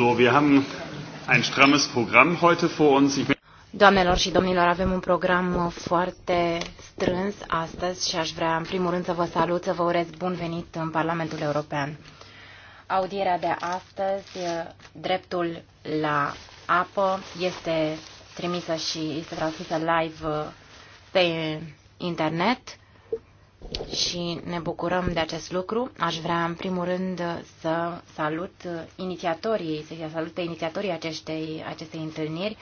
So, wir haben ein strammes Programm heute vor uns. Ich Doamnelor și domnilor, avem un program foarte strâns astăzi și aș vrea în primul rând să vă salut, să vă urez bun venit în Parlamentul European. Audierea de astăzi, dreptul la apă, este trimisă și este transmisă live pe internet și ne bucurăm de acest lucru. Aș vrea, în primul rând, să salut inițiatorii, să salut pe inițiatorii acestei, acestei întâlniri,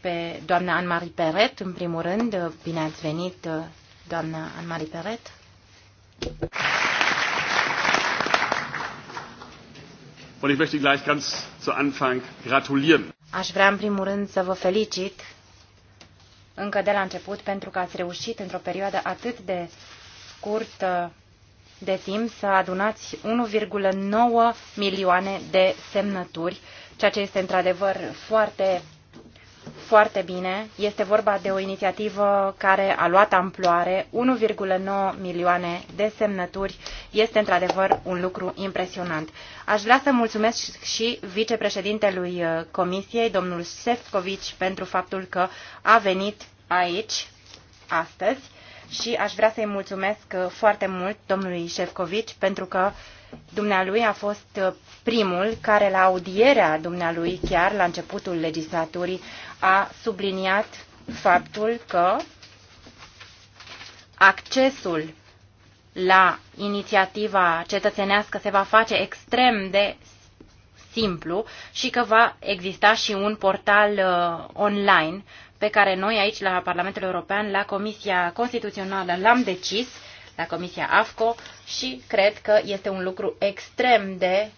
pe doamna Anne-Marie Peret, în primul rând. Bine ați venit, doamna Anne-Marie Peret. Und ich möchte gleich ganz zu Anfang gratulieren. Aș vrea în primul rând să vă felicit încă de la început pentru că ați reușit într-o perioadă atât de scurtă de timp să adunați 1,9 milioane de semnături, ceea ce este într-adevăr foarte foarte bine. Este vorba de o inițiativă care a luat amploare, 1,9 milioane de semnături. Este într-adevăr un lucru impresionant. Aș vrea să mulțumesc și vicepreședintelui uh, Comisiei, domnul Sefcovici, pentru faptul că a venit aici astăzi și aș vrea să-i mulțumesc uh, foarte mult domnului Șefcovici pentru că dumnealui a fost uh, primul care la audierea dumnealui chiar la începutul legislaturii a subliniat faptul că accesul la inițiativa cetățenească se va face extrem de simplu și că va exista și un portal uh, online pe care noi aici la Parlamentul European, la Comisia Constituțională l-am decis, la Comisia AFCO și cred că este un lucru extrem de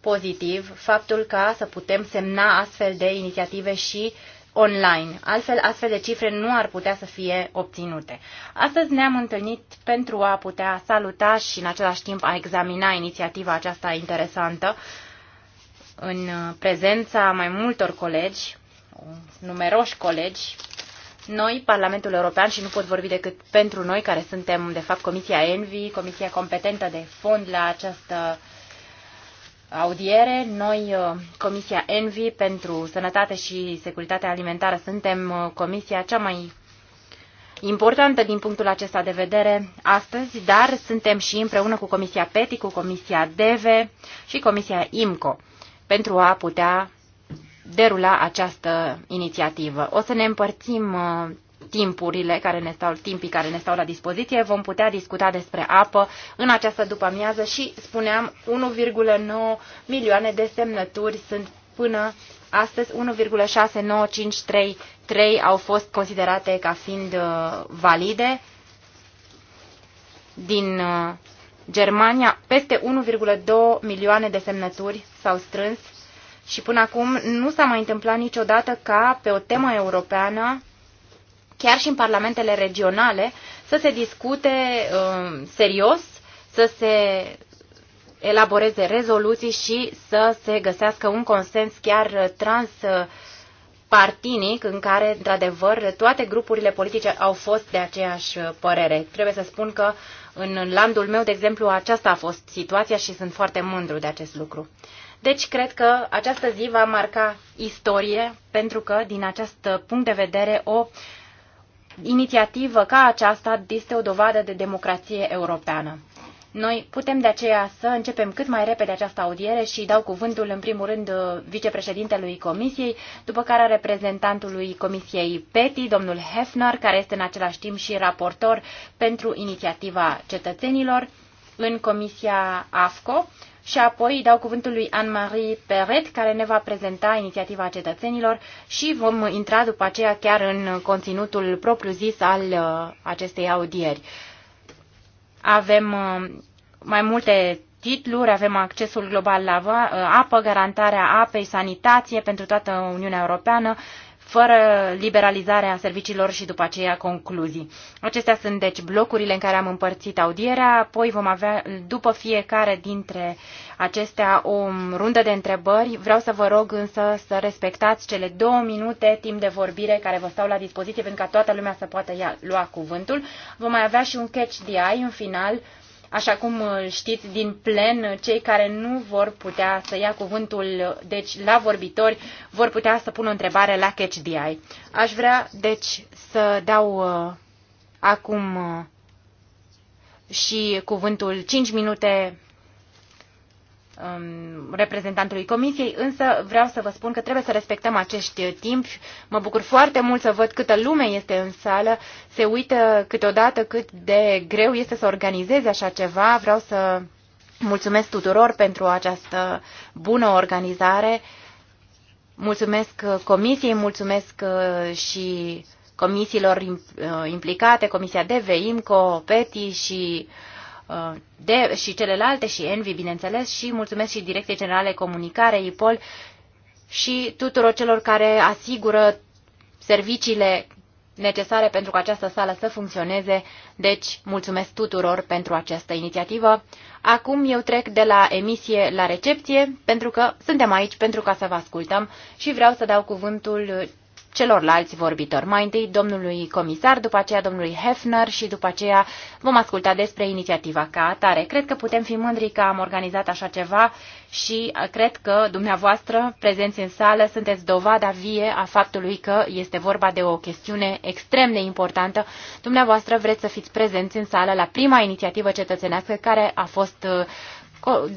pozitiv faptul ca să putem semna astfel de inițiative și online. Altfel, astfel de cifre nu ar putea să fie obținute. Astăzi ne-am întâlnit pentru a putea saluta și în același timp a examina inițiativa aceasta interesantă în prezența mai multor colegi, numeroși colegi, noi, Parlamentul European, și nu pot vorbi decât pentru noi, care suntem, de fapt, Comisia Envi, Comisia competentă de fond la această uh, audiere. Noi, uh, Comisia Envi pentru Sănătate și Securitatea Alimentară, suntem uh, comisia cea mai importantă din punctul acesta de vedere astăzi, dar suntem și împreună cu Comisia PETI, cu Comisia DEVE și Comisia IMCO pentru a putea derula această inițiativă. O să ne împărțim uh, timpurile care ne stau, timpii care ne stau la dispoziție. Vom putea discuta despre apă în această după-amiază și, spuneam, 1,9 milioane de semnături sunt până astăzi, 1,69533 au fost considerate ca fiind uh, valide din uh, Germania. Peste 1,2 milioane de semnături s-au strâns și până acum nu s-a mai întâmplat niciodată ca pe o temă europeană chiar și în parlamentele regionale, să se discute uh, serios, să se elaboreze rezoluții și să se găsească un consens chiar transpartinic în care, într-adevăr, toate grupurile politice au fost de aceeași părere. Trebuie să spun că în landul meu, de exemplu, aceasta a fost situația și sunt foarte mândru de acest lucru. Deci, cred că această zi va marca istorie, pentru că, din acest punct de vedere, o uh, inițiativă ca aceasta este o dovadă de democrație europeană. Noi putem de aceea să începem cât mai repede această audiere și dau cuvântul în primul rând vicepreședintelui Comisiei, după care reprezentantului Comisiei PETI, domnul Hefner, care este în același timp și raportor pentru inițiativa cetățenilor în Comisia AFCO și apoi dau cuvântul lui Anne-Marie Peret, care ne va prezenta inițiativa cetățenilor și vom intra după aceea chiar în conținutul propriu-zis al uh, acestei audieri. Avem uh, mai multe titluri, avem accesul global la uh, apă, garantarea apei, sanitație pentru toată Uniunea Europeană, fără liberalizarea serviciilor și după aceea concluzii. Acestea sunt deci blocurile în care am împărțit audierea, apoi vom avea după fiecare dintre acestea o rundă de întrebări. Vreau să vă rog însă să respectați cele două minute timp de vorbire care vă stau la dispoziție pentru ca toată lumea să poată ia, lua cuvântul. Vom mai avea și un catch the eye în final așa cum uh, știți din plen, cei care nu vor putea să ia cuvântul, deci la vorbitori, vor putea să pună o întrebare la CatchDI. Aș vrea, deci, să dau uh, acum uh, și cuvântul 5 minute Um, reprezentantului comisiei, însă vreau să vă spun că trebuie să respectăm acești timp. Mă bucur foarte mult să văd câtă lume este în sală, se uită câteodată cât de greu este să organizeze așa ceva. Vreau să mulțumesc tuturor pentru această bună organizare. Mulțumesc comisiei, mulțumesc uh, și comisiilor uh, implicate, Comisia DV, IMCO, PETI și uh, Uh, de, și celelalte și Envi, bineînțeles, și mulțumesc și Direcției Generale Comunicare, IPOL și tuturor celor care asigură serviciile necesare pentru ca această sală să funcționeze. Deci, mulțumesc tuturor pentru această inițiativă. Acum eu trec de la emisie la recepție, pentru că suntem aici pentru ca să vă ascultăm și vreau să dau cuvântul celorlalți vorbitori. Mai întâi domnului comisar, după aceea domnului Hefner și după aceea vom asculta despre inițiativa ca atare. Cred că putem fi mândri că am organizat așa ceva și cred că dumneavoastră, prezenți în sală, sunteți dovada vie a faptului că este vorba de o chestiune extrem de importantă. Dumneavoastră vreți să fiți prezenți în sală la prima inițiativă cetățenească care a fost uh,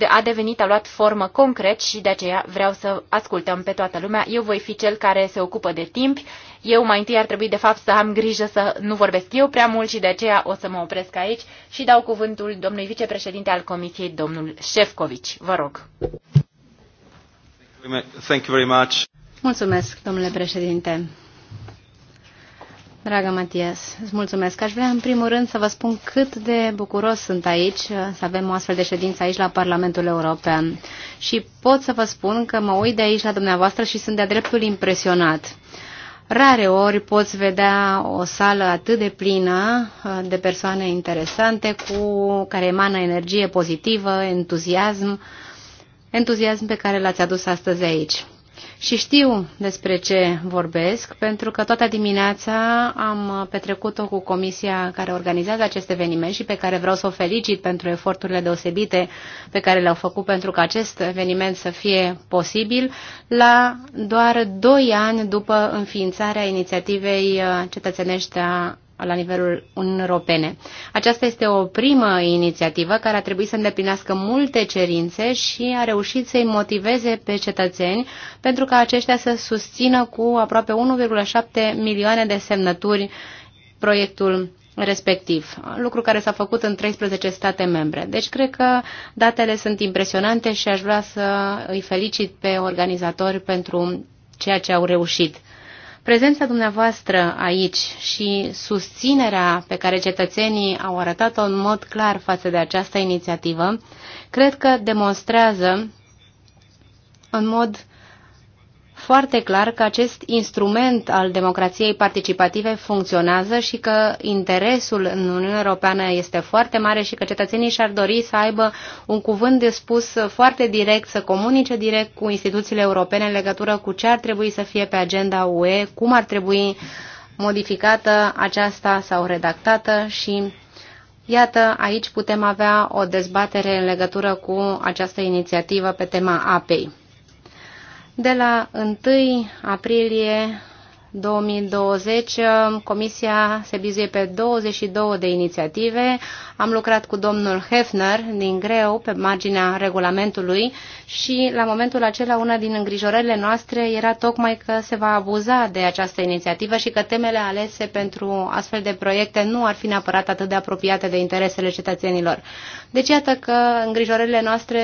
a devenit, a luat formă concret și de aceea vreau să ascultăm pe toată lumea. Eu voi fi cel care se ocupă de timp. Eu mai întâi ar trebui, de fapt, să am grijă să nu vorbesc eu prea mult și de aceea o să mă opresc aici și dau cuvântul domnului vicepreședinte al Comisiei, domnul Șefcovici. Vă rog. Thank you very much. Mulțumesc, domnule președinte. Dragă Matias, îți mulțumesc. Aș vrea în primul rând să vă spun cât de bucuros sunt aici să avem o astfel de ședință aici la Parlamentul European. Și pot să vă spun că mă uit de aici la dumneavoastră și sunt de-a dreptul impresionat. Rare ori poți vedea o sală atât de plină uh, de persoane interesante cu care emană energie pozitivă, entuziasm, entuziasm pe care l-ați adus astăzi aici. Și știu despre ce vorbesc, pentru că toată dimineața am petrecut-o cu comisia care organizează acest eveniment și pe care vreau să o felicit pentru eforturile deosebite pe care le-au făcut pentru ca acest eveniment să fie posibil la doar 2 ani după înființarea inițiativei uh, cetățenești a la nivelul Uniunii Europene. Aceasta este o primă inițiativă care a trebuit să îndeplinească multe cerințe și a reușit să-i motiveze pe cetățeni pentru ca aceștia să susțină cu aproape 1,7 milioane de semnături proiectul respectiv, lucru care s-a făcut în 13 state membre. Deci cred că datele sunt impresionante și aș vrea să îi felicit pe organizatori pentru ceea ce au reușit. Prezența dumneavoastră aici și susținerea pe care cetățenii au arătat-o în mod clar față de această inițiativă, cred că demonstrează în mod foarte clar că acest instrument al democrației participative funcționează și că interesul în Uniunea Europeană este foarte mare și că cetățenii și-ar dori să aibă un cuvânt de spus foarte direct, să comunice direct cu instituțiile europene în legătură cu ce ar trebui să fie pe agenda UE, cum ar trebui modificată aceasta sau redactată și Iată, aici putem avea o dezbatere în legătură cu această inițiativă pe tema apei. De la 1 aprilie 2020, Comisia se bizuie pe 22 de inițiative. Am lucrat cu domnul Hefner din greu pe marginea regulamentului și la momentul acela una din îngrijorările noastre era tocmai că se va abuza de această inițiativă și că temele alese pentru astfel de proiecte nu ar fi neapărat atât de apropiate de interesele cetățenilor. Deci iată că îngrijorările noastre,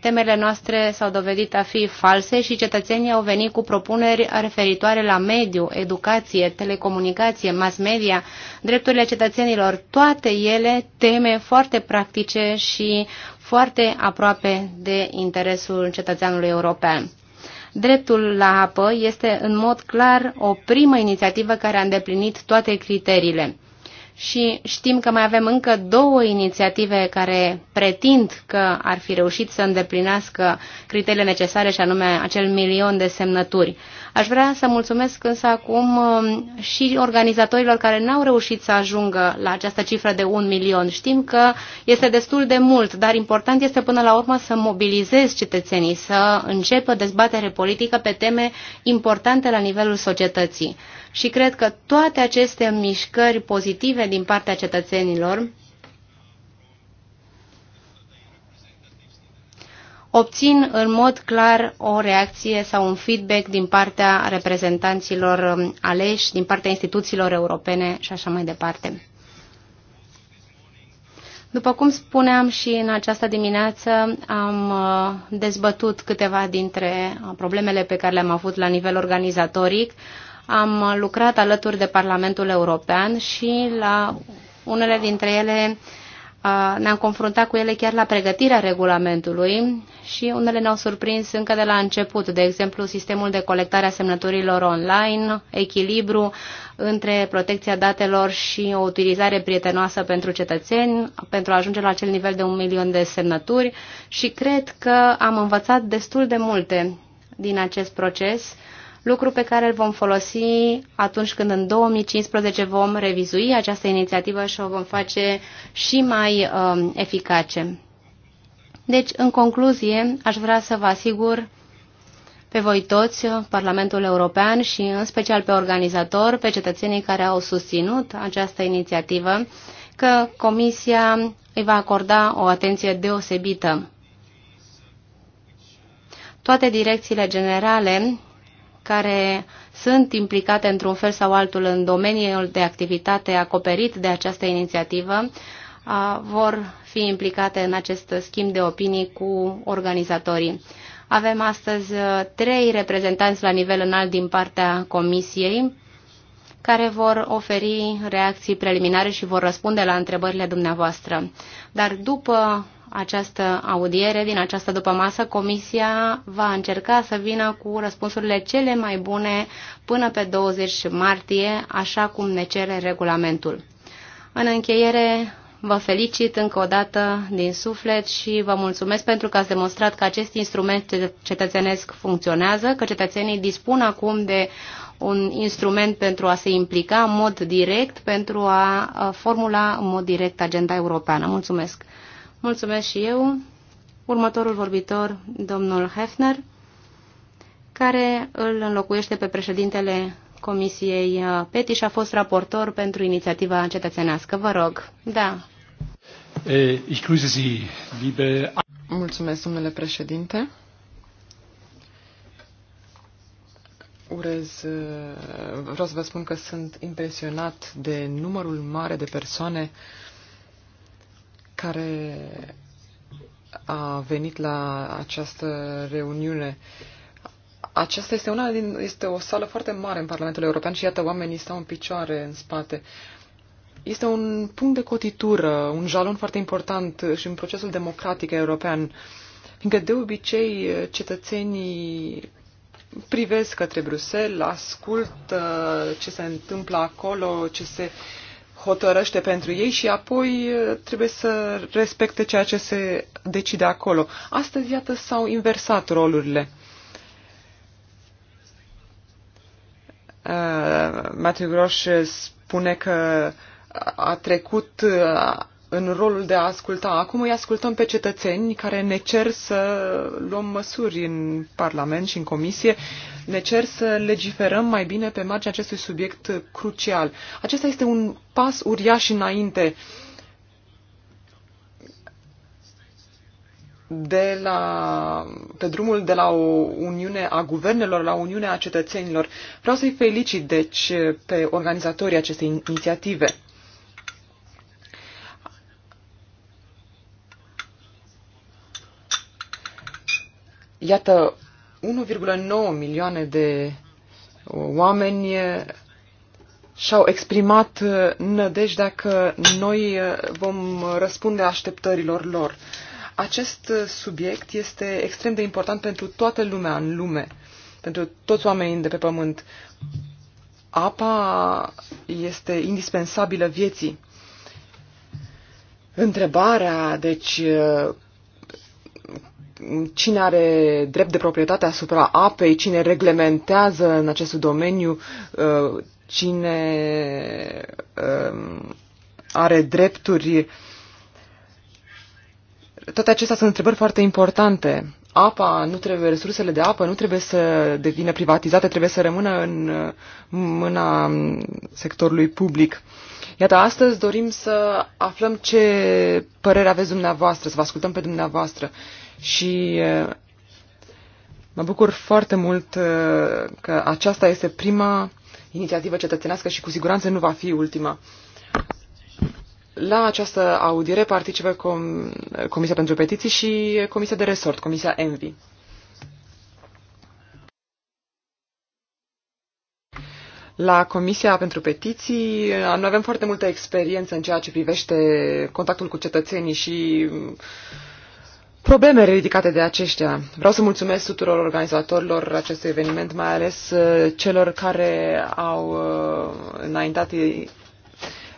temele noastre s-au dovedit a fi false și cetățenii au venit cu propuneri referitoare la mediu, educație, telecomunicație, mass media, drepturile cetățenilor, toate ele teme foarte practice și foarte aproape de interesul cetățeanului european. Dreptul la apă este în mod clar o primă inițiativă care a îndeplinit toate criteriile. Și știm că mai avem încă două inițiative care pretind că ar fi reușit să îndeplinească criteriile necesare și anume acel milion de semnături. Aș vrea să mulțumesc însă acum um, și organizatorilor care n-au reușit să ajungă la această cifră de un milion. Știm că este destul de mult, dar important este până la urmă să mobilizezi cetățenii, să înceapă dezbatere politică pe teme importante la nivelul societății. Și cred că toate aceste mișcări pozitive din partea cetățenilor obțin în mod clar o reacție sau un feedback din partea reprezentanților um, aleși, din partea instituțiilor europene și așa mai departe. După cum spuneam și în această dimineață, am uh, dezbătut câteva dintre uh, problemele pe care le-am avut la nivel organizatoric. Am lucrat alături de Parlamentul European și la unele dintre ele ne-am confruntat cu ele chiar la pregătirea regulamentului și unele ne-au surprins încă de la început, de exemplu sistemul de colectare a semnăturilor online, echilibru între protecția datelor și o utilizare prietenoasă pentru cetățeni, pentru a ajunge la acel nivel de un milion de semnături și cred că am învățat destul de multe din acest proces lucru pe care îl vom folosi atunci când în 2015 vom revizui această inițiativă și o vom face și mai uh, eficace. Deci, în concluzie, aș vrea să vă asigur pe voi toți, Parlamentul European și în special pe organizator, pe cetățenii care au susținut această inițiativă, că Comisia îi va acorda o atenție deosebită. Toate direcțiile generale care sunt implicate într-un fel sau altul în domeniul de activitate acoperit de această inițiativă vor fi implicate în acest schimb de opinii cu organizatorii. Avem astăzi trei reprezentanți la nivel înalt din partea Comisiei care vor oferi reacții preliminare și vor răspunde la întrebările dumneavoastră. Dar după această audiere, din această dupămasă, Comisia va încerca să vină cu răspunsurile cele mai bune până pe 20 martie, așa cum ne cere regulamentul. În încheiere, vă felicit încă o dată din suflet și vă mulțumesc pentru că ați demonstrat că acest instrument cetățenesc funcționează, că cetățenii dispun acum de un instrument pentru a se implica în mod direct, pentru a formula în mod direct agenda europeană. Mulțumesc! Mulțumesc și eu. Următorul vorbitor, domnul Hefner, care îl înlocuiește pe președintele Comisiei uh, PETI și a fost raportor pentru inițiativa cetățenească. Vă rog. Da. Mulțumesc, domnule președinte. urez, uh, vreau să vă spun că sunt impresionat de numărul mare de persoane care a venit la această reuniune. Aceasta este una din, este o sală foarte mare în Parlamentul European și iată oamenii stau în picioare în spate. Este un punct de cotitură, un jalon foarte important și în procesul democratic european, fiindcă de obicei cetățenii privesc către Bruxelles, ascultă ce se întâmplă acolo, ce se uh, hotărăște pentru ei și apoi uh, trebuie să respecte ceea ce se decide acolo. Astăzi, iată, s-au inversat rolurile. Uh, Matthew Grosh spune că a trecut uh, în rolul de a asculta. Acum îi ascultăm pe cetățeni care ne cer să luăm măsuri în Parlament și în Comisie, ne cer să legiferăm mai bine pe marginea acestui subiect crucial. Acesta este un pas uriaș înainte de la, pe drumul de la o uniune a guvernelor la uniunea a cetățenilor. Vreau să-i felicit, deci, pe organizatorii acestei inițiative. Iată, 1,9 milioane de oameni și-au exprimat nădejdea că noi vom răspunde așteptărilor lor. Acest subiect este extrem de important pentru toată lumea în lume, pentru toți oamenii de pe pământ. Apa este indispensabilă vieții. Întrebarea, deci, cine are drept de proprietate asupra apei, cine reglementează în acest domeniu, uh, cine um, are drepturi. Toate acestea sunt întrebări foarte importante. Apa nu trebuie, resursele de apă nu trebuie să devină privatizate, trebuie să rămână în uh, mâna um, sectorului public. Iată, astăzi dorim să aflăm ce părere aveți dumneavoastră, să vă ascultăm pe dumneavoastră și mă bucur foarte mult că aceasta este prima inițiativă cetățenească și cu siguranță nu va fi ultima. La această audiere participă Com Comisia pentru Petiții și Comisia de Resort, Comisia ENVI. La Comisia pentru Petiții noi avem foarte multă experiență în ceea ce privește contactul cu cetățenii și uh, probleme ridicate de aceștia. Vreau să mulțumesc tuturor organizatorilor acestui eveniment, mai ales uh, celor care au uh, înaintat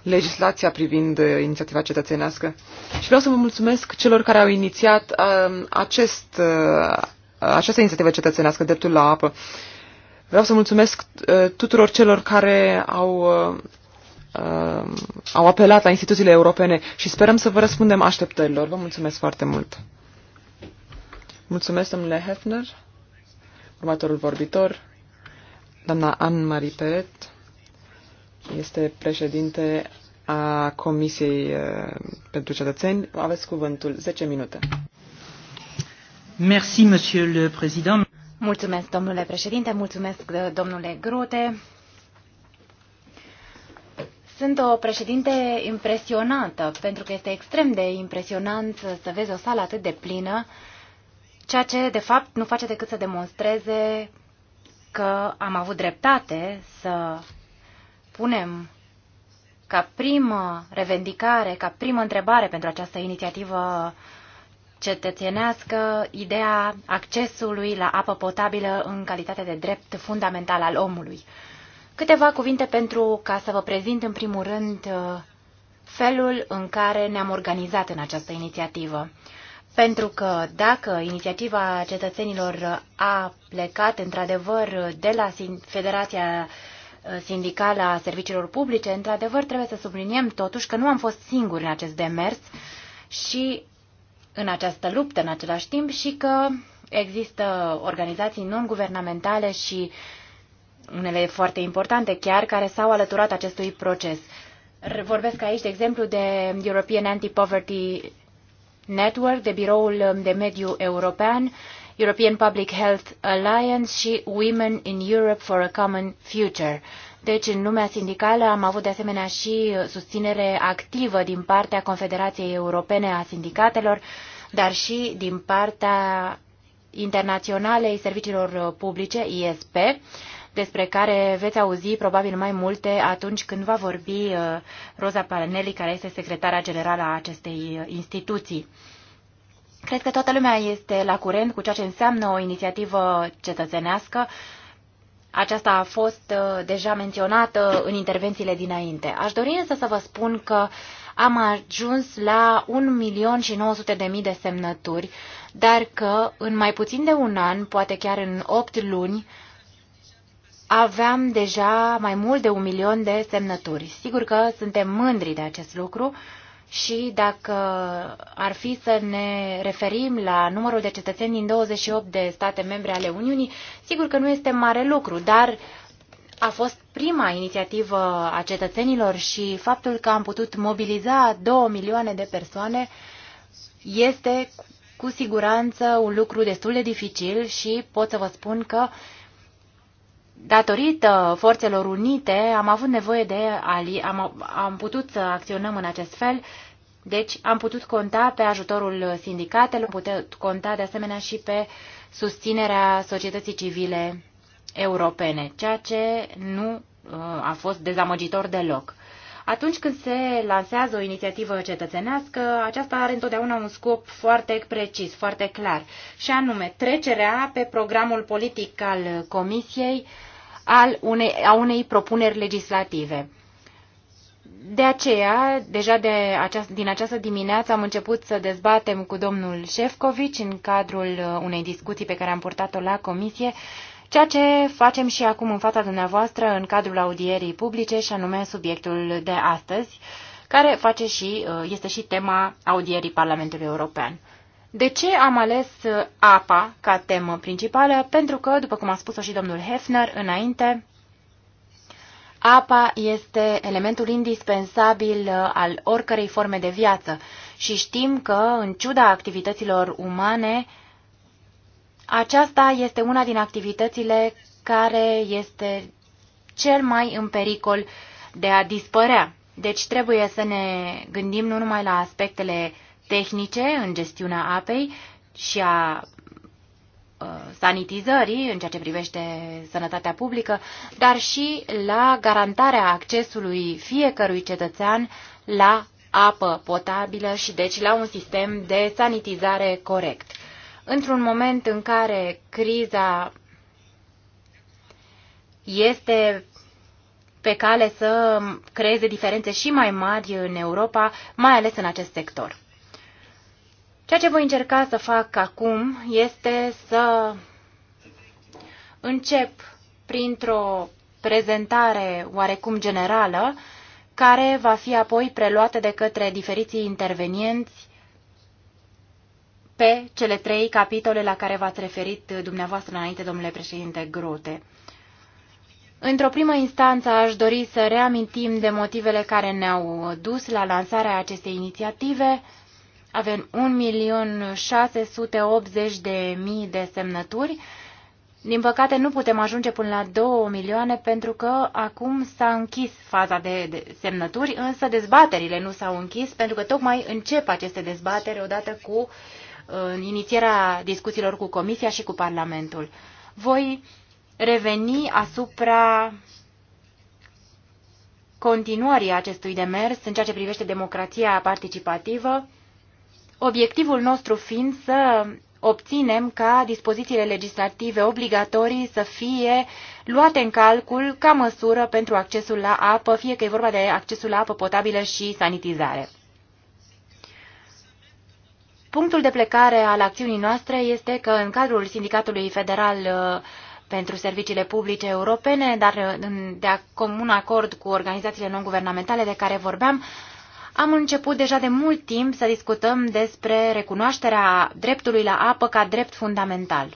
legislația privind uh, inițiativa cetățenească. Și vreau să vă mulțumesc celor care au inițiat um, acest, această inițiativă cetățenească, dreptul la apă. Vreau să mulțumesc tuturor celor care au um, au apelat la instituțiile europene și sperăm să vă răspundem așteptărilor. Vă mulțumesc foarte mult! Mulțumesc, domnule Hefner. Următorul vorbitor, doamna Anne-Marie Peret, este președinte a Comisiei eh, pentru Cetățeni. Aveți cuvântul 10 minute. Merci, monsieur le président. Mulțumesc, domnule președinte, mulțumesc, eh, domnule Grote. Sunt o președinte impresionată, pentru că este extrem de impresionant să vezi o sală atât de plină ceea ce, de fapt, nu face decât să demonstreze că am avut dreptate să punem ca primă revendicare, ca primă întrebare pentru această inițiativă cetățenească ideea accesului la apă potabilă în calitate de drept fundamental al omului. Câteva cuvinte pentru ca să vă prezint în primul rând felul în care ne-am organizat în această inițiativă. Pentru că dacă inițiativa cetățenilor a plecat într-adevăr de la Federația uh, Sindicală a Serviciilor Publice, într-adevăr trebuie să subliniem totuși că nu am fost singuri în acest demers și în această luptă în același timp și că există organizații non-guvernamentale și unele foarte importante chiar care s-au alăturat acestui proces. Vorbesc aici, de exemplu, de European Anti-Poverty Network, de Biroul um, de Mediu European, European Public Health Alliance și Women in Europe for a Common Future. Deci, în lumea sindicală am avut de asemenea și uh, susținere activă din partea Confederației Europene a Sindicatelor, dar și din partea Internaționalei Serviciilor uh, Publice, ISP, despre care veți auzi probabil mai multe atunci când va vorbi uh, Rosa Paranelli, care este secretara generală a acestei uh, instituții. Cred că toată lumea este la curent cu ceea ce înseamnă o inițiativă cetățenească. Aceasta a fost uh, deja menționată în intervențiile dinainte. Aș dori însă să vă spun că am ajuns la 1.900.000 milion și de mii de semnături, dar că în mai puțin de un an, poate chiar în 8 luni, aveam deja mai mult de un milion de semnături. Sigur că suntem mândri de acest lucru și dacă ar fi să ne referim la numărul de cetățeni din 28 de state membre ale Uniunii, sigur că nu este mare lucru, dar a fost prima inițiativă a cetățenilor și faptul că am putut mobiliza 2 milioane de persoane este cu siguranță un lucru destul de dificil și pot să vă spun că uh, datorită Forțelor Unite am avut nevoie de ali, am, am putut să acționăm în acest fel, deci am putut conta pe ajutorul sindicatelor, am putut conta de asemenea și pe susținerea societății civile europene, ceea ce nu uh, a fost dezamăgitor deloc. Atunci când se lansează o inițiativă cetățenească, aceasta are întotdeauna un scop foarte precis, foarte clar, și anume trecerea pe programul politic al Comisiei uh, al unei, a unei propuneri legislative. De aceea, deja de aceast, din această dimineață am început să dezbatem cu domnul Șefcovici în cadrul uh, unei discuții pe care am purtat-o la comisie, ceea ce facem și acum în fața dumneavoastră în cadrul audierii publice și anume subiectul de astăzi, care face și, uh, este și tema audierii Parlamentului European. De ce am ales uh, apa ca temă principală? Pentru că, după cum a spus-o și domnul Hefner înainte, apa este elementul indispensabil uh, al oricărei forme de viață și știm că, în ciuda activităților umane, aceasta este una din activitățile care este cel mai în pericol de a dispărea. Deci trebuie să ne gândim nu numai la aspectele tehnice în gestiunea apei și a uh, sanitizării în ceea ce privește sănătatea publică, dar și la garantarea accesului fiecărui cetățean la apă potabilă și deci la un sistem de sanitizare corect. Într-un moment în care criza este pe cale să creeze diferențe și mai mari în Europa, mai ales în acest sector. Ceea ce voi încerca să fac acum este să încep printr-o prezentare oarecum generală, care va fi apoi preluată de către diferiții intervenienți pe cele trei capitole la care v-ați referit dumneavoastră înainte, domnule președinte Grote. Într-o primă instanță aș dori să reamintim de motivele care ne-au dus la lansarea acestei inițiative, avem 1.680.000 de semnături. Din păcate nu putem ajunge până la 2 milioane pentru că acum s-a închis faza de semnături, însă dezbaterile nu s-au închis pentru că tocmai încep aceste dezbateri odată cu uh, inițierea discuțiilor cu Comisia și cu Parlamentul. Voi reveni asupra continuării acestui demers în ceea ce privește democrația participativă obiectivul nostru fiind să obținem ca dispozițiile legislative obligatorii să fie luate în calcul ca măsură pentru accesul la apă, fie că e vorba de accesul la apă potabilă și sanitizare. Punctul de plecare al acțiunii noastre este că în cadrul Sindicatului Federal uh, pentru Serviciile Publice Europene, dar uh, de comun acord cu organizațiile non-guvernamentale de care vorbeam, am început deja de mult timp să discutăm despre recunoașterea dreptului la apă ca drept fundamental.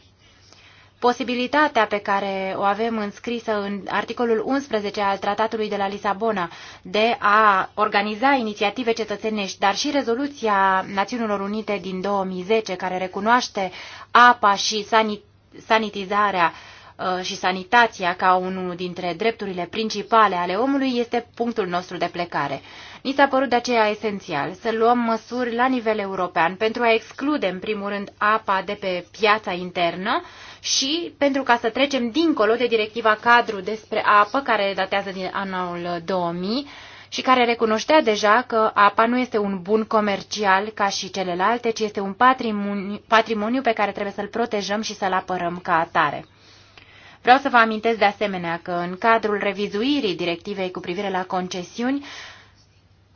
Posibilitatea pe care o avem înscrisă în articolul 11 al Tratatului de la Lisabona de a organiza inițiative cetățenești, dar și rezoluția Națiunilor Unite din 2010 care recunoaște apa și sanitizarea uh, și sanitația ca unul dintre drepturile principale ale omului este punctul nostru de plecare. Mi s-a părut de aceea esențial să luăm măsuri la nivel european pentru a exclude, în primul rând, apa de pe piața internă și pentru ca să trecem dincolo de directiva cadru despre apă, care datează din anul 2000, și care recunoștea deja că apa nu este un bun comercial ca și celelalte, ci este un patrimoniu, patrimoniu pe care trebuie să-l protejăm și să-l apărăm ca atare. Vreau să vă amintesc de asemenea că în cadrul revizuirii directivei cu privire la concesiuni,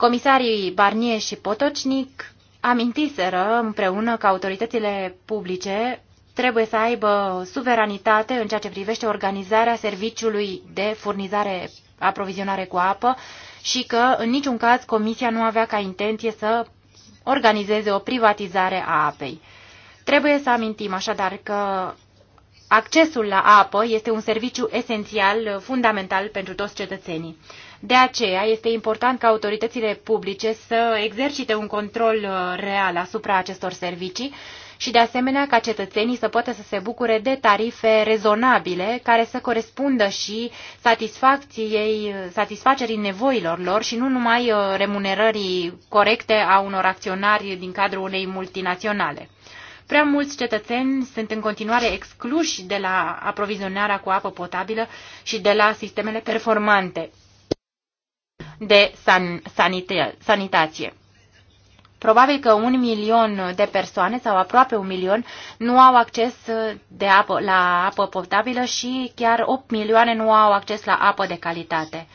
Comisarii Barnier și Potocnic amintiseră împreună că autoritățile publice trebuie să aibă suveranitate în ceea ce privește organizarea serviciului de furnizare, aprovizionare cu apă și că în niciun caz Comisia nu avea ca intenție să organizeze o privatizare a apei. Trebuie să amintim așadar că accesul la apă este un serviciu esențial, fundamental pentru toți cetățenii. De aceea este important ca autoritățile publice să exercite un control uh, real asupra acestor servicii și de asemenea ca cetățenii să poată să se bucure de tarife rezonabile care să corespundă și satisfacției, satisfacerii nevoilor lor și nu numai uh, remunerării corecte a unor acționari din cadrul unei multinaționale. Prea mulți cetățeni sunt în continuare excluși de la aprovizionarea cu apă potabilă și de la sistemele performante de san, sanite, sanitație. Probabil că un milion de persoane sau aproape un milion nu au acces de apă, la apă potabilă și chiar 8 milioane nu au acces la apă de calitate.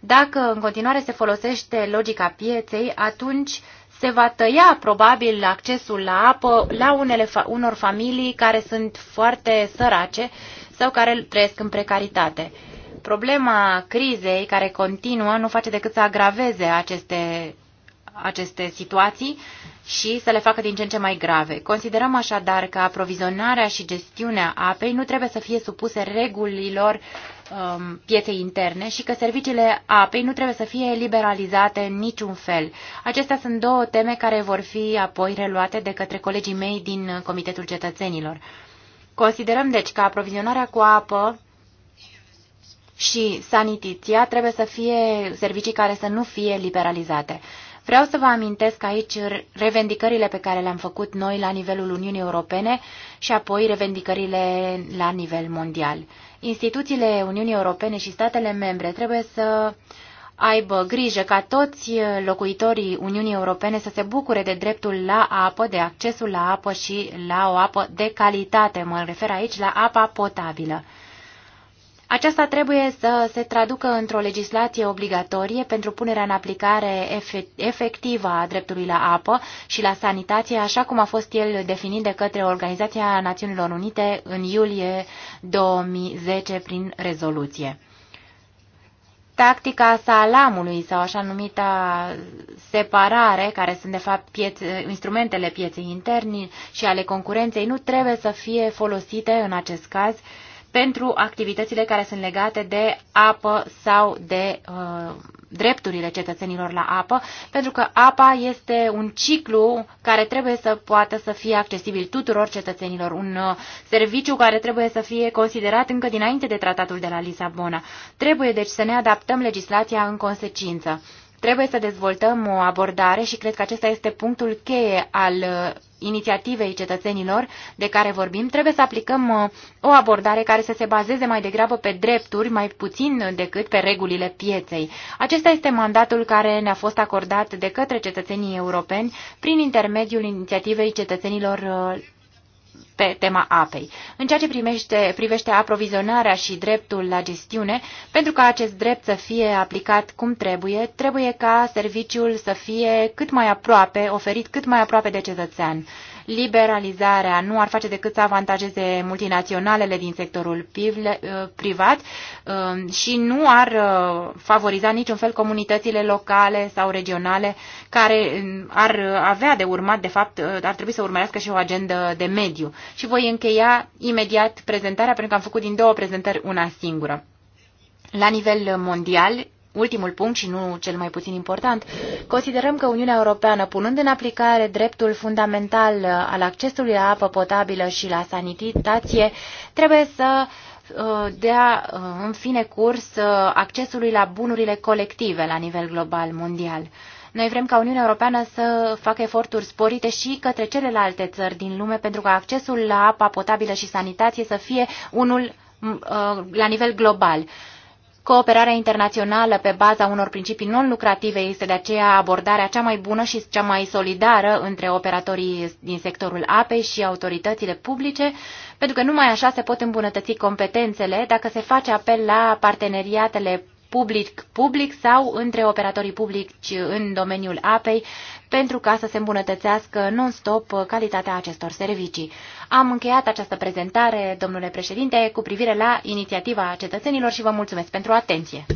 Dacă în continuare se folosește logica pieței, atunci se va tăia probabil accesul la apă la unele fa unor familii care sunt foarte sărace sau care trăiesc în precaritate. Problema crizei care continuă nu face decât să agraveze aceste, aceste situații și să le facă din ce în ce mai grave. Considerăm așadar că aprovizionarea și gestiunea apei nu trebuie să fie supuse regulilor um, pieței interne și că serviciile apei nu trebuie să fie liberalizate în niciun fel. Acestea sunt două teme care vor fi apoi reluate de către colegii mei din Comitetul Cetățenilor. Considerăm deci că aprovizionarea cu apă și sanitiția trebuie să fie servicii care să nu fie liberalizate. Vreau să vă amintesc aici revendicările pe care le-am făcut noi la nivelul Uniunii Europene și apoi revendicările la nivel mondial. Instituțiile Uniunii Europene și statele membre trebuie să aibă grijă ca toți locuitorii Uniunii Europene să se bucure de dreptul la apă, de accesul la apă și la o apă de calitate. Mă refer aici la apa potabilă. Aceasta trebuie să se traducă într-o legislație obligatorie pentru punerea în aplicare efectivă a dreptului la apă și la sanitație, așa cum a fost el definit de către Organizația Națiunilor Unite în iulie 2010 prin rezoluție tactica salamului sau așa numita separare, care sunt de fapt piețe, instrumentele pieței interne și ale concurenței, nu trebuie să fie folosite în acest caz pentru activitățile care sunt legate de apă sau de uh, drepturile cetățenilor la apă, pentru că apa este un ciclu care trebuie să poată să fie accesibil tuturor cetățenilor, un uh, serviciu care trebuie să fie considerat încă dinainte de tratatul de la Lisabona. Trebuie deci să ne adaptăm legislația în consecință. Trebuie să dezvoltăm o abordare și cred că acesta este punctul cheie al uh, inițiativei cetățenilor de care vorbim, trebuie să aplicăm uh, o abordare care să se bazeze mai degrabă pe drepturi, mai puțin decât pe regulile pieței. Acesta este mandatul care ne-a fost acordat de către cetățenii europeni prin intermediul inițiativei cetățenilor uh, pe tema apei. În ceea ce primește, privește aprovizionarea și dreptul la gestiune, pentru ca acest drept să fie aplicat cum trebuie, trebuie ca serviciul să fie cât mai aproape, oferit cât mai aproape de cetățean liberalizarea nu ar face decât să avantajeze multinaționalele din sectorul uh, privat um, și nu ar uh, favoriza niciun fel comunitățile locale sau regionale care um, ar avea de urmat, de fapt, uh, ar trebui să urmărească și o agendă de mediu. Și voi încheia imediat prezentarea, pentru că am făcut din două prezentări una singură. La nivel mondial, ultimul punct și nu cel mai puțin important, considerăm că Uniunea Europeană, punând în aplicare dreptul fundamental uh, al accesului la apă potabilă și la sanitație, trebuie să uh, dea uh, în fine curs accesului la bunurile colective la nivel global mondial. Noi vrem ca Uniunea Europeană să facă eforturi sporite și către celelalte țări din lume pentru ca accesul la apa potabilă și sanitație să fie unul la nivel global. Cooperarea internațională pe baza unor principii non-lucrative este de aceea abordarea cea mai bună și cea mai solidară între operatorii din sectorul apei și autoritățile publice, pentru că numai așa se pot îmbunătăți competențele dacă se face apel la parteneriatele public-public sau între operatorii publici în domeniul apei pentru ca să se îmbunătățească non-stop calitatea acestor servicii. Am încheiat această prezentare, domnule președinte, cu privire la inițiativa cetățenilor și vă mulțumesc pentru atenție.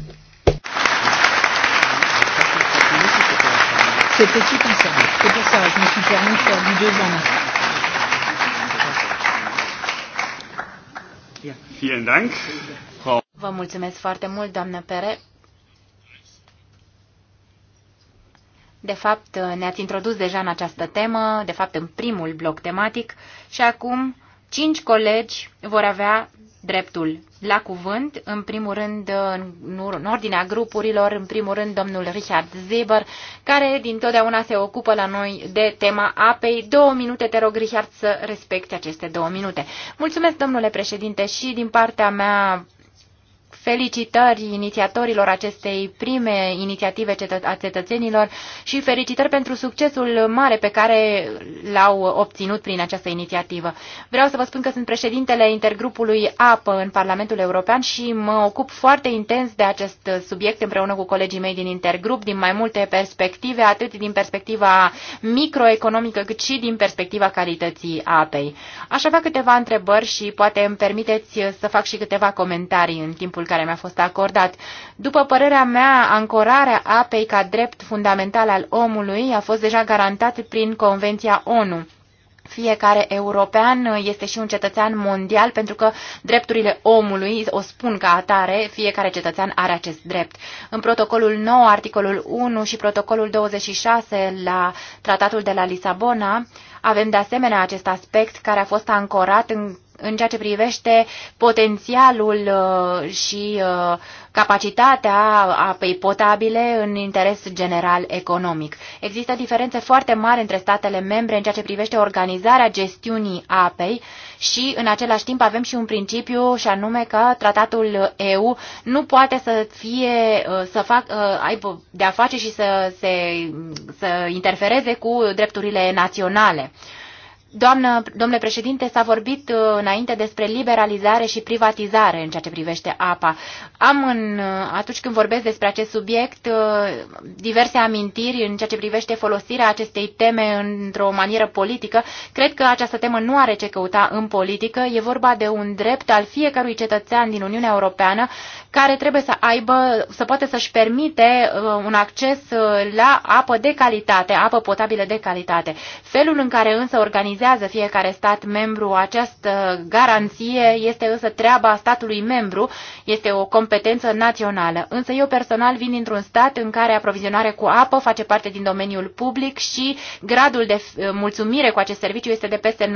Vă mulțumesc foarte mult, doamnă Pere. De fapt, ne-ați introdus deja în această temă, de fapt în primul bloc tematic, și acum cinci colegi vor avea dreptul la cuvânt, în primul rând în ordinea grupurilor, în primul rând domnul Richard Zeber, care dintotdeauna se ocupă la noi de tema apei. Două minute, te rog, Richard, să respecti aceste două minute. Mulțumesc, domnule președinte, și din partea mea Felicitări inițiatorilor acestei prime inițiative a cetățenilor și felicitări pentru succesul mare pe care l-au obținut prin această inițiativă. Vreau să vă spun că sunt președintele intergrupului APă în Parlamentul European și mă ocup foarte intens de acest subiect împreună cu colegii mei din intergrup, din mai multe perspective, atât din perspectiva microeconomică cât și din perspectiva calității apei. Aș avea câteva întrebări și poate îmi permiteți să fac și câteva comentarii în timpul care mi-a fost acordat. După părerea mea, ancorarea apei ca drept fundamental al omului a fost deja garantată prin Convenția ONU. Fiecare european este și un cetățean mondial pentru că drepturile omului, o spun ca atare, fiecare cetățean are acest drept. În protocolul 9, articolul 1 și protocolul 26 la Tratatul de la Lisabona, avem de asemenea acest aspect care a fost ancorat în în ceea ce privește potențialul uh, și uh, capacitatea apei potabile în interes general economic. Există diferențe foarte mari între statele membre în ceea ce privește organizarea gestiunii apei și în același timp avem și un principiu și anume că tratatul EU nu poate să fie uh, să fac, aibă de a face și să, se, să interfereze cu drepturile naționale. Doamnă, domnule președinte, s-a vorbit uh, înainte despre liberalizare și privatizare în ceea ce privește apa. Am în, uh, atunci când vorbesc despre acest subiect uh, diverse amintiri în ceea ce privește folosirea acestei teme într-o manieră politică. Cred că această temă nu are ce căuta în politică. E vorba de un drept al fiecărui cetățean din Uniunea Europeană care trebuie să aibă, să poate să-și permite un acces la apă de calitate, apă potabilă de calitate. Felul în care însă organizează furnizează fiecare stat membru această garanție este însă treaba statului membru, este o competență națională. Însă eu personal vin dintr-un stat în care aprovizionarea cu apă face parte din domeniul public și gradul de eh, mulțumire cu acest serviciu este de peste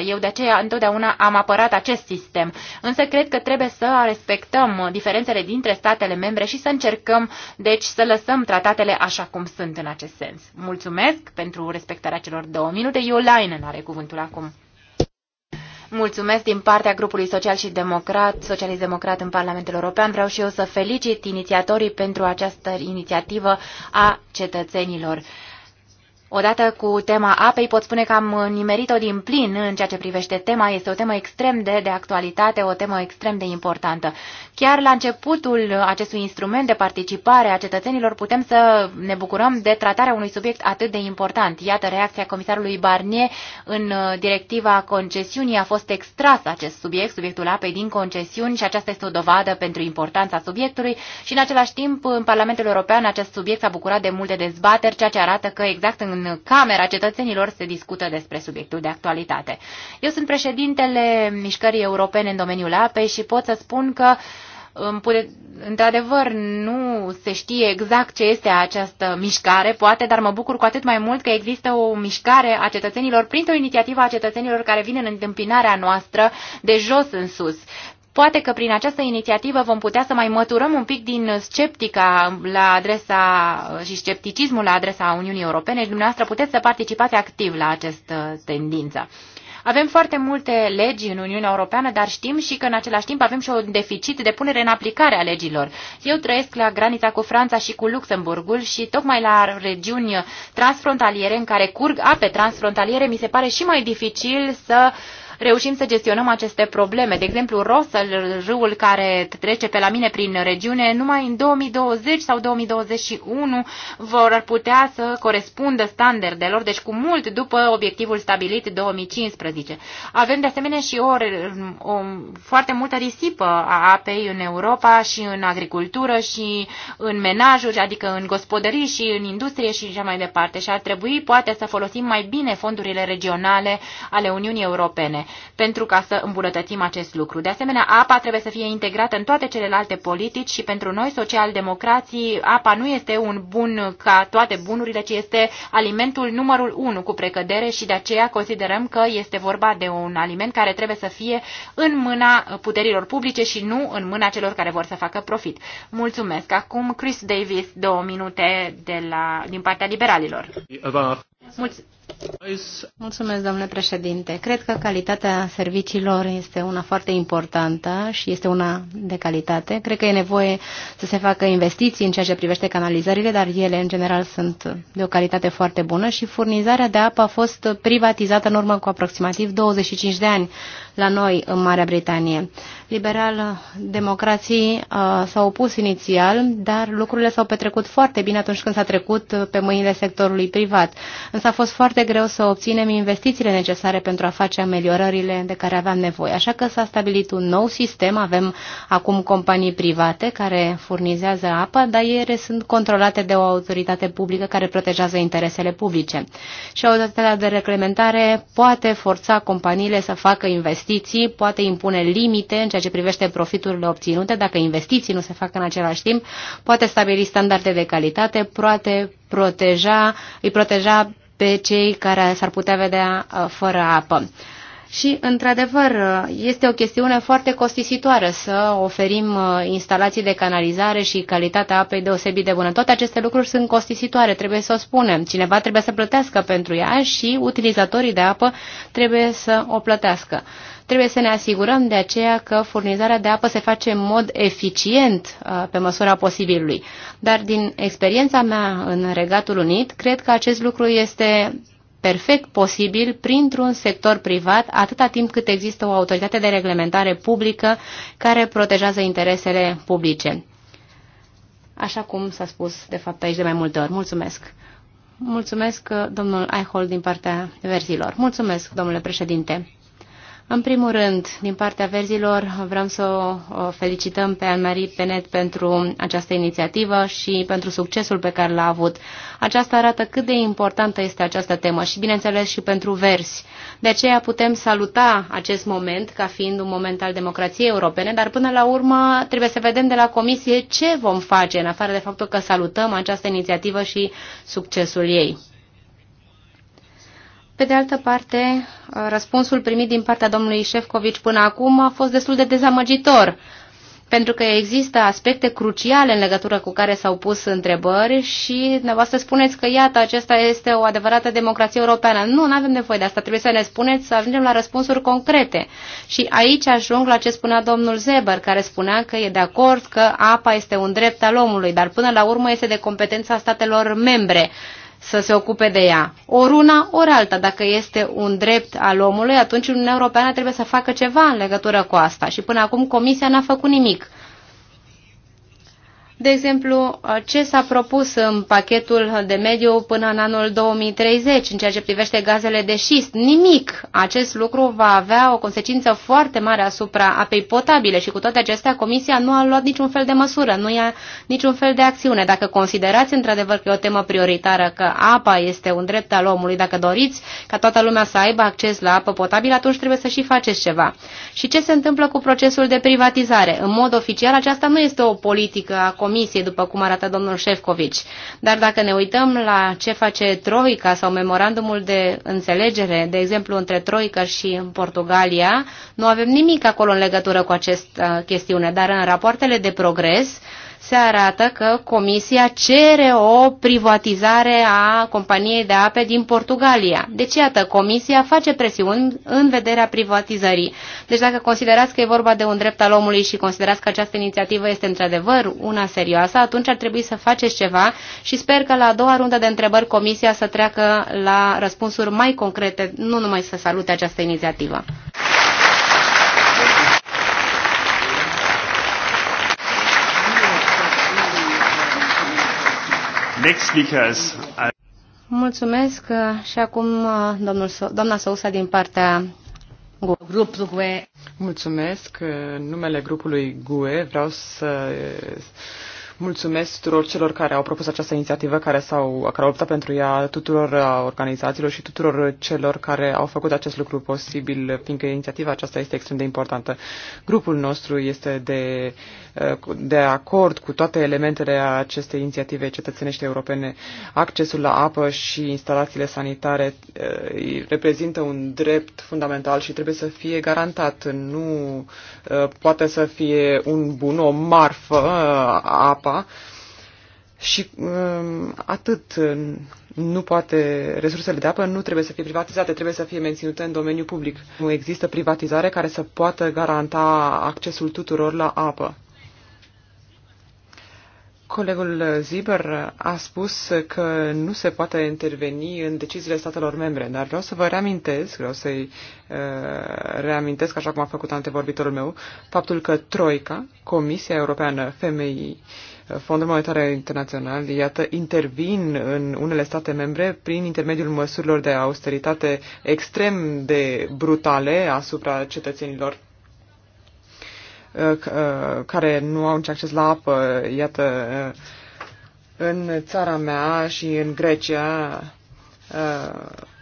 90%. Eu de aceea întotdeauna am apărat acest sistem. Însă cred că trebuie să respectăm diferențele dintre statele membre și să încercăm, deci, să lăsăm tratatele așa cum sunt în acest sens. Mulțumesc pentru respectarea celor două minute. Eu, Lain, Leinen are cuvântul acum. Mulțumesc din partea grupului social și democrat, socialist democrat în Parlamentul European. Vreau și eu să felicit inițiatorii pentru această inițiativă a cetățenilor. Odată cu tema apei, pot spune că am nimerit-o din plin în ceea ce privește tema. Este o temă extrem de, de actualitate, o temă extrem de importantă. Chiar la începutul acestui instrument de participare a cetățenilor putem să ne bucurăm de tratarea unui subiect atât de important. Iată, reacția comisarului Barnier în uh, directiva concesiunii a fost extras acest subiect, subiectul apei din concesiuni și aceasta este o dovadă pentru importanța subiectului și în același timp în Parlamentul European acest subiect s-a bucurat de multe dezbateri, ceea ce arată că exact în în Camera Cetățenilor se discută despre subiectul de actualitate. Eu sunt președintele Mișcării Europene în domeniul apei și pot să spun că um, într-adevăr nu se știe exact ce este această mișcare, poate, dar mă bucur cu atât mai mult că există o mișcare a cetățenilor printr-o inițiativă a cetățenilor care vine în întâmpinarea noastră de jos în sus. Poate că prin această inițiativă vom putea să mai măturăm un pic din sceptica la adresa uh, și scepticismul la adresa Uniunii Europene și dumneavoastră puteți să participați activ la această uh, tendință. Avem foarte multe legi în Uniunea Europeană, dar știm și că în același timp avem și un deficit de punere în aplicare a legilor. Eu trăiesc la granița cu Franța și cu Luxemburgul și tocmai la regiuni transfrontaliere în care curg ape transfrontaliere, mi se pare și mai dificil să uh, reușim să gestionăm aceste probleme. De exemplu, Rosel, râul care trece pe la mine prin regiune, numai în 2020 sau 2021 vor putea să corespundă standardelor, deci cu mult după obiectivul stabilit 2015. Avem de asemenea și o, o foarte multă risipă a apei în Europa și în agricultură și în menajuri, adică în gospodării și în industrie și așa mai departe. Și ar trebui poate să folosim mai bine fondurile regionale ale Uniunii Europene pentru ca să îmbunătățim acest lucru. De asemenea, apa trebuie să fie integrată în toate celelalte politici și pentru noi, socialdemocrații, apa nu este un bun ca toate bunurile, ci este alimentul numărul unu cu precădere și de aceea considerăm că este vorba de un aliment care trebuie să fie în mâna puterilor publice și nu în mâna celor care vor să facă profit. Mulțumesc. Acum Chris Davis, două minute de la, din partea liberalilor. Mulțumesc. Mulțumesc, domnule președinte. Cred că calitatea serviciilor este una foarte importantă și este una de calitate. Cred că e nevoie să se facă investiții în ceea ce privește canalizările, dar ele, în general, sunt de o calitate foarte bună și furnizarea de apă a fost privatizată în urmă cu aproximativ 25 de ani la noi, în Marea Britanie. Liberal-democrații uh, s-au opus inițial, dar lucrurile s-au petrecut foarte bine atunci când s-a trecut pe mâinile sectorului privat. Însă a fost foarte foarte greu să obținem investițiile necesare pentru a face ameliorările de care aveam nevoie. Așa că s-a stabilit un nou sistem, avem acum companii private care furnizează apă, dar ele sunt controlate de o autoritate publică care protejează interesele publice. Și autoritatea de reglementare poate forța companiile să facă investiții, poate impune limite în ceea ce privește profiturile obținute, dacă investiții nu se fac în același timp, poate stabili standarde de calitate, poate proteja, îi proteja pe cei care s-ar putea vedea uh, fără apă. Și, într-adevăr, uh, este o chestiune foarte costisitoare să oferim uh, instalații de canalizare și calitatea apei deosebit de bună. Toate aceste lucruri sunt costisitoare, trebuie să o spunem. Cineva trebuie să plătească pentru ea și utilizatorii de apă trebuie să o plătească. Trebuie să ne asigurăm de aceea că furnizarea de apă se face în mod eficient uh, pe măsura posibilului. Dar din experiența mea în Regatul Unit, cred că acest lucru este perfect posibil printr-un sector privat atâta timp cât există o autoritate de reglementare publică care protejează interesele publice. Așa cum s-a spus, de fapt, aici de mai multe ori. Mulțumesc! Mulțumesc, uh, domnul Eichhold, din partea verzilor. Mulțumesc, domnule președinte! În primul rând, din partea verzilor, vrem să o felicităm pe Anne-Marie Penet pentru această inițiativă și pentru succesul pe care l-a avut. Aceasta arată cât de importantă este această temă și, bineînțeles, și pentru verzi. De aceea putem saluta acest moment ca fiind un moment al democrației europene, dar până la urmă trebuie să vedem de la Comisie ce vom face, în afară de faptul că salutăm această inițiativă și succesul ei. Pe de altă parte, răspunsul primit din partea domnului Șefcovic până acum a fost destul de dezamăgitor, pentru că există aspecte cruciale în legătură cu care s-au pus întrebări și dumneavoastră spuneți că, iată, acesta este o adevărată democrație europeană. Nu, nu avem nevoie de asta. Trebuie să ne spuneți să ajungem la răspunsuri concrete. Și aici ajung la ce spunea domnul Zeber, care spunea că e de acord că apa este un drept al omului, dar până la urmă este de competența statelor membre să se ocupe de ea. Ori una, ori alta. Dacă este un drept al omului, atunci Uniunea Europeană trebuie să facă ceva în legătură cu asta. Și până acum Comisia n-a făcut nimic. De exemplu, ce s-a propus în pachetul de mediu până în anul 2030 în ceea ce privește gazele de șist? Nimic! Acest lucru va avea o consecință foarte mare asupra apei potabile și cu toate acestea Comisia nu a luat niciun fel de măsură, nu ia niciun fel de acțiune. Dacă considerați într-adevăr că e o temă prioritară, că apa este un drept al omului, dacă doriți ca toată lumea să aibă acces la apă potabilă, atunci trebuie să și faceți ceva. Și ce se întâmplă cu procesul de privatizare? În mod oficial, aceasta nu este o politică a comisiei, după cum arată domnul Șefcovici. Dar dacă ne uităm la ce face Troica sau memorandumul de înțelegere, de exemplu, între Troica și Portugalia, nu avem nimic acolo în legătură cu această chestiune, dar în rapoartele de progres, se arată că Comisia cere o privatizare a companiei de ape din Portugalia. Deci, iată, Comisia face presiuni în vederea privatizării. Deci, dacă considerați că e vorba de un drept al omului și considerați că această inițiativă este într-adevăr una serioasă, atunci ar trebui să faceți ceva și sper că la a doua rundă de întrebări Comisia să treacă la răspunsuri mai concrete, nu numai să salute această inițiativă. Mulțumesc uh, și acum uh, domnul, doamna Sousa din partea grupului GUE. Mulțumesc. Uh, în numele grupului GUE vreau să mulțumesc tuturor celor care au propus această inițiativă, care, s-au, care au luptat pentru ea, tuturor organizațiilor și tuturor celor care au făcut acest lucru posibil, fiindcă inițiativa aceasta este extrem de importantă. Grupul nostru este de de acord cu toate elementele acestei inițiative cetățenești europene. Accesul la apă și instalațiile sanitare eh, reprezintă un drept fundamental și trebuie să fie garantat. Nu eh, poate să fie un bun, o marfă, eh, apa. Și atât nu poate, resursele de apă nu trebuie să fie privatizate, trebuie să fie menținute în domeniul public. Nu există privatizare care să poată garanta accesul tuturor la apă. Colegul Ziber a spus că nu se poate interveni în deciziile statelor membre, dar vreau să vă reamintesc, vreau să-i uh, reamintesc, așa cum a făcut antevorbitorul meu, faptul că Troica, Comisia Europeană Femei, uh, Fondul Monetar Internațional, iată, intervin în unele state membre prin intermediul măsurilor de austeritate extrem de brutale asupra cetățenilor Uh, uh, care nu au nici acces la apă. Iată, uh, în țara mea și în Grecia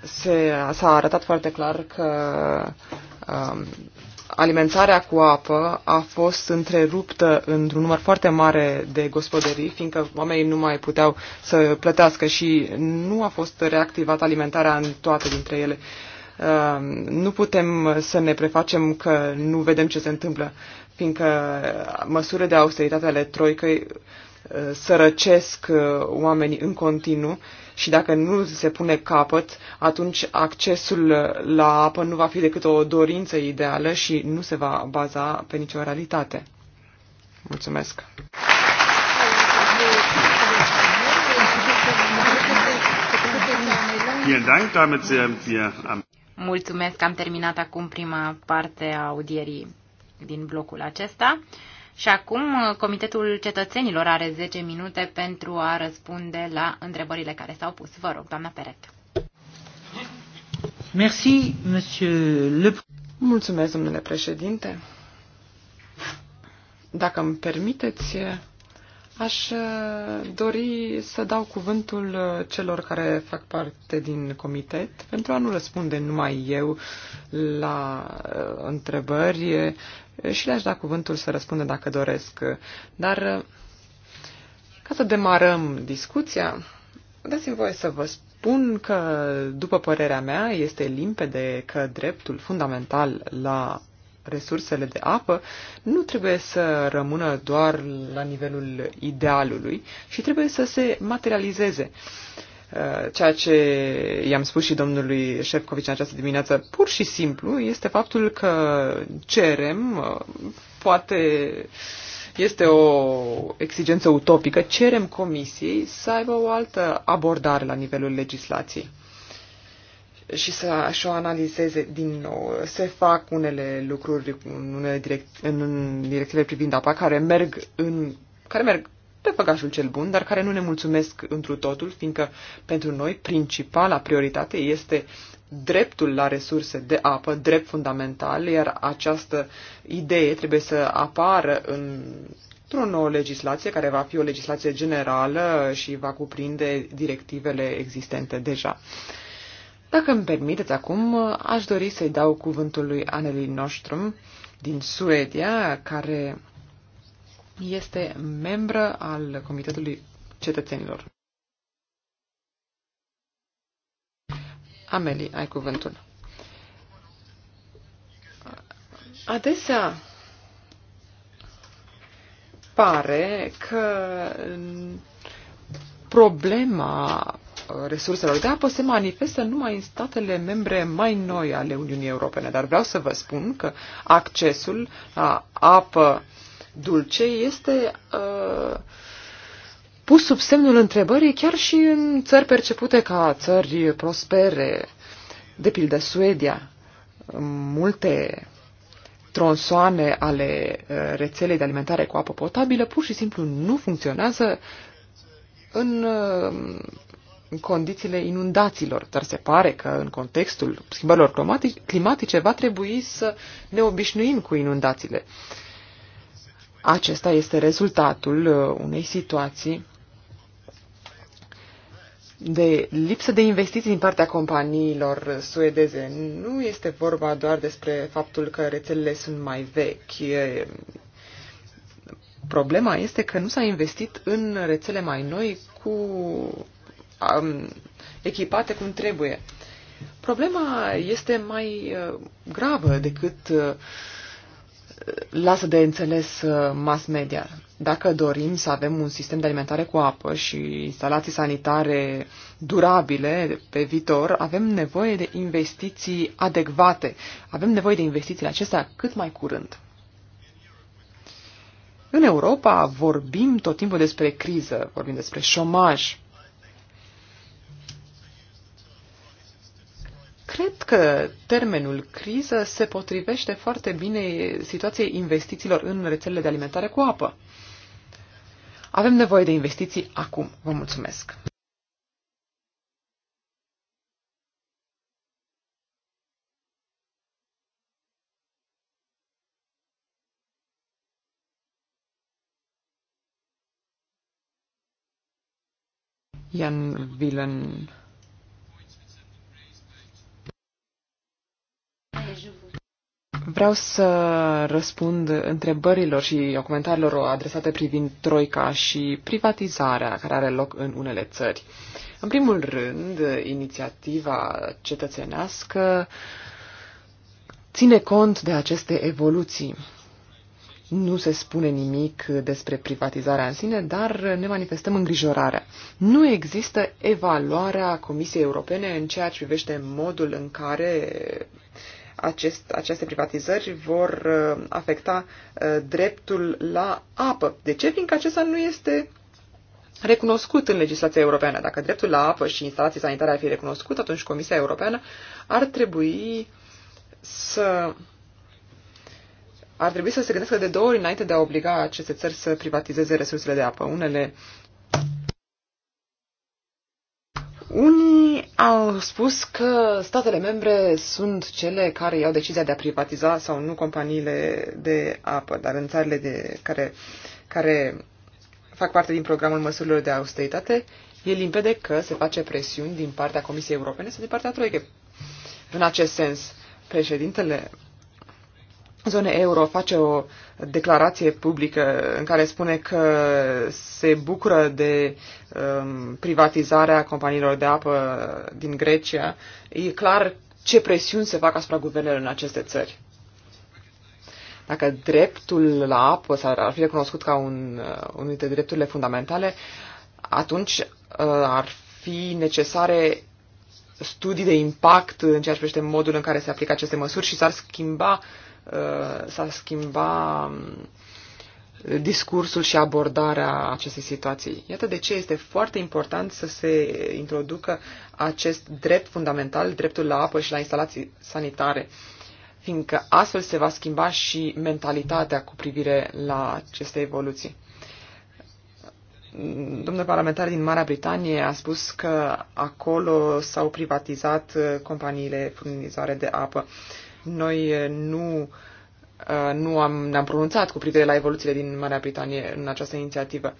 se, s-a arătat foarte clar că um, alimentarea cu apă a fost întreruptă într-un număr foarte mare de gospodării, fiindcă oamenii nu mai puteau să plătească și nu a fost reactivată alimentarea în toate dintre ele. Nu putem să ne prefacem că nu vedem ce se întâmplă fiindcă măsurile de austeritate ale troicăi uh, sărăcesc uh, oamenii în continuu și dacă nu se pune capăt, atunci accesul uh, la apă nu va fi decât o dorință ideală și nu se va baza pe nicio realitate. Mulțumesc! Mulțumesc, am terminat acum prima parte a audierii din blocul acesta. Și acum Comitetul Cetățenilor are 10 minute pentru a răspunde la întrebările care s-au pus. Vă rog, doamna Peret. Merci, monsieur le... Mulțumesc, domnule președinte. Dacă îmi permiteți, aș uh, dori să dau cuvântul uh, celor care fac parte din comitet pentru a nu răspunde numai eu la uh, întrebări și le-aș da cuvântul să răspundă dacă doresc. Dar ca să demarăm discuția, dați-mi voie să vă spun că, după părerea mea, este limpede că dreptul fundamental la resursele de apă nu trebuie să rămână doar la nivelul idealului și trebuie să se materializeze. Uh, Eh, ceea ce i-am spus și domnului Șefcovici în această dimineață, pur și simplu este faptul că cerem, eh, poate este o exigență utopică, cerem comisiei să aibă o altă abordare la nivelul legislației și să și o analizeze din nou. Se fac unele lucruri în, unele direct, în direcțiile privind apa care merg în care merg pe păcașul cel bun, dar care nu ne mulțumesc întru totul, fiindcă pentru noi principala prioritate este dreptul la resurse de apă, drept fundamental, iar această idee trebuie să apară în într-o nouă legislație care va fi o legislație generală și va cuprinde directivele existente deja. Dacă îmi permiteți acum, aș dori să-i dau cuvântul lui Anneli Nostrum din Suedia, care este membră al Comitetului Cetățenilor. Amelie, ai cuvântul. Adesea pare că problema resurselor de apă se manifestă numai în statele membre mai noi ale Uniunii Europene, dar vreau să vă spun că accesul la apă dulce este uh, pus sub semnul întrebării chiar și în țări percepute ca țări prospere, de pildă Suedia. Multe tronsoane ale uh, rețelei de alimentare cu apă potabilă pur și simplu nu funcționează în uh, condițiile inundațiilor, dar se pare că în contextul schimbărilor climatice va trebui să ne obișnuim cu inundațiile. Acesta este rezultatul uh, unei situații de lipsă de investiții din partea companiilor suedeze. Nu este vorba doar despre faptul că rețelele sunt mai vechi. Problema este că nu s-a investit în rețele mai noi cu um, echipate cum trebuie. Problema este mai uh, gravă decât uh, lasă de înțeles uh, mass media. Dacă dorim să avem un sistem de alimentare cu apă și instalații sanitare durabile pe viitor, avem nevoie de investiții adecvate. Avem nevoie de investițiile acestea cât mai curând. În Europa vorbim tot timpul despre criză, vorbim despre șomaj, Cred că termenul criză se potrivește foarte bine situației investițiilor în rețelele de alimentare cu apă. Avem nevoie de investiții acum. Vă mulțumesc! Jan Willen. Vreau să răspund întrebărilor și comentariilor adresate privind troica și privatizarea care are loc în unele țări. În primul rând, inițiativa cetățenească ține cont de aceste evoluții. Nu se spune nimic despre privatizarea în sine, dar ne manifestăm îngrijorarea. Nu există evaluarea Comisiei Europene în ceea ce privește modul în care acest, aceste privatizări vor uh, afecta uh, dreptul la apă. De ce? Fiindcă acesta nu este recunoscut în legislația europeană. Dacă dreptul la apă și instalații sanitare ar fi recunoscut, atunci Comisia Europeană ar trebui să ar trebui să se gândească de două ori înainte de a obliga aceste țări să privatizeze resursele de apă. Unele unii au spus că statele membre sunt cele care iau decizia de a privatiza sau nu companiile de apă, dar în țările de, care, care fac parte din programul măsurilor de austeritate, e limpede că se face presiuni din partea Comisiei Europene sau din partea Troiche. În acest sens, președintele zone euro face o declarație publică în care spune că se bucură de um, privatizarea companiilor de apă din Grecia, e clar ce presiuni se fac asupra guvernelor în aceste țări. Dacă dreptul la apă ar fi recunoscut ca un, uh, unul dintre drepturile fundamentale, atunci uh, ar fi necesare studii de impact în ceea ce privește modul în care se aplică aceste măsuri și s-ar schimba uh, Uh, s-a schimba um, discursul și abordarea acestei situații. Iată de ce este foarte important să se introducă acest drept fundamental, dreptul la apă și la instalații sanitare, fiindcă astfel se va schimba și mentalitatea cu privire la aceste evoluții. Domnul parlamentar din Marea Britanie a spus că acolo s-au privatizat uh, companiile furnizoare de apă. Uh, noi eh, nu, eh, nu am, ne-am pronunțat cu privire la evoluțiile din Marea Britanie în această inițiativă.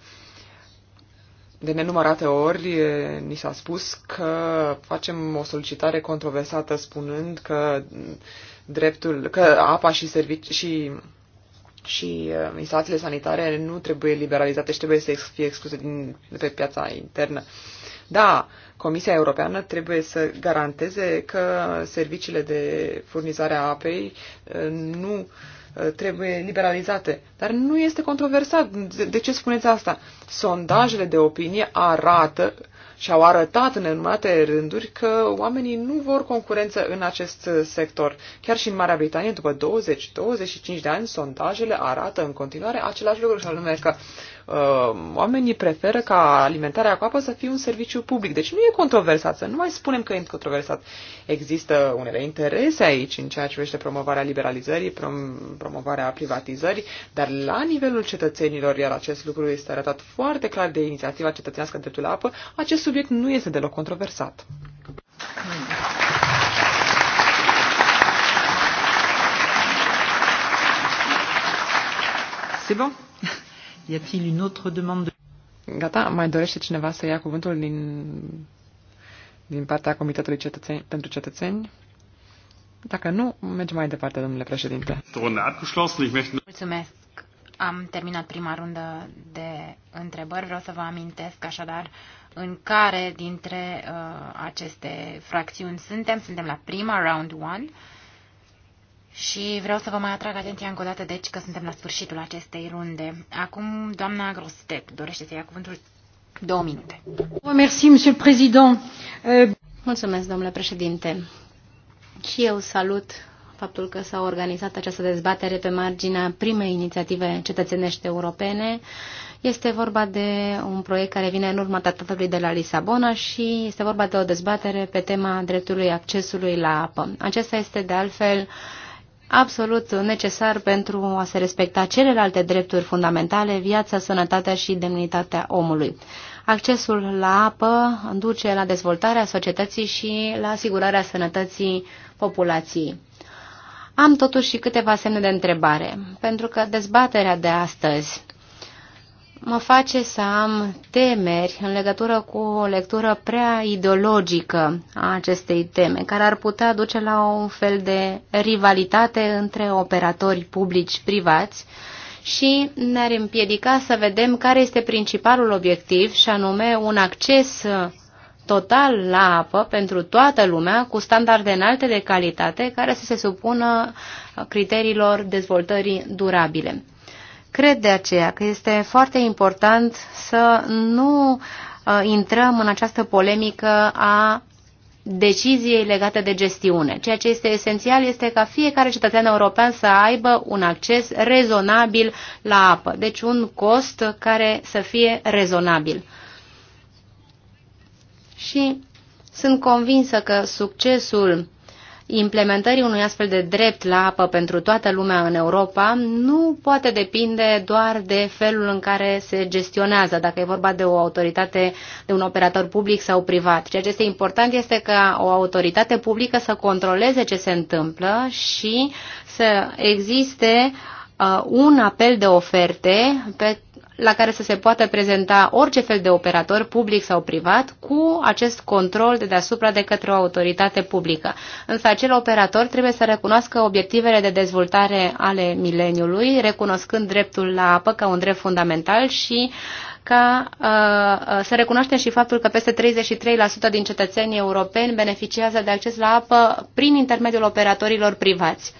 De nenumărate ori eh, ni s-a spus că facem o solicitare controversată spunând că dreptul, că apa și, servici, și și uh, instalațiile sanitare nu trebuie liberalizate și trebuie să fie excluse din, de pe piața internă. Da, Comisia Europeană trebuie să garanteze că serviciile de furnizare a apei uh, nu uh, trebuie liberalizate. Dar nu este controversat. De ce spuneți asta? Sondajele de opinie arată și au arătat în enumărate rânduri că oamenii nu vor concurență în acest uh, sector. Chiar și în Marea Britanie, după 20-25 de ani, sondajele arată în continuare același lucru, și anume că Uh, oamenii preferă ca alimentarea cu apă să fie un serviciu public. Deci nu e controversat, să nu mai spunem că e controversat. Există unele interese aici în ceea ce privește promovarea liberalizării, prom- promovarea privatizării, dar la nivelul cetățenilor, iar acest lucru este arătat foarte clar de inițiativa cetățenească dreptul la apă, acest subiect nu este deloc controversat. C'est bon Y a-t-il une autre demande de... Gata, mai dorește cineva să ia cuvântul din, din partea Comitetului cetățeni, pentru Cetățeni? Dacă nu, mergem mai departe, domnule președinte. Mulțumesc. Am terminat prima rundă de întrebări. Vreau să vă amintesc așadar în care dintre uh, aceste fracțiuni suntem. Suntem la prima, round 1. Și vreau să vă mai atrag atenția încă o dată, deci, că suntem la sfârșitul acestei runde. Acum, doamna Grostet dorește să ia cuvântul două minute. Euh, Mulțumesc, domnule președinte. Și eu salut faptul că s-a organizat această dezbatere pe marginea primei inițiative cetățenești europene. Este vorba de un proiect care vine în urma tratatului de la Lisabona și este vorba de o dezbatere pe tema dreptului accesului la apă. Acesta este, de altfel, uh, absolut necesar pentru a se respecta celelalte drepturi fundamentale, viața, sănătatea și demnitatea omului. Accesul la apă duce la dezvoltarea societății și la asigurarea sănătății populației. Am totuși și câteva semne de întrebare, pentru că dezbaterea de astăzi mă face să am temeri în legătură cu o lectură prea ideologică a acestei teme, care ar putea duce la un fel de rivalitate între operatori publici-privați și ne-ar împiedica să vedem care este principalul obiectiv, și anume un acces total la apă pentru toată lumea, cu standarde înalte de calitate, care să se supună criteriilor dezvoltării durabile. Cred de aceea că este foarte important să nu uh, intrăm în această polemică a deciziei legate de gestiune. Ceea ce este esențial este ca fiecare cetățean european să aibă un acces rezonabil la apă, deci un cost care să fie rezonabil. Și sunt convinsă că succesul implementării unui astfel de drept la apă pentru toată lumea în Europa nu poate depinde doar de felul în care se gestionează, dacă e vorba de o autoritate, de un operator public sau privat. Ceea ce este important este ca o autoritate publică să controleze ce se întâmplă și să existe uh, un apel de oferte pe la care să se poată prezenta orice fel de operator, public sau privat, cu acest control de deasupra de către o autoritate publică. Însă acel operator trebuie să recunoască obiectivele de dezvoltare ale mileniului, recunoscând dreptul la apă ca un drept fundamental și ca uh, uh să recunoaștem și faptul că peste 33% din cetățenii europeni beneficiază de acces la apă prin intermediul operatorilor privați.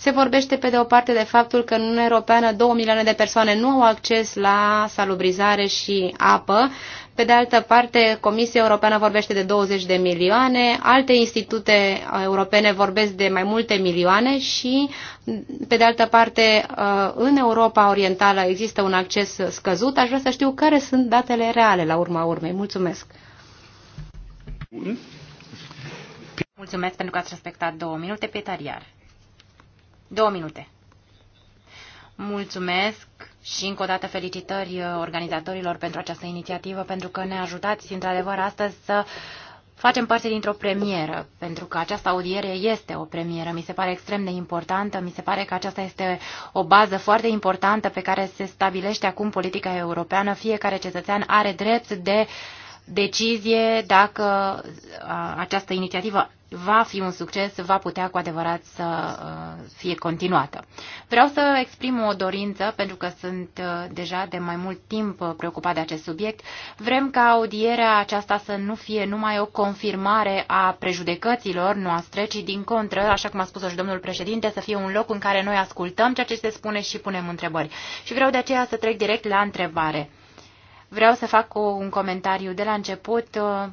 Se vorbește pe de o parte de faptul că în Uniunea Europeană 2 milioane de persoane nu au acces la salubrizare și apă, pe de altă parte, Comisia Europeană vorbește de 20 de milioane, alte institute europene vorbesc de mai multe milioane și, pe de altă parte, uh, în Europa Orientală există un acces scăzut. Aș vrea să știu care sunt datele reale la urma urmei. Mulțumesc! Mulțumesc pentru că ați respectat două minute, pe tariar. Două minute. Mulțumesc și încă o dată felicitări uh, organizatorilor pentru această inițiativă, pentru că ne ajutați într-adevăr astăzi să facem parte dintr-o premieră, pentru că această audiere este o premieră. Mi se pare extrem de importantă, mi se pare că aceasta este o bază foarte importantă pe care se stabilește acum politica europeană. Fiecare cetățean are drept de uh, decizie dacă această inițiativă va fi un succes, va putea cu adevărat să fie continuată. Vreau să exprim o dorință, pentru că sunt deja de mai mult timp preocupat de acest subiect. Vrem ca audierea aceasta să nu fie numai o confirmare a prejudecăților noastre, ci din contră, așa cum a spus și domnul președinte, să fie un loc în care noi ascultăm ceea ce se spune și punem întrebări. Și vreau de aceea să trec direct la întrebare. Vreau să fac o, un comentariu de la început. Uh,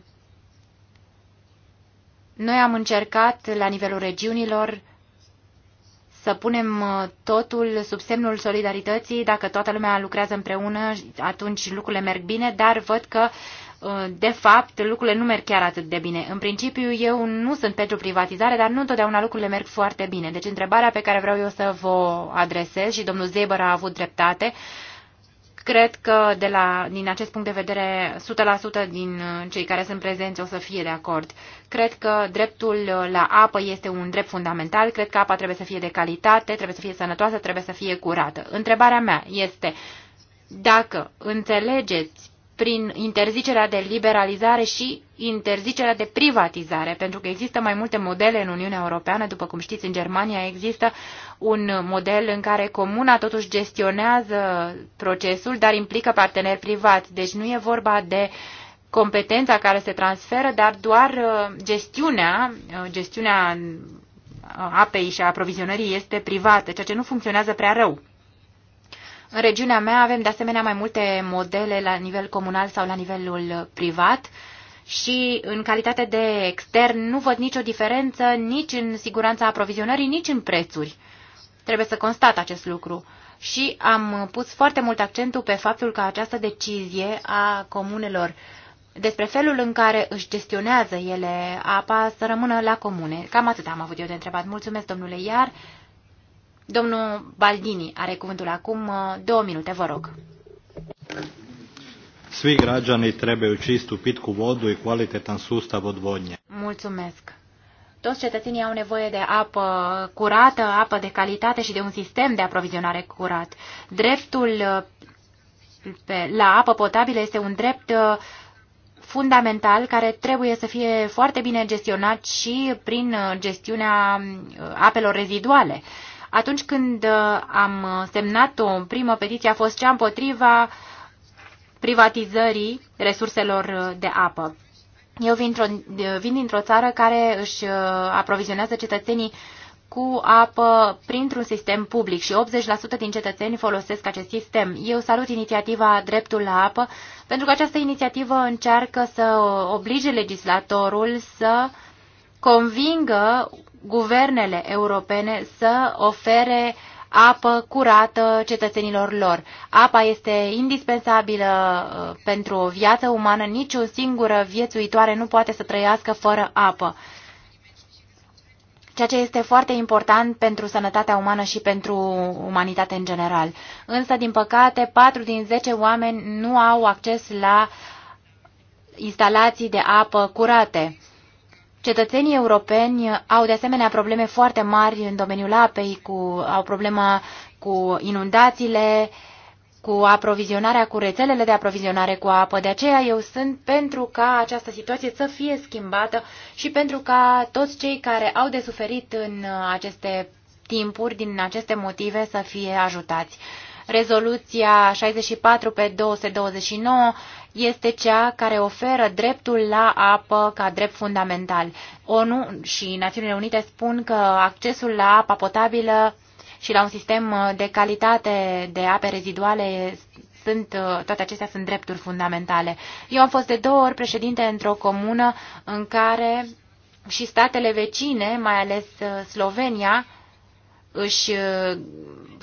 noi am încercat la nivelul regiunilor să punem uh, totul sub semnul solidarității. Dacă toată lumea lucrează împreună, atunci lucrurile merg bine, dar văd că uh, de fapt, lucrurile nu merg chiar atât de bine. În principiu, eu nu sunt pentru privatizare, dar nu întotdeauna lucrurile merg foarte bine. Deci, întrebarea pe care vreau eu să vă adresez, și domnul Zeber a avut dreptate, uh, Cred că de la, din acest punct de vedere, 100% din uh, cei care sunt prezenți o să fie de acord. Cred că dreptul uh, la apă este un drept fundamental, cred că apa trebuie să fie de calitate, trebuie să fie sănătoasă, trebuie să fie curată. Întrebarea mea este dacă înțelegeți prin interzicerea de liberalizare și interzicerea de privatizare, pentru că există mai multe modele în Uniunea Europeană, după cum știți, în Germania există un model în care comuna totuși gestionează procesul, dar implică parteneri privați. Deci nu e vorba de competența care se transferă, dar doar uh, gestiunea, uh, gestiunea uh, apei și a aprovizionării este privată, ceea ce nu funcționează prea rău. În regiunea mea avem de asemenea mai multe modele la nivel comunal sau la nivelul privat și în calitate de extern nu văd nicio diferență nici în siguranța aprovizionării, nici în prețuri. Trebuie să constat acest lucru. Și am pus foarte mult accentul pe faptul că această decizie a comunelor despre felul în care își gestionează ele apa să rămână la comune. Cam atât am avut eu de întrebat. Mulțumesc, domnule Iar. Domnul Baldini are cuvântul acum. Uh, două minute, vă rog. Svi građani trebaju čistu pitku vodu i kvalitetan sustav odvodnje. Mulțumesc. Toți cetățenii au nevoie de apă curată, apă de calitate și de un sistem de aprovizionare curat. Dreptul la apă potabilă este un drept uh, fundamental care trebuie să fie foarte bine gestionat și prin uh, gestiunea uh, apelor reziduale. Atunci când am semnat o primă petiție a fost cea împotriva privatizării resurselor de apă. Eu vin, vin dintr-o țară care își uh, aprovizionează cetățenii cu apă printr-un sistem public și 80% din cetățeni folosesc acest sistem. Eu salut inițiativa Dreptul la apă, pentru că această inițiativă încearcă să oblige legislatorul să convingă guvernele europene să ofere uh, apă curată cetățenilor lor. Apa este indispensabilă uh, pentru o viață umană, nici o singură viețuitoare nu poate să trăiască fără apă ceea ce este foarte important pentru sănătatea umană și pentru umanitate în general. Însă, din păcate, 4 din 10 oameni nu au acces la instalații de apă curate. Cetățenii europeni au de asemenea probleme foarte mari în domeniul apei, cu, au problema cu inundațiile, cu aprovizionarea, cu rețelele de aprovizionare cu apă. De aceea eu sunt pentru ca această situație să fie schimbată și pentru ca toți cei care au de suferit în aceste timpuri, din aceste motive, să fie ajutați. Rezoluția 64 pe 229 este cea care oferă dreptul la apă ca drept fundamental. ONU și Națiunile Unite spun că accesul la apa potabilă și la un sistem de calitate de ape reziduale sunt, toate acestea sunt drepturi fundamentale. Eu am fost de două ori președinte într-o comună în care și statele vecine, mai ales Slovenia, își uh,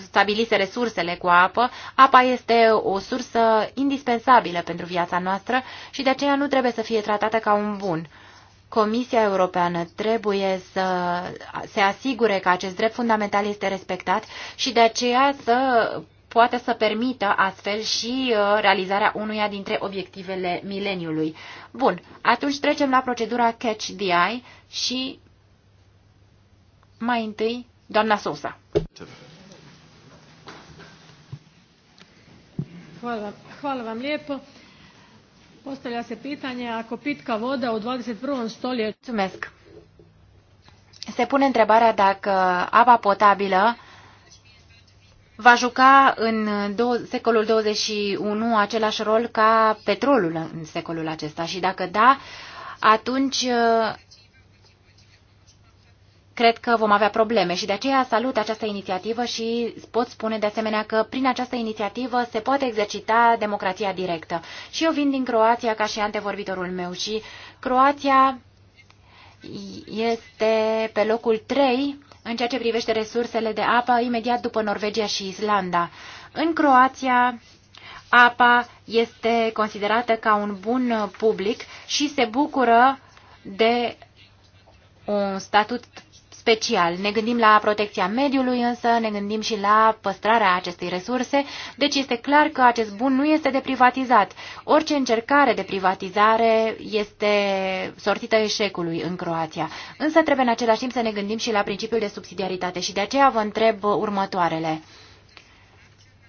stabilise resursele cu apă. Apa este o sursă indispensabilă pentru viața noastră și de aceea nu trebuie să fie tratată ca un bun. Comisia Europeană trebuie să se asigure că acest drept fundamental este respectat și de aceea să poate să permită astfel și uh, realizarea unuia dintre obiectivele mileniului. Bun, atunci trecem la procedura Catch the Eye și mai întâi Doamna Sosa. Hvala, hvala vam lijepo. Postavlja se pitanje ako pitka voda u 21. stoljeću... Mulțumesc. Se pune întrebarea dacă apa potabilă va juca în secolul 21 același rol ca petrolul în secolul acesta și dacă da, atunci cred că vom avea probleme și de aceea salut această inițiativă și pot spune de asemenea că prin această inițiativă se poate exercita democrația directă. Și eu vin din Croația ca și antevorbitorul meu și Croația este pe locul 3 în ceea ce privește resursele de apă imediat după Norvegia și Islanda. În Croația apa este considerată ca un bun public și se bucură de un statut special. Ne gândim la protecția mediului, însă ne gândim și la păstrarea acestei resurse, deci este clar că acest bun nu este de privatizat. Orice încercare de privatizare este sortită eșecului în Croația. Însă trebuie în același timp să ne gândim și la principiul de subsidiaritate și de aceea vă întreb următoarele.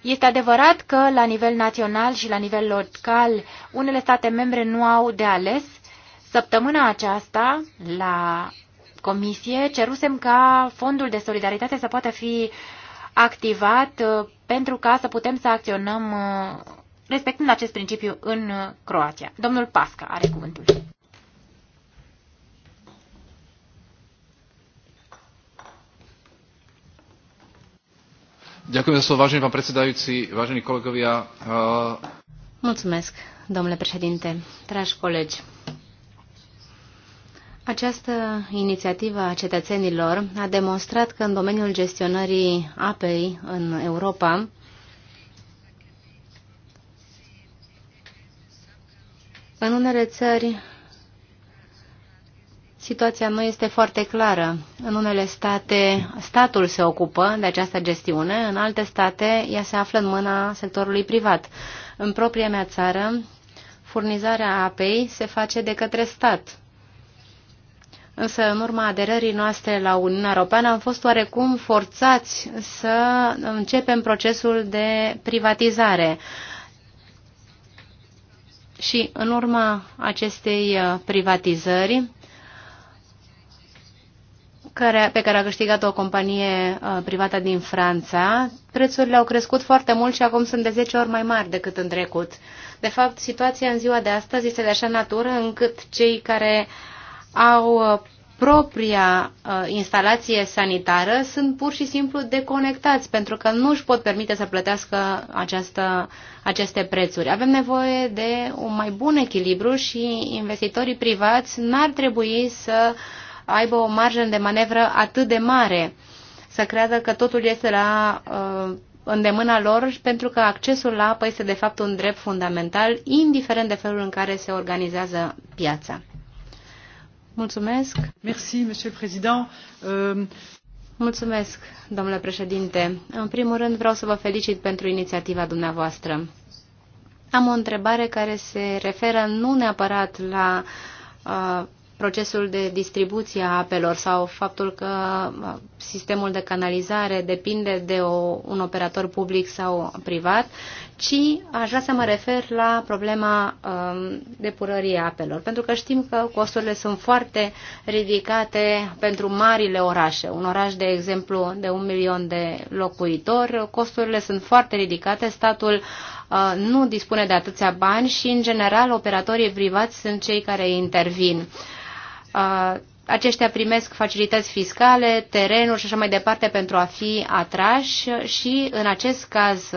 Este adevărat că la nivel național și la nivel local unele state membre nu au de ales Săptămâna aceasta, la comisie, cerusem ca fondul de solidaritate să poată fi activat uh, pentru ca să putem să acționăm uh, respectând acest principiu în uh, Croația. Domnul Pasca are cuvântul. Ďakujem za slovo, vážený pán predsedajúci, vážení kolegovia. Mulțumesc, domnule președinte, dragi colegi. Această inițiativă a cetățenilor a demonstrat că în domeniul gestionării apei în Europa, în unele țări situația nu este foarte clară. În unele state statul se ocupă de această gestiune, în alte state ea se află în mâna sectorului privat. În propria mea țară, furnizarea apei se face de către stat Însă, în urma aderării noastre la Uniunea Europeană, am fost oarecum forțați să începem procesul de privatizare. Și în urma acestei uh, privatizări, care, pe care a câștigat-o companie uh, privată din Franța, prețurile au crescut foarte mult și acum sunt de 10 ori mai mari decât în trecut. De fapt, situația în ziua de astăzi este de așa natură încât cei care uh, au uh, propria uh, instalație sanitară sunt pur și simplu deconectați pentru că nu își pot permite să plătească această, aceste prețuri. Avem nevoie de un mai bun echilibru și investitorii privați n-ar trebui să aibă o marjă de manevră atât de mare, să creadă că totul este la uh, îndemâna lor pentru că accesul la apă este de fapt un drept fundamental, indiferent de felul în care se organizează piața. Mulțumesc. Merci, monsieur président. Euh, Mulțumesc, domnule președinte. În primul rând vreau să vă felicit pentru inițiativa dumneavoastră. Am o întrebare care se referă nu neapărat la uh, procesul de distribuție a apelor sau faptul că sistemul de canalizare depinde de o, un operator public sau privat, ci aș vrea să mă refer la problema um, depurării apelor, pentru că știm că costurile sunt foarte ridicate pentru marile orașe. Un oraș, de exemplu, de un milion de locuitori, costurile sunt foarte ridicate, statul uh, nu dispune de atâția bani și, în general, operatorii privați sunt cei care intervin. Uh, aceștia primesc facilități fiscale, terenuri și așa mai departe pentru a fi atrași și, în acest caz,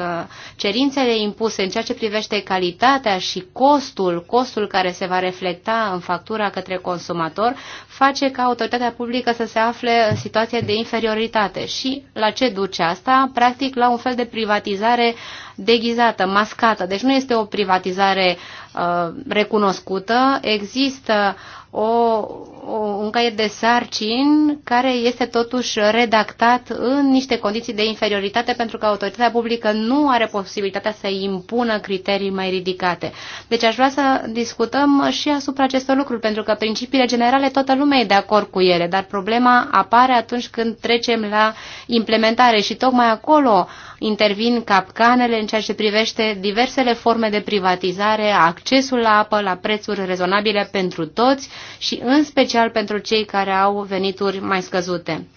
cerințele impuse în ceea ce privește calitatea și costul, costul care se va reflecta în factura către consumator, face ca autoritatea publică să se afle în situație de inferioritate. Și la ce duce asta? Practic la un fel de privatizare deghizată, mascată. Deci nu este o privatizare uh, recunoscută, există o un caiet de sarcini care este totuși redactat în niște condiții de inferioritate pentru că autoritatea publică nu are posibilitatea să impună criterii mai ridicate. Deci aș vrea să discutăm și asupra acestor lucruri, pentru că principiile generale toată lumea e de acord cu ele, dar problema apare atunci când trecem la implementare și tocmai acolo intervin capcanele în ceea ce privește diversele forme de privatizare, accesul la apă, la prețuri rezonabile pentru toți și în special special pentru cei care au venituri mai scăzute.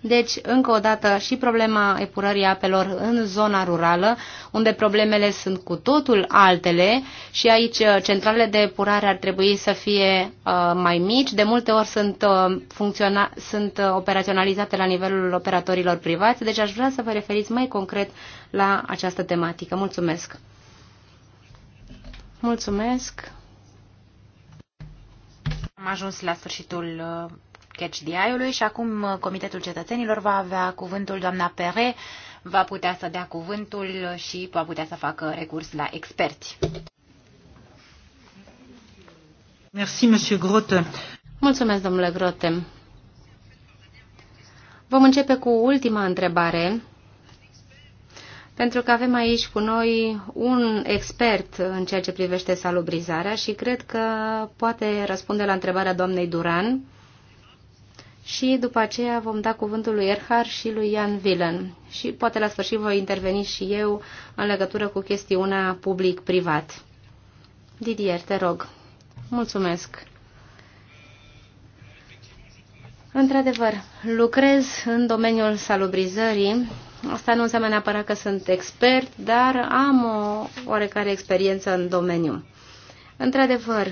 Deci, încă o dată, și problema epurării apelor în zona rurală, unde problemele sunt cu totul altele și aici uh, centralele de epurare ar trebui să fie uh, mai mici. De multe ori sunt, uh, sunt uh, operaționalizate la nivelul operatorilor privați, deci aș vrea să vă referiți mai concret la această tematică. Mulțumesc! Mulțumesc! Am ajuns la sfârșitul uh, catch DI-ului și acum uh, Comitetul Cetățenilor va avea cuvântul doamna Pere, va putea să dea cuvântul și va putea să facă recurs la experți. Merci, monsieur Grote. Mulțumesc, domnule Grote. Vom începe cu ultima întrebare pentru că avem aici cu noi un expert în ceea ce privește salubrizarea și cred că poate răspunde la întrebarea doamnei Duran și după aceea vom da cuvântul lui Erhard și lui Ian Villen. Și poate la sfârșit voi interveni și eu în legătură cu chestiunea public-privat. Didier, te rog. Mulțumesc. Într-adevăr, lucrez în domeniul salubrizării Asta nu înseamnă neapărat că sunt expert, dar am o oarecare experiență în domeniu. Într-adevăr,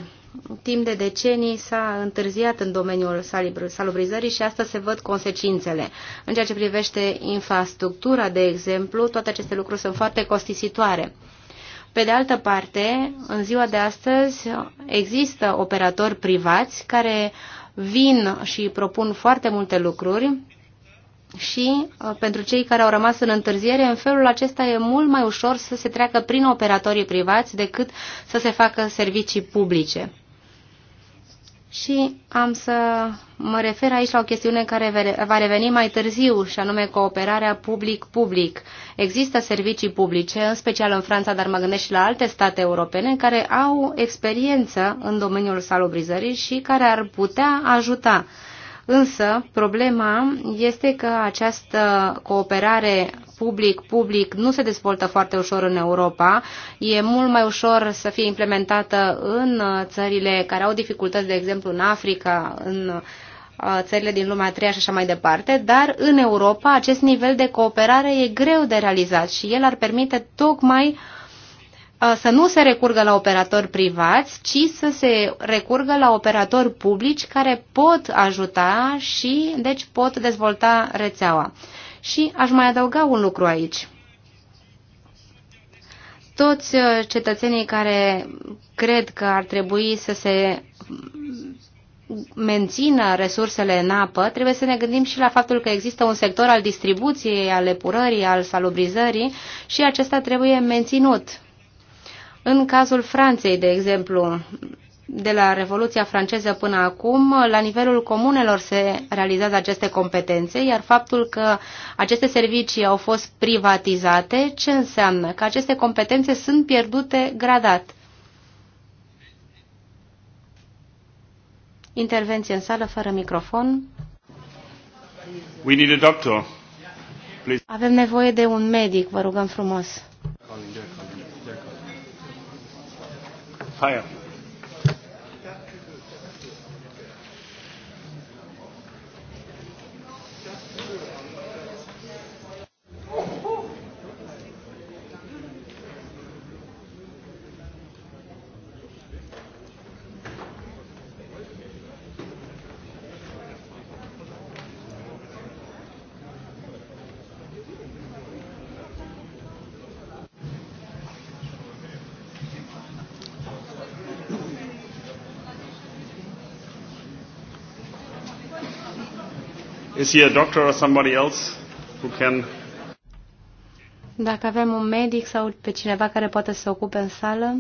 timp de decenii s-a întârziat în domeniul salubrizării și asta se văd consecințele. În ceea ce privește infrastructura, de exemplu, toate aceste lucruri sunt foarte costisitoare. Pe de altă parte, în ziua de astăzi există operatori privați care vin și propun foarte multe lucruri și uh, pentru cei care au rămas în întârziere, în felul acesta e mult mai ușor să se treacă prin operatorii privați decât să se facă servicii publice. Și am să mă refer aici la o chestiune care va reveni mai târziu, și anume cooperarea public-public. Există servicii publice, în special în Franța, dar mă gândesc și la alte state europene, care au experiență în domeniul salubrizării și care ar putea ajuta Însă, problema este că această cooperare public-public nu se dezvoltă foarte ușor în Europa. E mult mai ușor să fie implementată în țările care au dificultăți, de exemplu, în Africa, în uh, țările din lumea a treia și așa mai departe, dar în Europa acest nivel de cooperare e greu de realizat și el ar permite tocmai uh, Uh, să nu se recurgă la operatori privați, ci să se recurgă la operatori publici care pot ajuta și, deci, pot dezvolta rețeaua. Și aș mai adăuga un lucru aici. Toți uh, cetățenii care cred că ar trebui să se mențină resursele în apă, trebuie să ne gândim și la faptul că există un sector al distribuției, al epurării, al salubrizării și acesta trebuie menținut în cazul Franței, de exemplu, de la Revoluția franceză până acum, la nivelul comunelor se realizează aceste competențe, iar faptul că aceste servicii au fost privatizate, ce înseamnă? Că aceste competențe sunt pierdute gradat. Intervenție în sală fără microfon. We need a doctor. Avem nevoie de un medic, vă rugăm frumos. Calling fire. Is he a doctor or somebody else who can... Dacă avem un medic sau pe cineva care poate să se ocupe în sală,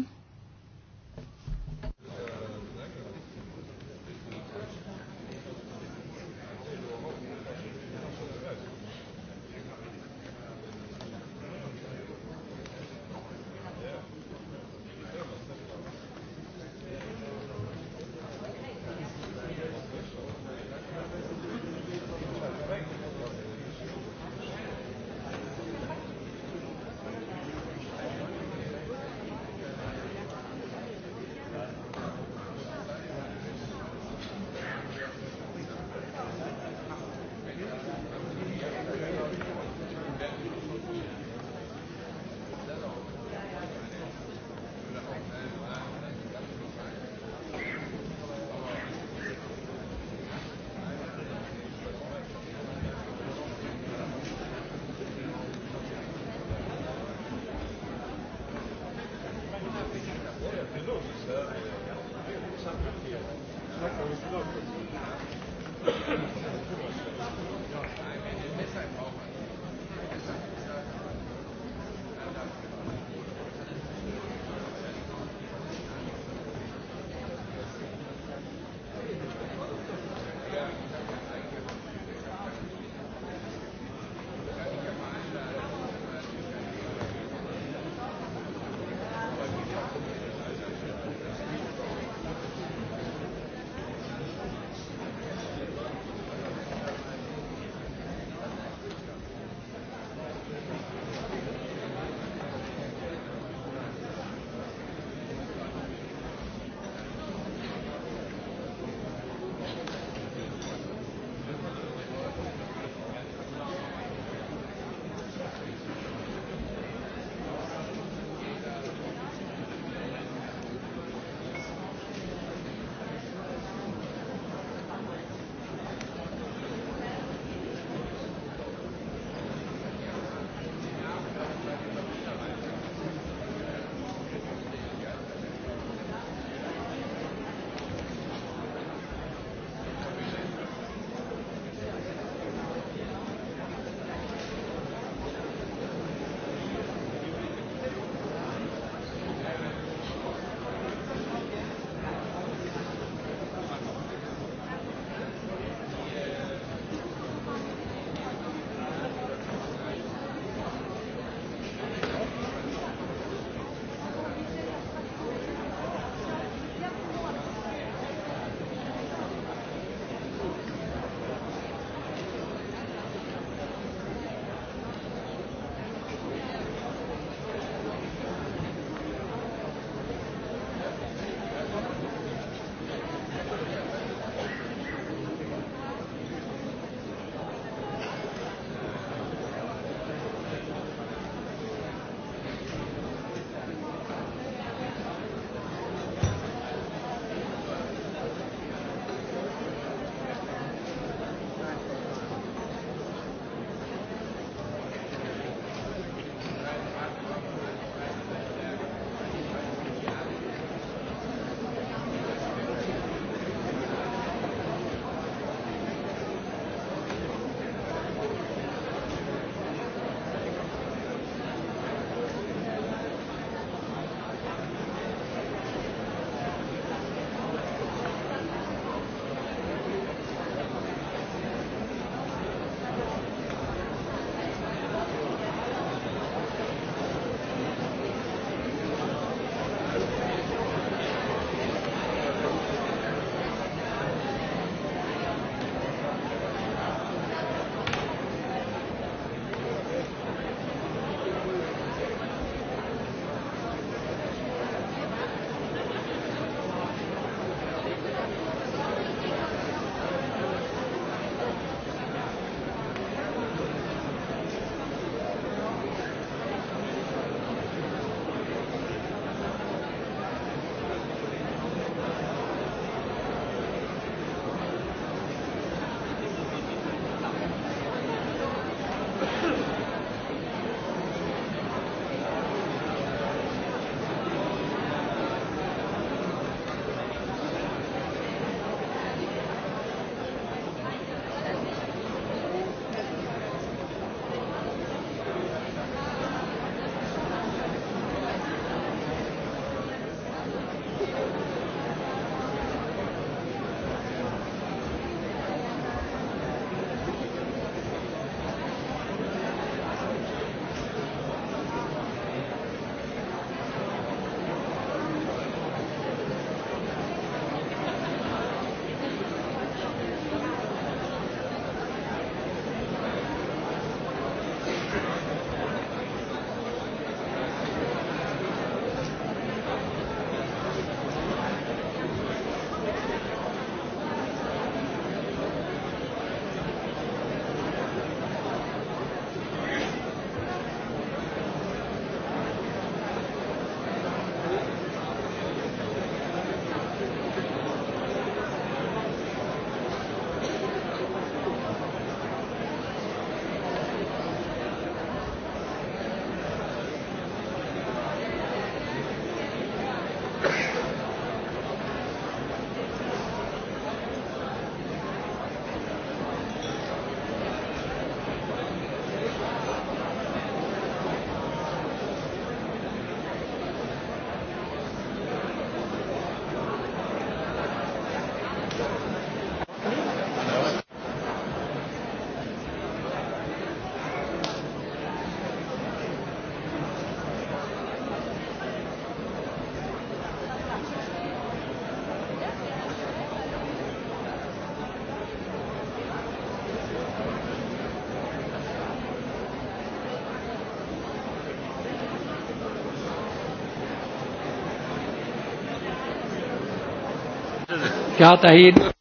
Gata hin.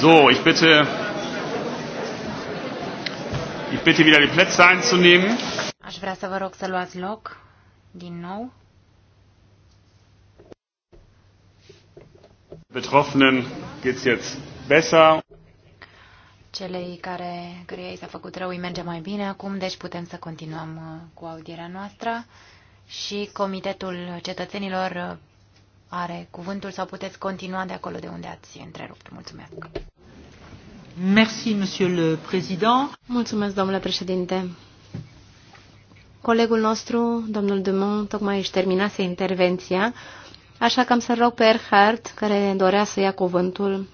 So, ich bitte, ich bitte wieder die Plätze einzunehmen. Aș vrea să vă rog să luați loc din nou. Betroffenen geht's jetzt besser. Celei care grei s-a făcut rău îi merge mai bine acum, deci putem să continuăm uh, cu audierea noastră și Comitetul Cetățenilor are cuvântul sau puteți continua de acolo de unde ați întrerupt. Mulțumesc. Merci, monsieur le président. Mulțumesc, domnule președinte. Colegul nostru, domnul Dumont, tocmai își terminase intervenția, așa că am să rog pe Erhard, care dorea să ia cuvântul,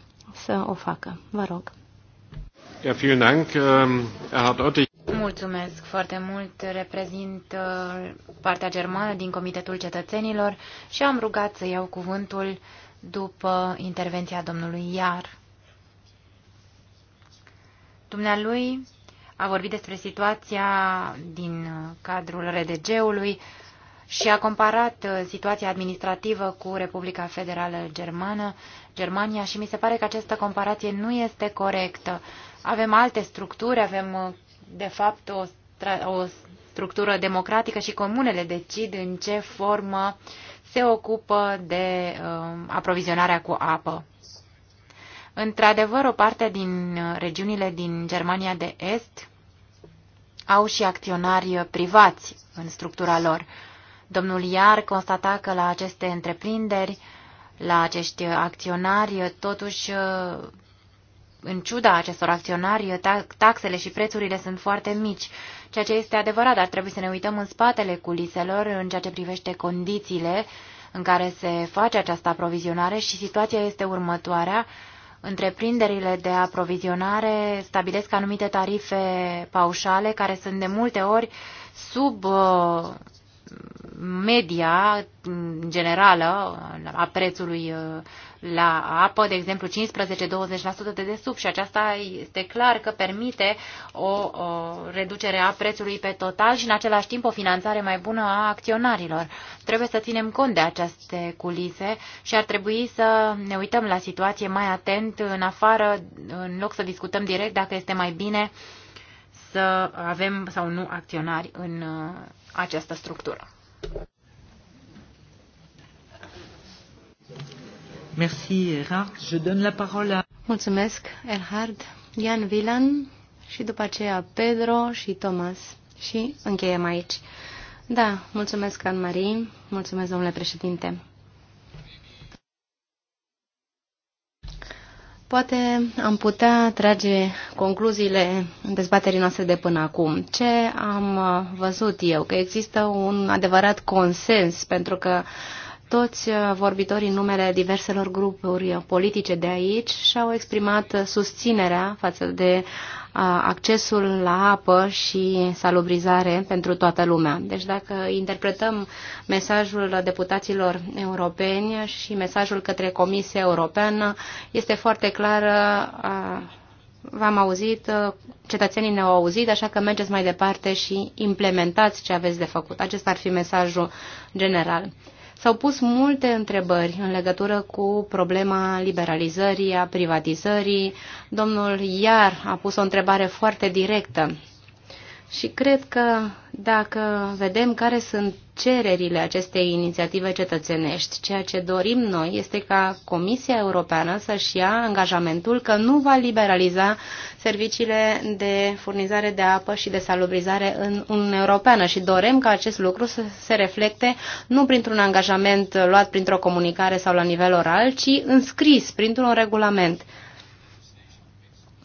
să o facă. Vă rog. Ja, vielen Dank, ähm, Herr Hartog. Mulțumesc foarte mult. Reprezint uh, partea germană din Comitetul Cetățenilor și am rugat să iau cuvântul după intervenția domnului Iar. Dumnealui a vorbit despre situația din uh, cadrul RDG-ului și a comparat uh, situația administrativă cu Republica Federală Germană, Germania, și mi se pare că această comparație nu este corectă. Avem alte structuri, avem de fapt, o, o structură democratică și comunele decid în ce formă se ocupă de uh, aprovizionarea cu apă. Într-adevăr, o parte din uh, regiunile din Germania de Est au și acționari privați în structura lor. Domnul Iar constata că la aceste întreprinderi, la acești acționari, totuși uh, în ciuda acestor acționari, taxele și prețurile sunt foarte mici, ceea ce este adevărat, dar trebuie să ne uităm în spatele culiselor în ceea ce privește condițiile în care se face această aprovizionare și situația este următoarea. Întreprinderile de aprovizionare stabilesc anumite tarife paușale care sunt de multe ori sub uh, media generală a prețului uh, la apă, de exemplu 15-20% de desubt și aceasta este clar că permite o, o reducere a prețului pe total și în același timp o finanțare mai bună a acționarilor. Trebuie să ținem cont de aceste culise și ar trebui să ne uităm la situație mai atent în afară, în loc să discutăm direct dacă este mai bine să avem sau nu acționari în această structură. Merci, Erhard. Je donne la parole à... Mulțumesc, Erhard, Ian Vilan și după aceea Pedro și Thomas. Și încheiem aici. Da, mulțumesc, Anne-Marie. Mulțumesc, domnule președinte. Poate am putea trage concluziile dezbaterii noastre de până acum. Ce am uh, văzut eu? Că există un adevărat consens, pentru că uh, toți uh, vorbitorii în numele diverselor grupuri politice de aici și-au exprimat susținerea față de uh, accesul la apă și salubrizare pentru toată lumea. Deci dacă interpretăm mesajul deputaților europeni și mesajul către Comisia Europeană, este foarte clar uh, v-am auzit, cetățenii ne-au auzit, așa că mergeți mai departe și implementați ce aveți de făcut. Acesta ar fi mesajul general. S-au pus multe întrebări în legătură cu problema liberalizării, a privatizării. Domnul Iar a pus o întrebare foarte directă și cred că dacă vedem care sunt cererile acestei inițiative cetățenești, ceea ce dorim noi este ca Comisia Europeană să-și ia angajamentul că nu va liberaliza serviciile de furnizare de apă și de salubrizare în Uniunea Europeană și dorem ca acest lucru să se reflecte nu printr-un angajament luat printr-o comunicare sau la nivel oral, ci înscris printr-un regulament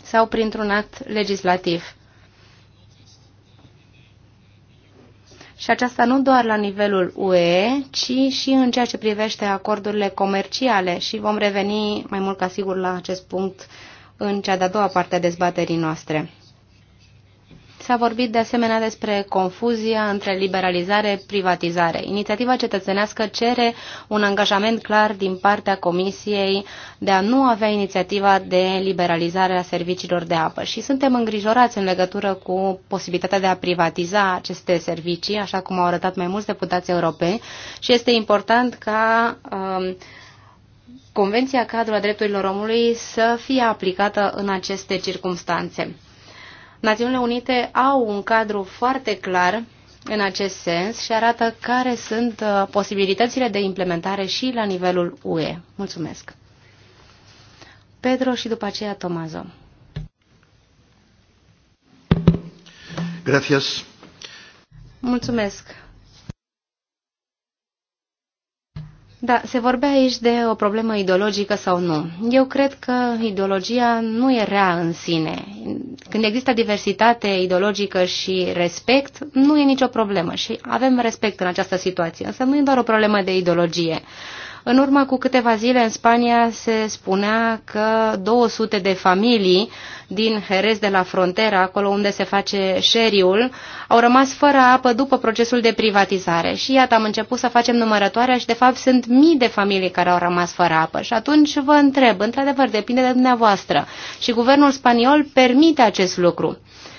sau printr-un act legislativ. Și aceasta nu doar la nivelul UE, ci și în ceea ce privește acordurile comerciale. Și vom reveni mai mult ca sigur la acest punct în cea de-a doua parte a dezbaterii noastre. S-a vorbit de asemenea despre confuzia între liberalizare, privatizare. Inițiativa cetățenească cere un angajament clar din partea Comisiei de a nu avea inițiativa de liberalizare a serviciilor de apă și suntem îngrijorați în legătură cu posibilitatea de a privatiza aceste servicii, așa cum au arătat mai mulți deputați europeni și este important ca um, Convenția cadrului a Drepturilor Omului să fie aplicată în aceste circumstanțe. Națiunile Unite au un cadru foarte clar în acest sens și arată care sunt uh, posibilitățile de implementare și la nivelul UE. Mulțumesc. Pedro și după aceea Tomazo. Gracias. Mulțumesc, Da, se vorbea aici de o problemă ideologică sau nu. Eu cred că ideologia nu e rea în sine. Când există diversitate ideologică și respect, nu e nicio problemă și avem respect în această situație. Însă nu e doar o problemă de ideologie. Uh, în urmă cu câteva zile în Spania se spunea că 200 de familii din Jerez de la Frontera, acolo unde se face șeriul, au rămas fără apă după procesul de privatizare. Și iată, am început să facem numărătoarea și de fapt sunt mii de familii care au rămas fără apă. Și atunci vă întreb, într-adevăr, depinde de dumneavoastră. Și guvernul spaniol permite acest lucru.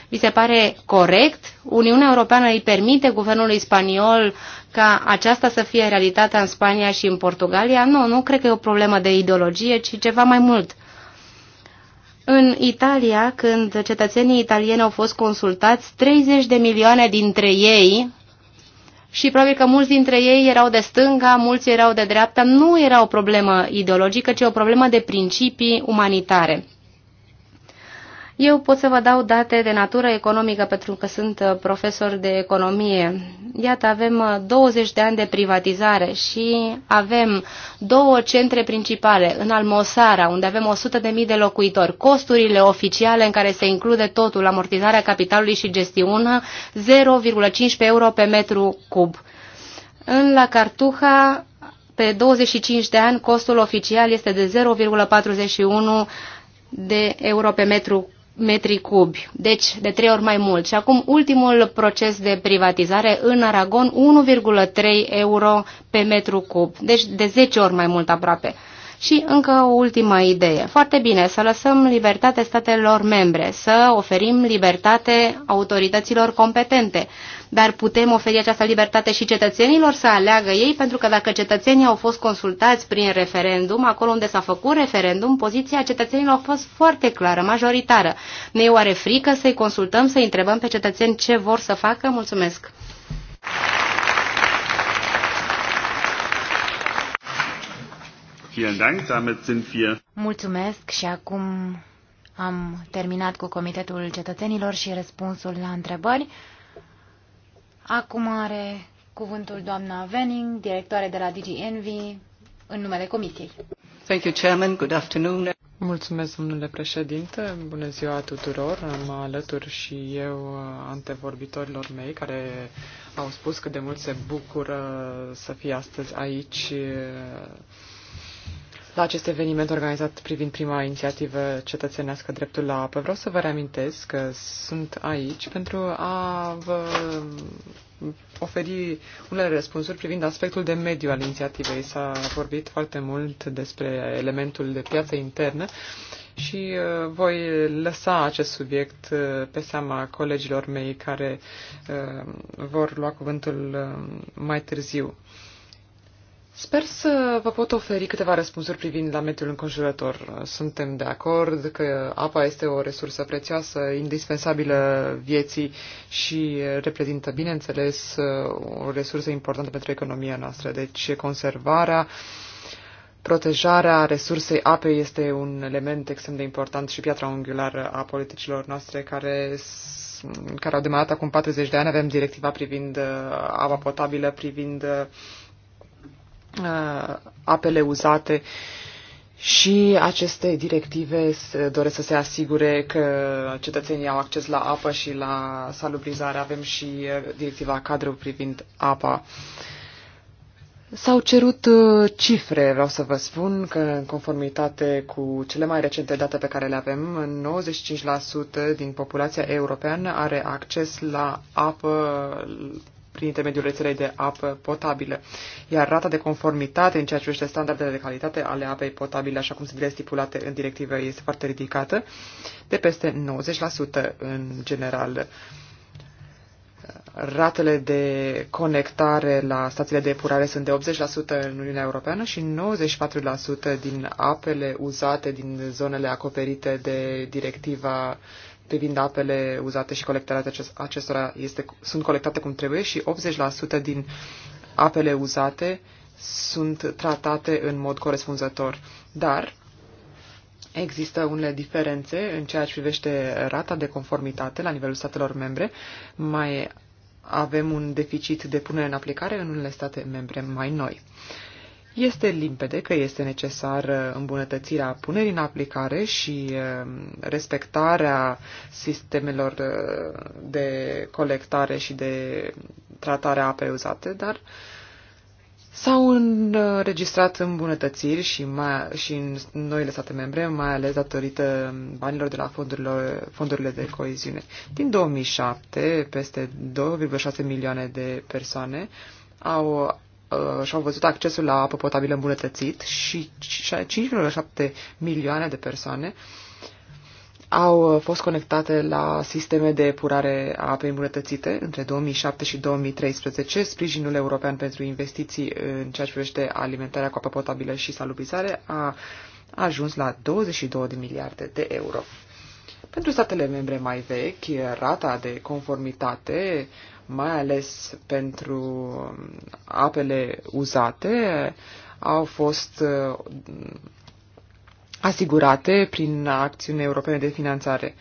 Vi se pare corect? Uniunea Europeană îi permite guvernului spaniol ca aceasta să fie realitatea în Spania și în Portugalia. Nu, nu cred că e o problemă de ideologie, ci ceva mai mult. În Italia, când cetățenii italieni au fost consultați, 30 de milioane dintre ei, și probabil că mulți dintre ei erau de stânga, mulți erau de dreapta, nu era o problemă ideologică, ci o problemă de principii umanitare. Eu pot să vă dau date de natură economică pentru că sunt uh, profesor de economie. Iată, avem 20 uh, de ani de privatizare și avem două centre principale în Almosara, unde avem 100.000 de locuitori. Costurile oficiale în care se include totul, amortizarea capitalului și gestiunea, 0,15 euro pe metru cub. În La Cartuja, pe 25 de ani, costul oficial este de 0,41 de euro pe metru metri cubi, deci de trei ori mai mult. Și acum ultimul proces de privatizare în Aragon, 1,3 euro pe metru cub, deci de 10 ori mai mult aproape. Și încă o ultimă idee. Foarte bine, să lăsăm libertate statelor membre, să oferim libertate autorităților competente dar putem oferi această libertate și cetățenilor să aleagă ei, pentru că dacă cetățenii au fost consultați prin referendum, acolo unde s-a făcut referendum, poziția cetățenilor a fost foarte clară, majoritară. Ne oare frică să-i consultăm, să-i întrebăm pe cetățeni ce vor să facă? Mulțumesc! Mulțumesc și acum am terminat cu Comitetul Cetățenilor și răspunsul la întrebări. Acum are cuvântul doamna Venning, directoare de la Envy, în numele Comisiei. Thank you, Chairman. Good afternoon. Mulțumesc, domnule președinte. Bună ziua tuturor. am alături și eu antevorbitorilor mei care au spus că de mult se bucură să fie astăzi aici la acest eveniment organizat privind prima inițiativă cetățenească dreptul la apă. Vreau să vă reamintesc că sunt aici pentru a vă oferi unele răspunsuri privind aspectul de mediu al inițiativei. S-a vorbit foarte mult despre elementul de piață internă și uh, voi lăsa acest subiect uh, pe seama colegilor mei care uh, vor lua cuvântul mai târziu. Sper să vă pot oferi câteva răspunsuri privind la mediul înconjurător. Suntem de acord că apa este o resursă prețioasă, indispensabilă vieții și reprezintă, bineînțeles, o resursă importantă pentru economia noastră. Deci, conservarea protejarea resursei apei este un element extrem de important și piatra unghiulară a politicilor noastre care, care au demarat acum 40 de ani. Avem directiva privind uh, apa potabilă, privind uh, Uh, apele uzate și aceste directive doresc să se asigure că cetățenii au acces la apă și la salubrizare. Avem și uh, directiva cadru privind apa. S-au cerut uh, cifre, vreau să vă spun că în conformitate cu cele mai recente date pe care le avem, 95% din populația europeană are acces la apă prin intermediul rețelei de apă potabilă, iar rata de conformitate în ceea ce privește standardele de calitate ale apei potabile, așa cum sunt ele stipulate în directivă, este foarte ridicată, de peste 90% în general. Uh, ratele de conectare la stațiile de epurare sunt de 80% în Uniunea Europeană și 94% din apele uzate din zonele acoperite de directiva privind apele uzate și colectarea acestora este, sunt colectate cum trebuie și 80% din apele uzate sunt tratate în mod corespunzător. Dar Există unele diferențe în ceea ce privește rata de conformitate la nivelul statelor membre. Mai avem un deficit de punere în aplicare în unele state membre mai noi. Este limpede că este necesară îmbunătățirea punerii în aplicare și um, respectarea sistemelor uh, de colectare și de tratare a apei uzate, dar S-au înregistrat îmbunătățiri și, mai, și în noile state membre, mai ales datorită banilor de la fondurile, de coeziune. Din 2007, peste 2,6 milioane de persoane au uh, și-au văzut accesul la apă potabilă îmbunătățit și 5,7 milioane de persoane uh, au uh, fost conectate la sisteme de epurare a apei îmbunătățite între 2007 și 2013. Sprijinul european pentru investiții în ceea ce privește alimentarea cu apă potabilă și salubrizare a ajuns la 22 de miliarde de euro. Pentru statele membre mai vechi, rata de conformitate, mai ales pentru um, apele uzate, au fost uh, asigurate prin acțiune europene de finanțare.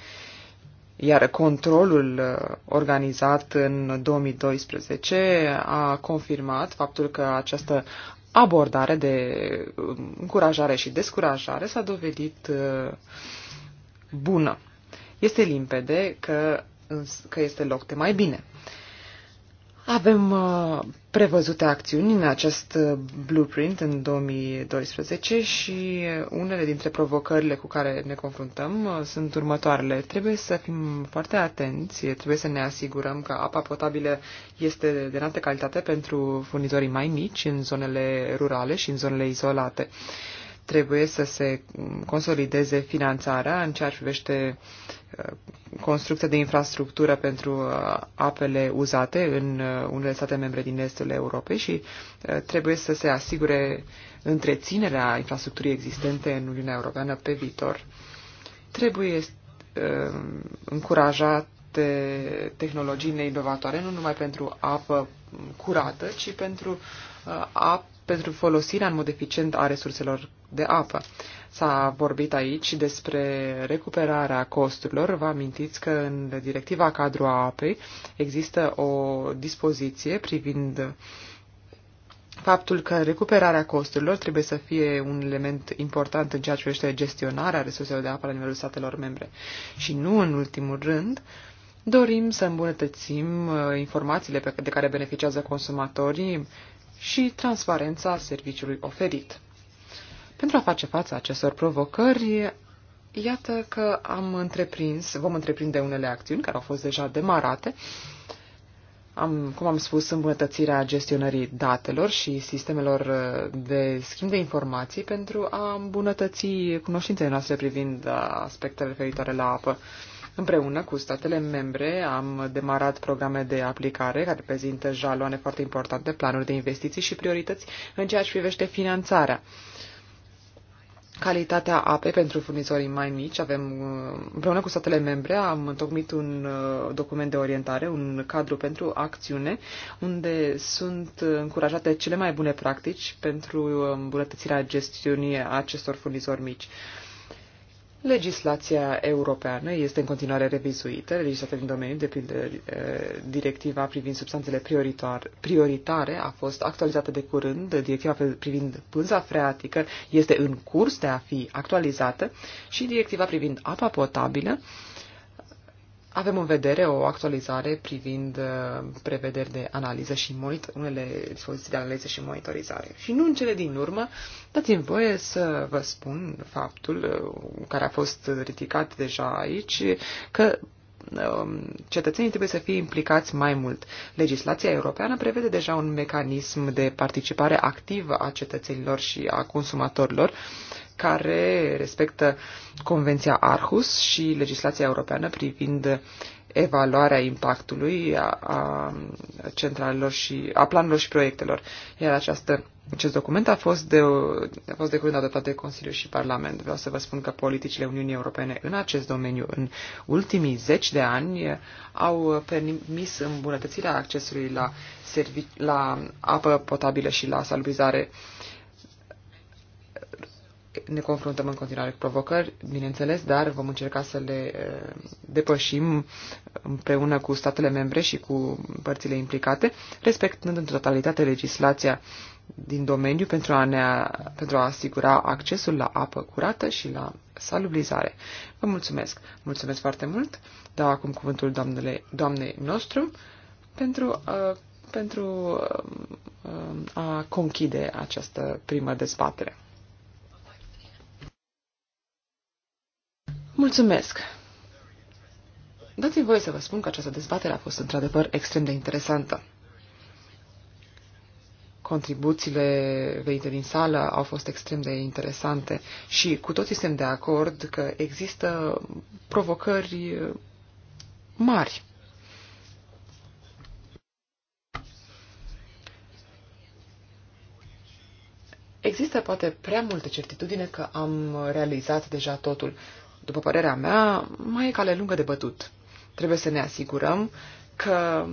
Iar controlul uh, organizat în 2012 a confirmat faptul că această abordare de uh, încurajare și descurajare s-a dovedit uh, bună. Este limpede că, că este loc de mai bine. Avem uh, prevăzute acțiuni în acest uh, blueprint în 2012 și unele dintre provocările cu care ne confruntăm uh, sunt următoarele. Trebuie să fim foarte atenți, trebuie să ne asigurăm că apa potabilă este de înaltă calitate pentru furnizorii mai mici în zonele rurale și în zonele izolate. Uh, Trebuie să se consolideze finanțarea în ceea ce privește uh, construcția de infrastructură pentru uh, apele uzate în uh, unele state membre din estul Europei și trebuie să se asigure întreținerea infrastructurii existente în Uniunea Europeană pe viitor. Trebuie încurajat aceste tehnologii neinovatoare, nu numai pentru apă curată, ci pentru, a, pentru folosirea în mod eficient a resurselor de apă. S-a vorbit aici despre recuperarea costurilor. Vă amintiți că în directiva cadru a apei există o dispoziție privind faptul că recuperarea costurilor trebuie să fie un element important în ceea ce privește gestionarea resurselor de apă la nivelul statelor membre. Și nu în ultimul rând, dorim să îmbunătățim uh, informațiile de care beneficiază consumatorii și transparența serviciului oferit. Pentru a face față acestor provocări, iată că am întreprins, vom întreprinde unele acțiuni care au fost deja demarate, am, cum am spus, îmbunătățirea gestionării datelor și sistemelor uh, de schimb de informații pentru a îmbunătăți cunoștințele noastre privind uh, aspectele referitoare la apă. Împreună cu statele membre am demarat programe de aplicare care prezintă jaloane foarte importante, planuri de investiții și priorități în ceea ce privește finanțarea. Uh, calitatea apei pentru furnizorii mai mici. Avem, uh, împreună cu statele membre, am întocmit un uh, document de orientare, un cadru pentru acțiune, unde sunt încurajate cele mai bune practici pentru îmbunătățirea gestiunii acestor furnizori mici. Legislația europeană este în continuare revizuită, legislația din domeniu, de pildă eh, directiva privind substanțele prioritare a fost actualizată de curând, directiva privind pânza freatică este în curs de a fi actualizată și directiva privind apa potabilă avem în vedere o actualizare privind uh, prevederi de analiză și monit- unele dispoziții de analiză și monitorizare. Și nu în cele din urmă, dați-mi voie să vă spun faptul uh, care a fost ridicat deja aici, că um, cetățenii trebuie să fie implicați mai mult. Legislația europeană prevede deja un mecanism de participare activă a cetățenilor și a consumatorilor uh, care respectă Convenția Arhus și legislația europeană privind evaluarea impactului a, a centralelor și a planurilor și proiectelor. Iar această, acest document a fost, de, a fost de curând adoptat de Consiliu și Parlament. Vreau să vă spun că politicile Uniunii Europene în acest domeniu în ultimii zeci de ani au permis îmbunătățirea accesului la, servi, la apă potabilă și la salubrizare uh, ne confruntăm în continuare cu provocări, bineînțeles, dar vom încerca să le eh, depășim împreună cu statele membre și cu părțile implicate, respectând în totalitate legislația din domeniu pentru a, ne, pentru a asigura accesul la apă curată și la salubrizare. Vă mulțumesc! Mulțumesc foarte mult! Dau acum cuvântul doamnele, doamnei nostru pentru, uh, pentru uh, a conchide această primă dezbatere. Mulțumesc! Dați-mi voie să vă spun că această dezbatere a fost într-adevăr extrem de interesantă. Contribuțiile venite din sală au fost extrem de interesante și cu toții suntem de acord că există provocări mari. Există poate prea multă certitudine că am realizat deja totul după părerea mea, mai e cale lungă de bătut. Trebuie să ne asigurăm că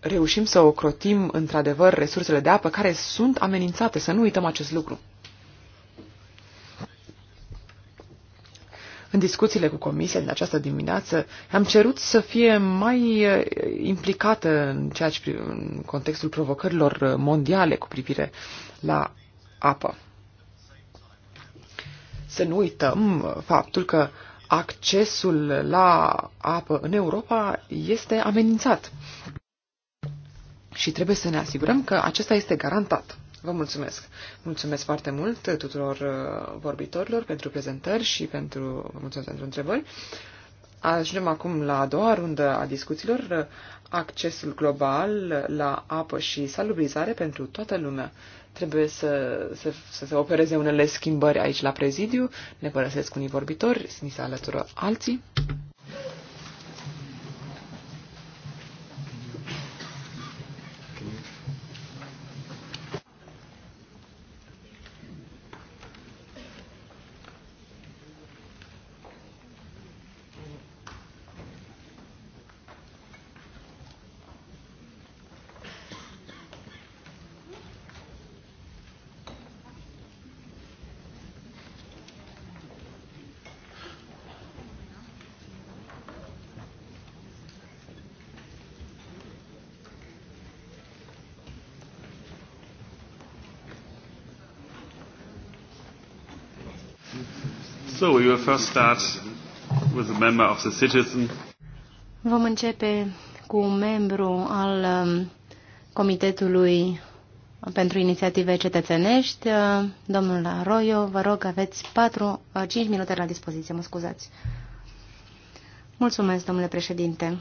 reușim să ocrotim într-adevăr resursele de apă care sunt amenințate, să nu uităm acest lucru. În discuțiile cu comisia din această dimineață, am cerut să fie mai eh, implicată în, ceea ce, în contextul provocărilor mondiale cu privire la apă să nu uităm faptul că accesul la apă în Europa este amenințat. Și trebuie să ne asigurăm că acesta este garantat. Vă mulțumesc. Mulțumesc foarte mult tuturor uh, vorbitorilor pentru prezentări și pentru, mulțumesc pentru întrebări. Ajungem acum la a doua rundă a discuțiilor, accesul global la apă și salubrizare pentru toată lumea. Trebuie să, să, să se opereze unele schimbări aici la prezidiu, ne părăsesc unii vorbitori, ni se alătură alții. So we will first start with a member of the citizen. Vom începe cu un membru al um, Comitetului pentru inițiative cetățenești, uh, domnul Arroyo, vă rog, aveți 4, 5 uh, minute la dispoziție, mă scuzați. Mulțumesc, domnule președinte.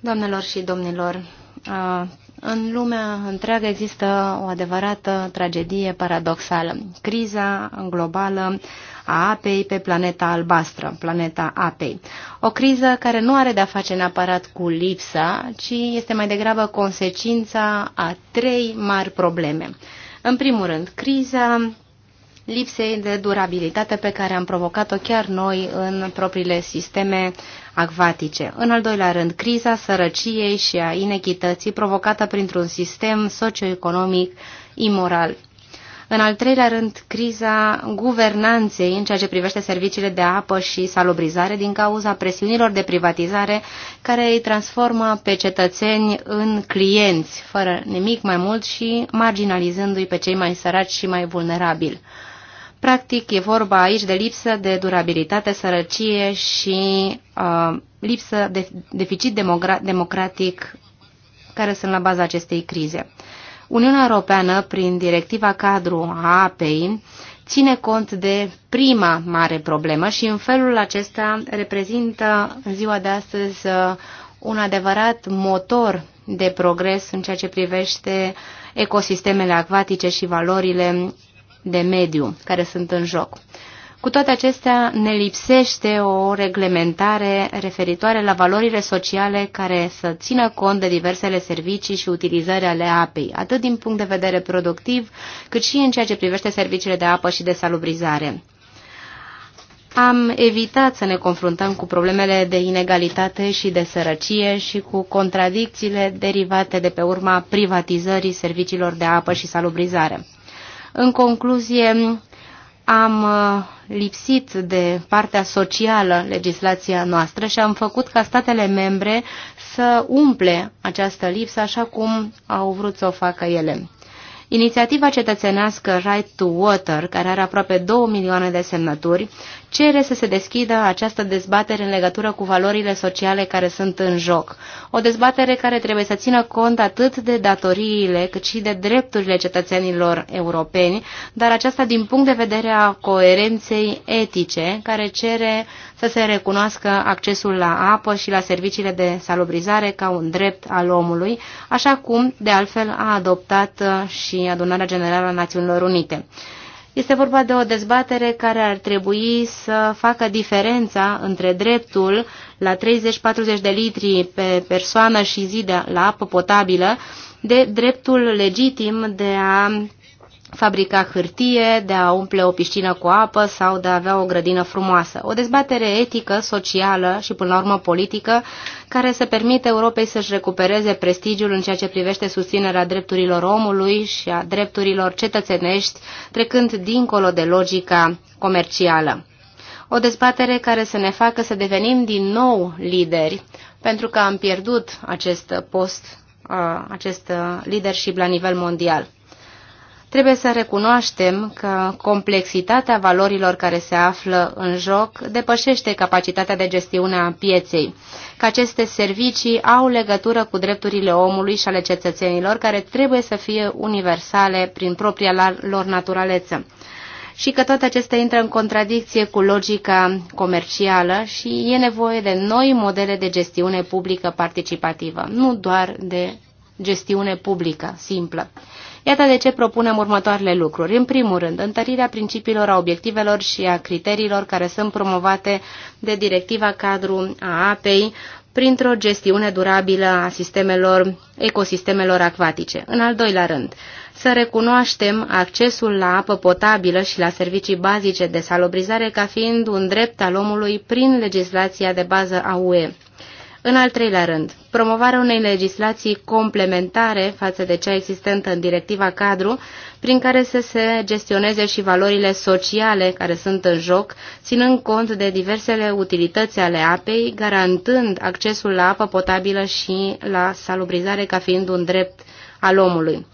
Doamnelor și domnilor, uh, în lumea întreagă există o adevărată tragedie paradoxală. Criza globală a apei pe planeta albastră, planeta apei. O criză care nu are de-a face neapărat cu lipsa, ci este mai degrabă consecința a trei mari probleme. În primul rând, criza lipsei de durabilitate pe care am provocat-o chiar noi în propriile sisteme acvatice. În al doilea rând, criza sărăciei și a inechității provocată printr-un sistem socioeconomic imoral. În al treilea rând, criza guvernanței în ceea ce privește serviciile de apă și salubrizare din cauza presiunilor de privatizare care îi transformă pe cetățeni în clienți, fără nimic mai mult și marginalizându-i pe cei mai săraci și mai vulnerabili. Practic, e vorba aici de lipsă de durabilitate, sărăcie și uh, lipsă de deficit democratic care sunt la baza acestei crize. Uniunea Europeană, prin directiva cadru a APEI, ține cont de prima mare problemă și în felul acesta reprezintă în ziua de astăzi uh, un adevărat motor de progres în ceea ce privește ecosistemele acvatice și valorile de mediu care sunt în joc. Cu toate acestea, ne lipsește o reglementare referitoare la valorile sociale care să țină cont de diversele servicii și utilizări ale apei, atât din punct de vedere productiv, cât și în ceea ce privește serviciile de apă și de salubrizare. Am evitat să ne confruntăm cu problemele de inegalitate și de sărăcie și cu contradicțiile derivate de pe urma privatizării serviciilor de apă și salubrizare. În concluzie, am uh, lipsit de partea socială legislația noastră și am făcut ca statele membre să umple această lipsă așa cum au vrut să o facă ele. Inițiativa cetățenească Right to Water, care are aproape 2 milioane de semnături, cere să se deschidă această dezbatere în legătură cu valorile sociale care sunt în joc. O dezbatere care trebuie să țină cont atât de datoriile cât și de drepturile cetățenilor europeni, dar aceasta din punct de vedere a coerenței etice, care cere să se recunoască accesul la apă și la serviciile de salubrizare ca un drept al omului, așa cum, de altfel, a adoptat uh, și Adunarea Generală a Națiunilor Unite. Este vorba de o dezbatere care ar trebui să facă diferența între dreptul la 30-40 de litri pe persoană și zi de, la apă potabilă, de dreptul legitim de a fabrica hârtie, de a umple o piscină cu apă sau de a avea o grădină frumoasă. O dezbatere etică, socială și, până la urmă, politică, care să permite Europei să-și recupereze prestigiul în ceea ce privește susținerea drepturilor omului și a drepturilor cetățenești, trecând dincolo de logica comercială. O dezbatere care să ne facă să devenim din nou lideri, pentru că am pierdut acest post, acest leadership la nivel mondial. Trebuie să recunoaștem că complexitatea valorilor care se află în joc depășește capacitatea de gestiune a pieței, că aceste servicii au legătură cu drepturile omului și ale cetățenilor care trebuie să fie universale prin propria lor naturaleță și că toate acestea intră în contradicție cu logica comercială și e nevoie de noi modele de gestiune publică participativă, nu doar de gestiune publică simplă. Iată de ce propunem următoarele lucruri. În primul rând, întărirea principiilor, a obiectivelor și a criteriilor care sunt promovate de directiva cadru a apei printr-o gestiune durabilă a sistemelor, ecosistemelor acvatice. În al doilea rând, să recunoaștem accesul la apă potabilă și la servicii bazice de salubrizare ca fiind un drept al omului prin legislația de bază a UE. În al treilea rând, promovarea unei legislații complementare față de cea existentă în directiva cadru, prin care să se gestioneze și valorile sociale care sunt în joc, ținând cont de diversele utilități ale apei, garantând accesul la apă potabilă și la salubrizare ca fiind un drept al omului.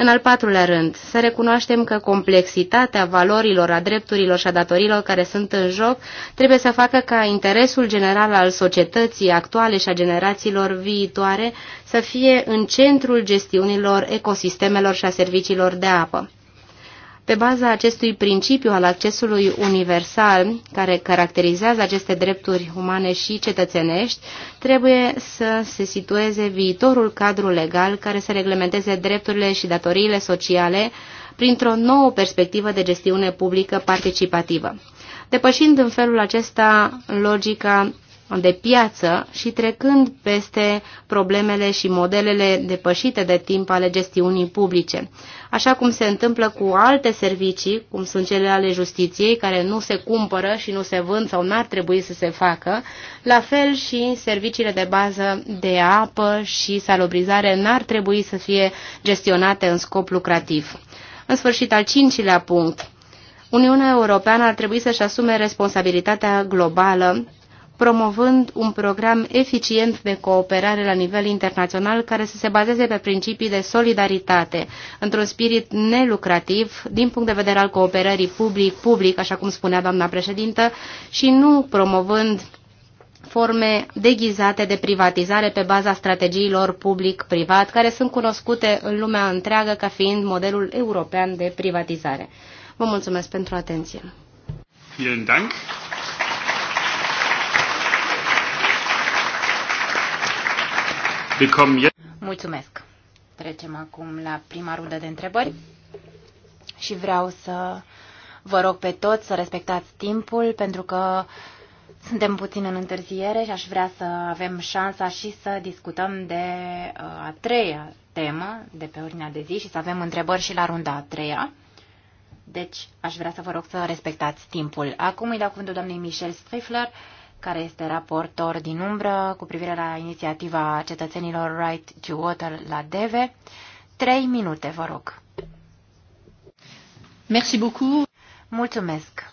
În al patrulea rând, să recunoaștem că complexitatea valorilor, a drepturilor și a datorilor care sunt în joc trebuie să facă ca interesul general al societății actuale și a generațiilor viitoare să fie în centrul gestiunilor ecosistemelor și a serviciilor de apă. Pe baza acestui principiu al accesului universal, care caracterizează aceste drepturi umane și cetățenești, trebuie să se situeze viitorul cadru legal care să reglementeze drepturile și datoriile sociale printr-o nouă perspectivă de gestiune publică participativă, depășind în felul acesta logica de piață și trecând peste problemele și modelele depășite de timp ale gestiunii publice așa cum se întâmplă cu alte servicii, cum sunt cele ale justiției, care nu se cumpără și nu se vând sau n-ar trebui să se facă, la fel și serviciile de bază de apă și salubrizare n-ar trebui să fie gestionate în scop lucrativ. În sfârșit, al cincilea punct. Uniunea Europeană ar trebui să-și asume responsabilitatea globală promovând un program eficient de cooperare la nivel internațional care să se bazeze pe principii de solidaritate, într-un spirit nelucrativ din punct de vedere al cooperării public-public, așa cum spunea doamna președintă, și nu promovând forme deghizate de privatizare pe baza strategiilor public-privat, care sunt cunoscute în lumea întreagă ca fiind modelul european de privatizare. Vă mulțumesc pentru atenție. Vielen Dank. Mulțumesc. Trecem acum la prima rundă de întrebări și vreau să vă rog pe toți să respectați timpul pentru că suntem puțin în întârziere și aș vrea să avem șansa și să discutăm de uh, a treia temă de pe ordinea de zi și să avem întrebări și la runda a treia. Deci aș vrea să vă rog să respectați timpul. Acum îi dau cuvântul doamnei Michel Strifler, care este raportor din umbră cu privire la inițiativa cetățenilor Right to Water la DEVE. Trei minute, vă rog. Merci beaucoup. Mulțumesc.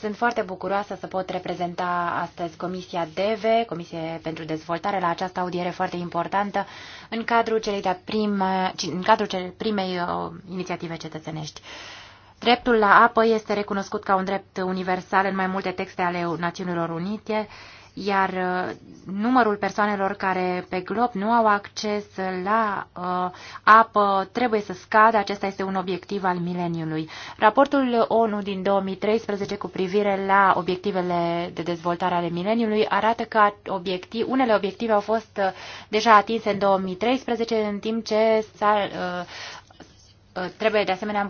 Sunt foarte bucuroasă să pot reprezenta astăzi Comisia DEVE, Comisie pentru Dezvoltare, la această audiere foarte importantă în cadrul, celei de prime, în cadrul cele primei uh, inițiative cetățenești. Uh, Dreptul la apă este recunoscut ca un drept universal în mai multe texte ale Națiunilor Unite, iar uh, numărul persoanelor care pe glob nu au acces la uh, apă trebuie să scadă. Acesta este un obiectiv al mileniului. Raportul ONU din 2013 cu privire la obiectivele de dezvoltare ale mileniului arată că obiectiv, unele obiective au fost uh, deja atinse în 2013, în timp ce s-a uh, Uh, trebuie de asemenea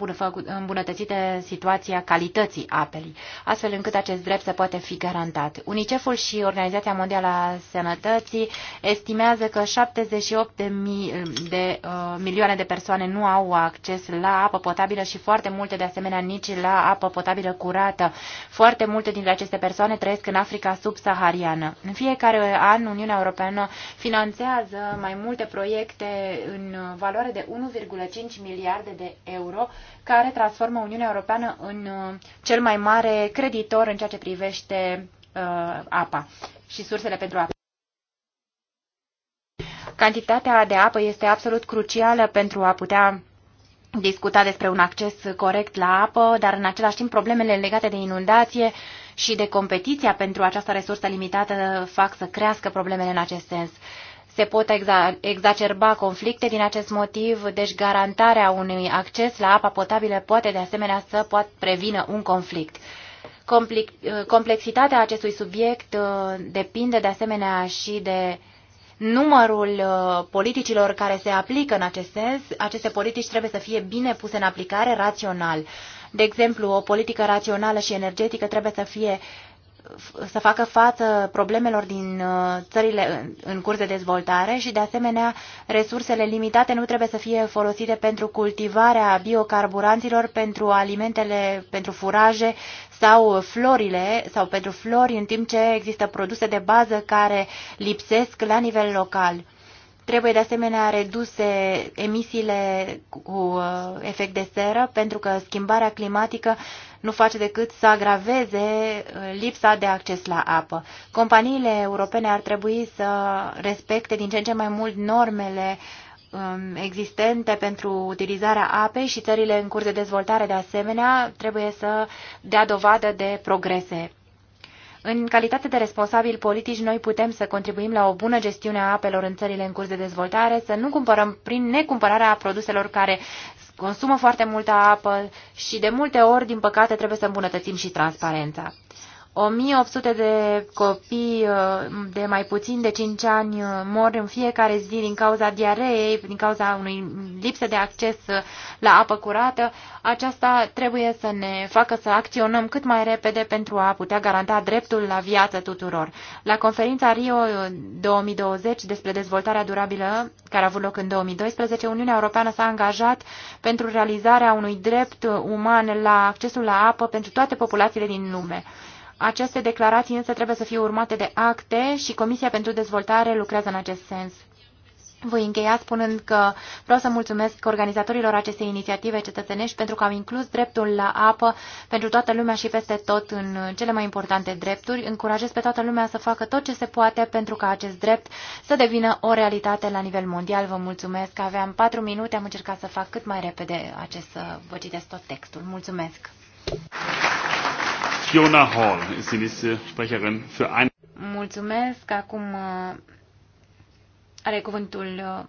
îmbunătățită situația calității apelii, astfel încât acest drept să poate fi garantat. UNICEF-ul și Organizația Mondială a Sănătății estimează că 78 de, mi uh, de uh, milioane de persoane nu au acces la apă potabilă și foarte multe de asemenea nici la apă potabilă curată. Foarte multe dintre aceste persoane trăiesc în Africa subsahariană. În fiecare an, Uniunea Europeană finanțează mai multe proiecte în valoare de 1,5 miliarde de euro, care transformă Uniunea Europeană în uh, cel mai mare creditor în ceea ce privește uh, apa și sursele pentru apă. Cantitatea de apă este absolut crucială pentru a putea discuta despre un acces corect la apă, dar în același timp problemele legate de inundație și de competiția pentru această resursă limitată fac să crească problemele în acest sens se pot exacerba conflicte din acest motiv, deci garantarea unui acces la apa potabilă poate de asemenea să poată prevină un conflict. Complexitatea acestui subiect uh, depinde de asemenea și de numărul uh, politicilor care se aplică în acest sens. Aceste politici trebuie să fie bine puse în aplicare rațional. De exemplu, o politică rațională și energetică trebuie să fie uh, să facă față problemelor din uh, țările în, curs de dezvoltare și, de asemenea, resursele limitate nu trebuie să fie folosite pentru cultivarea biocarburanților, pentru alimentele, pentru furaje sau florile sau pentru flori, în timp ce există produse de bază care lipsesc la nivel local. Trebuie de asemenea reduse emisiile cu uh, efect de seră, pentru că schimbarea climatică nu face decât să agraveze uh, lipsa de acces la apă. Companiile europene ar trebui să respecte din ce în ce mai mult normele um, existente pentru utilizarea apei și țările în curs de dezvoltare de asemenea trebuie să dea dovadă de progrese în calitate de responsabili politici, noi putem să contribuim la o bună gestiune a apelor în țările în curs de dezvoltare, să nu cumpărăm prin necumpărarea produselor care consumă foarte multă apă și de multe ori, din păcate, trebuie să îmbunătățim și transparența. 1800 de copii uh, de mai puțin de 5 ani uh, mor în fiecare zi din cauza diareei, din cauza unui lipsă de acces uh, la apă curată. Aceasta trebuie să ne facă să acționăm cât mai repede pentru a putea garanta dreptul la viață tuturor. La conferința Rio 2020 despre dezvoltarea durabilă, care a avut loc în 2012, Uniunea Europeană s-a angajat pentru realizarea unui drept uman la accesul la apă pentru toate populațiile din lume. Aceste declarații însă trebuie să fie urmate de acte și Comisia pentru Dezvoltare lucrează în acest sens. Voi încheia spunând că vreau să mulțumesc organizatorilor acestei inițiative cetățenești pentru că au inclus dreptul la apă pentru toată lumea și peste tot în cele mai importante drepturi. Încurajez pe toată lumea să facă tot ce se poate pentru ca acest drept să devină o realitate la nivel mondial. Vă mulțumesc. Aveam patru minute, am încercat să fac cât mai repede acest să vă citesc tot textul. Mulțumesc! Fiona Hall este die nächste Sprecherin für ein Mulțumesc. Acum uh, are cuvântul uh,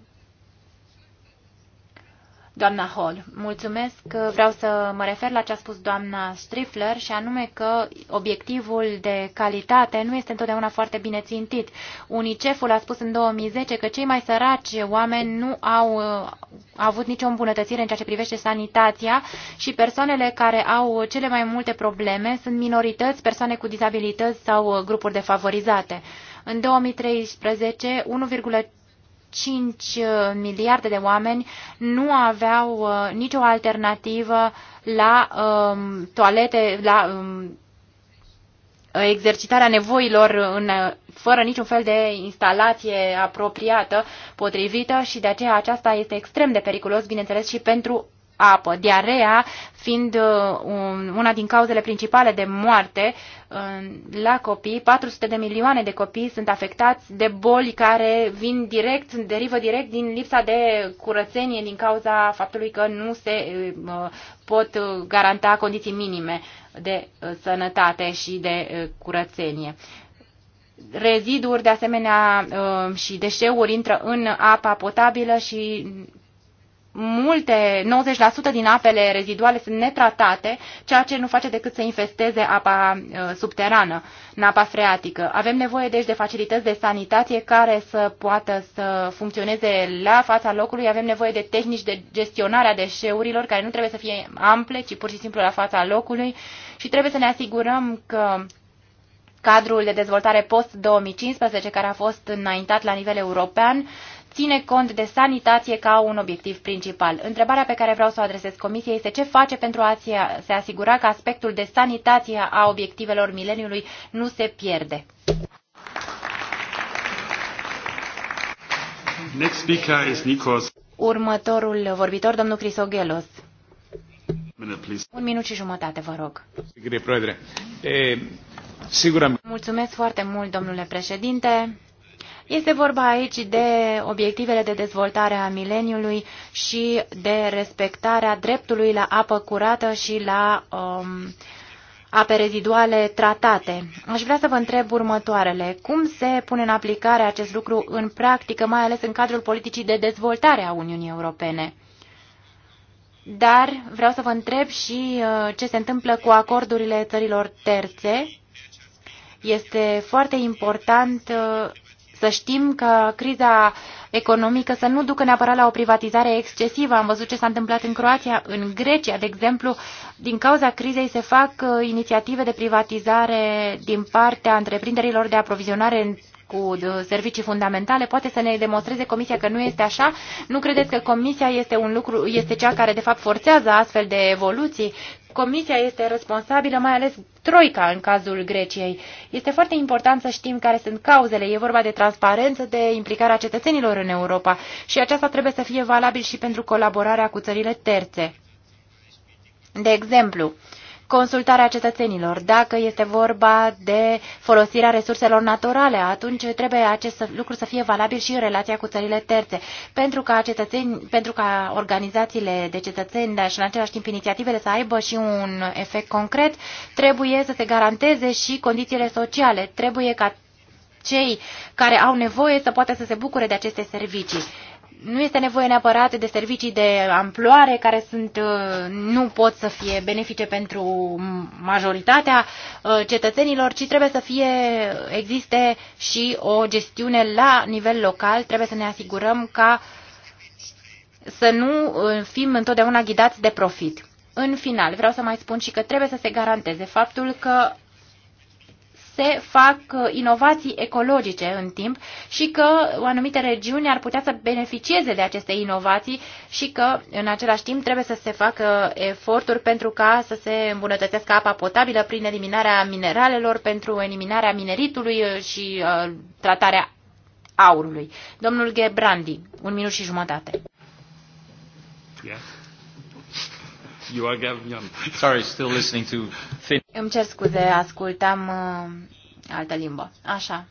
doamna Hall. Mulțumesc. Vreau să mă refer la ce a spus doamna Strifler și anume că obiectivul de calitate nu este întotdeauna foarte bine țintit. UNICEF-ul a spus în 2010 că cei mai săraci oameni nu au uh, avut nicio îmbunătățire în ceea ce privește sanitația și persoanele care au cele mai multe probleme sunt minorități, persoane cu dizabilități sau uh, grupuri defavorizate. În 2013, 1,5 uh, miliarde de oameni nu aveau uh, nicio alternativă la um, toalete, la um, exercitarea nevoilor în, fără niciun fel de instalație apropiată, potrivită și de aceea aceasta este extrem de periculos, bineînțeles, și pentru apă, diarea fiind uh, una din cauzele principale de moarte uh, la copii. 400 de milioane de copii sunt afectați de boli care vin direct, derivă direct din lipsa de curățenie din cauza faptului că nu se uh, pot garanta condiții minime de sănătate și de curățenie reziduri de asemenea și deșeuri intră în apa potabilă și multe, 90% din apele reziduale sunt netratate, ceea ce nu face decât să infesteze apa uh, subterană, în apa freatică. Avem nevoie deci de facilități de sanitație care să poată să funcționeze la fața locului, avem nevoie de tehnici de gestionare a deșeurilor care nu trebuie să fie ample, ci pur și simplu la fața locului și trebuie să ne asigurăm că cadrul de dezvoltare post-2015 care a fost înaintat la nivel european ține cont de sanitație ca un obiectiv principal. Întrebarea pe care vreau să o adresez Comisiei este ce face pentru a se asigura că aspectul de sanitație a obiectivelor mileniului nu se pierde. Next speaker is Nikos. Următorul vorbitor, domnul Crisogelos. Un minut și jumătate, vă rog. Sigur. Mulțumesc foarte mult, domnule președinte. Este vorba aici de obiectivele de dezvoltare a mileniului și de respectarea dreptului la apă curată și la um, ape reziduale tratate. Aș vrea să vă întreb următoarele. Cum se pune în aplicare acest lucru în practică, mai ales în cadrul politicii de dezvoltare a Uniunii Europene? Dar vreau să vă întreb și uh, ce se întâmplă cu acordurile țărilor terțe. Este foarte important uh, să știm că criza economică să nu ducă neapărat la o privatizare excesivă. Am văzut ce s-a întâmplat în Croația, în Grecia, de exemplu. Din cauza crizei se fac uh, inițiative de privatizare din partea întreprinderilor de aprovizionare în cu uh, servicii fundamentale, poate să ne demonstreze Comisia că nu este așa? Nu credeți că Comisia este, un lucru, este cea care de fapt forțează astfel de evoluții? Comisia este responsabilă, mai ales Troica în cazul Greciei. Este foarte important să știm care sunt cauzele. E vorba de transparență, de implicarea cetățenilor în Europa și aceasta trebuie să fie valabil și pentru colaborarea cu țările terțe. De exemplu, uh, consultarea cetățenilor. Dacă este vorba de folosirea resurselor naturale, atunci trebuie acest lucru să fie valabil și în relația cu țările terțe, pentru ca, cetățeni, pentru ca organizațiile de cetățeni, dar și în același timp inițiativele să aibă și un efect concret, trebuie să se garanteze și condițiile sociale. Trebuie ca cei care au nevoie să poată să se bucure de aceste servicii nu este nevoie neapărat de servicii de amploare care sunt, uh, nu pot să fie benefice pentru majoritatea uh, cetățenilor, ci trebuie să fie, existe și o gestiune la nivel local. Trebuie să ne asigurăm ca să nu uh, fim întotdeauna ghidați de profit. În final, vreau să mai spun și că trebuie să se garanteze faptul că se fac uh, inovații ecologice în timp și că o anumite regiuni ar putea să beneficieze de aceste inovații și că în același timp trebuie să se facă uh, eforturi pentru ca să se îmbunătățească apa potabilă prin eliminarea mineralelor, pentru eliminarea mineritului uh, și uh, tratarea aurului. Domnul Gebrandi, un minut și jumătate. Yeah. You are Gavnian. Sorry, still listening to Finn. Îmi cer scuze, ascultam uh, altă limbă. Așa.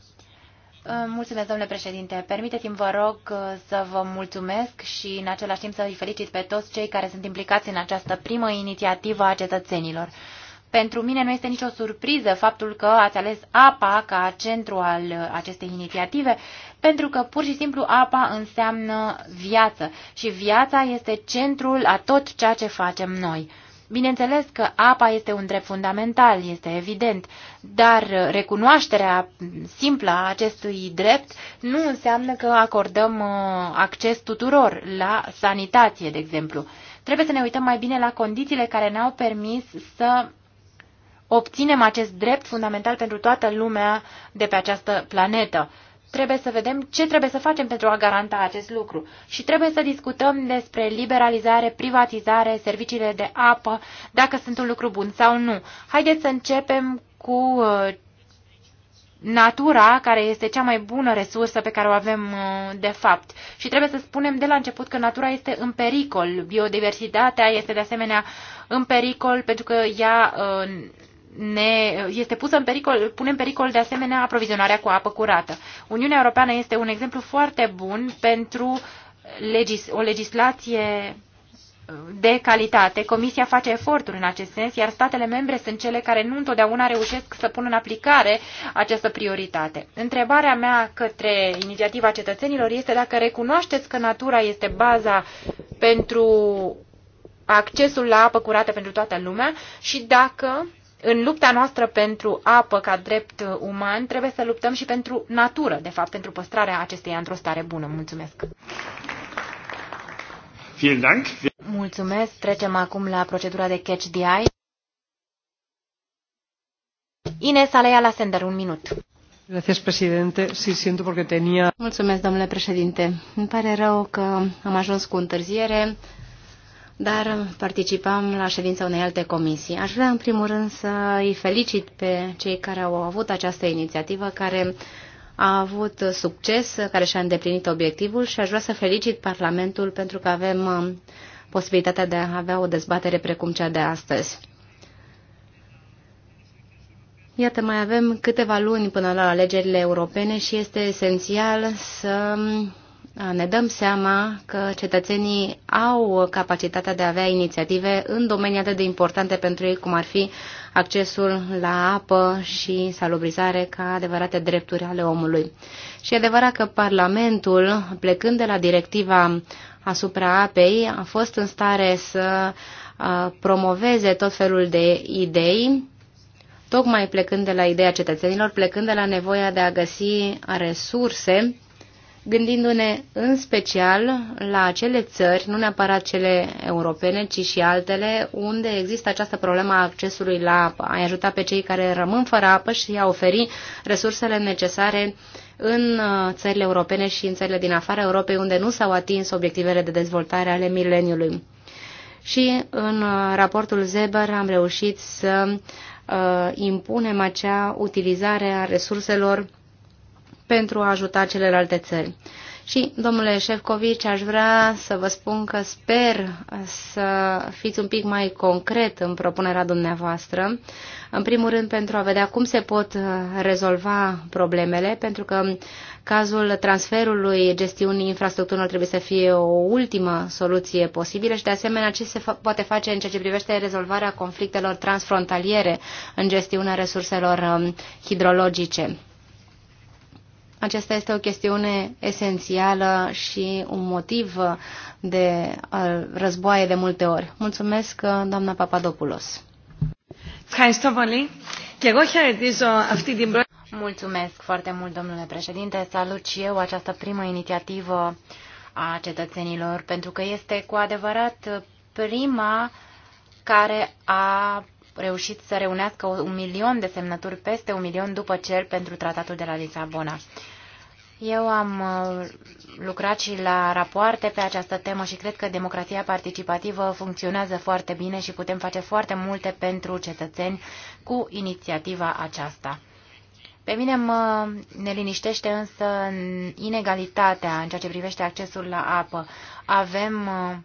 Uh, mulțumesc, domnule președinte. Permiteți-mi, vă rog, uh, să vă mulțumesc și, în același timp, să îi felicit pe toți cei care sunt implicați în această primă inițiativă a cetățenilor. Pentru mine nu este nicio surpriză faptul că ați ales APA ca centru al uh, acestei inițiative, pentru că pur și simplu apa înseamnă viață și viața este centrul a tot ceea ce facem noi. Bineînțeles că apa este un drept fundamental, este evident, dar recunoașterea simplă a acestui drept nu înseamnă că acordăm uh, acces tuturor la sanitație, de exemplu. Trebuie să ne uităm mai bine la condițiile care ne-au permis să obținem acest drept fundamental pentru toată lumea de pe această planetă trebuie să vedem ce trebuie să facem pentru a garanta acest lucru. Și trebuie să discutăm despre liberalizare, privatizare, serviciile de apă, dacă sunt un lucru bun sau nu. Haideți să începem cu uh, natura, care este cea mai bună resursă pe care o avem uh, de fapt. Și trebuie să spunem de la început că natura este în pericol, biodiversitatea este de asemenea în pericol pentru că ea uh, ne, este pusă în pericol, pune în pericol de asemenea aprovizionarea cu apă curată. Uniunea Europeană este un exemplu foarte bun pentru legis, o legislație uh, de calitate. Comisia face eforturi în acest sens, iar statele membre sunt cele care nu întotdeauna reușesc să pună în aplicare această prioritate. Întrebarea mea către inițiativa cetățenilor este dacă recunoașteți că natura este baza pentru accesul la apă curată pentru toată lumea și dacă în lupta noastră pentru apă ca drept uman, trebuie să luptăm și pentru natură, de fapt, pentru păstrarea acestei într-o stare bună. Mulțumesc! Mulțumesc! Trecem acum la procedura de catch the eye. Ines Aleia la sender, un minut. Gracias, presidente. Sí, siento porque tenía... Mulțumesc, domnule președinte. Îmi pare rău că am ajuns cu întârziere dar participam la ședința unei alte comisii. Aș vrea, în primul rând, să îi felicit pe cei care au avut această inițiativă, care a avut succes, care și-a îndeplinit obiectivul și aș vrea să felicit Parlamentul pentru că avem uh, posibilitatea de a avea o dezbatere precum cea de astăzi. Iată, mai avem câteva luni până la alegerile europene și este esențial să ne dăm seama că cetățenii au capacitatea de a avea inițiative în domenii atât de importante pentru ei, cum ar fi accesul la apă și salubrizare ca adevărate drepturi ale omului. Și e adevărat că Parlamentul, plecând de la directiva asupra apei, a fost în stare să promoveze tot felul de idei, tocmai plecând de la ideea cetățenilor, plecând de la nevoia de a găsi resurse gândindu-ne în special la acele țări, nu neapărat cele europene, ci și altele, unde există această problemă a accesului la apă, a ajuta pe cei care rămân fără apă și a oferi resursele necesare în uh, țările europene și în țările din afara Europei, unde nu s-au atins obiectivele de dezvoltare ale mileniului. Și în uh, raportul Zeber am reușit să uh, impunem acea utilizare a resurselor pentru a ajuta celelalte țări. Și, domnule Șefcovici, aș vrea să vă spun că sper să fiți un pic mai concret în propunerea dumneavoastră, în primul rând pentru a vedea cum se pot rezolva problemele, pentru că cazul transferului gestiunii infrastructurilor trebuie să fie o ultimă soluție posibilă și, de asemenea, ce se poate face în ceea ce privește rezolvarea conflictelor transfrontaliere în gestiunea resurselor um, hidrologice. Aceasta este o chestiune esențială și un motiv de războaie de multe ori. Mulțumesc, doamna Papadopoulos. Mulțumesc foarte mult, domnule președinte. Salut și eu această primă inițiativă a cetățenilor, pentru că este cu adevărat prima care a reușit să reunească un milion de semnături, peste un milion după cel pentru tratatul de la Lisabona. Eu am uh, lucrat și la rapoarte pe această temă și cred că democrația participativă funcționează foarte bine și putem face foarte multe pentru cetățeni cu inițiativa aceasta. Pe mine mă neliniștește însă inegalitatea în ceea ce privește accesul la apă. Avem uh,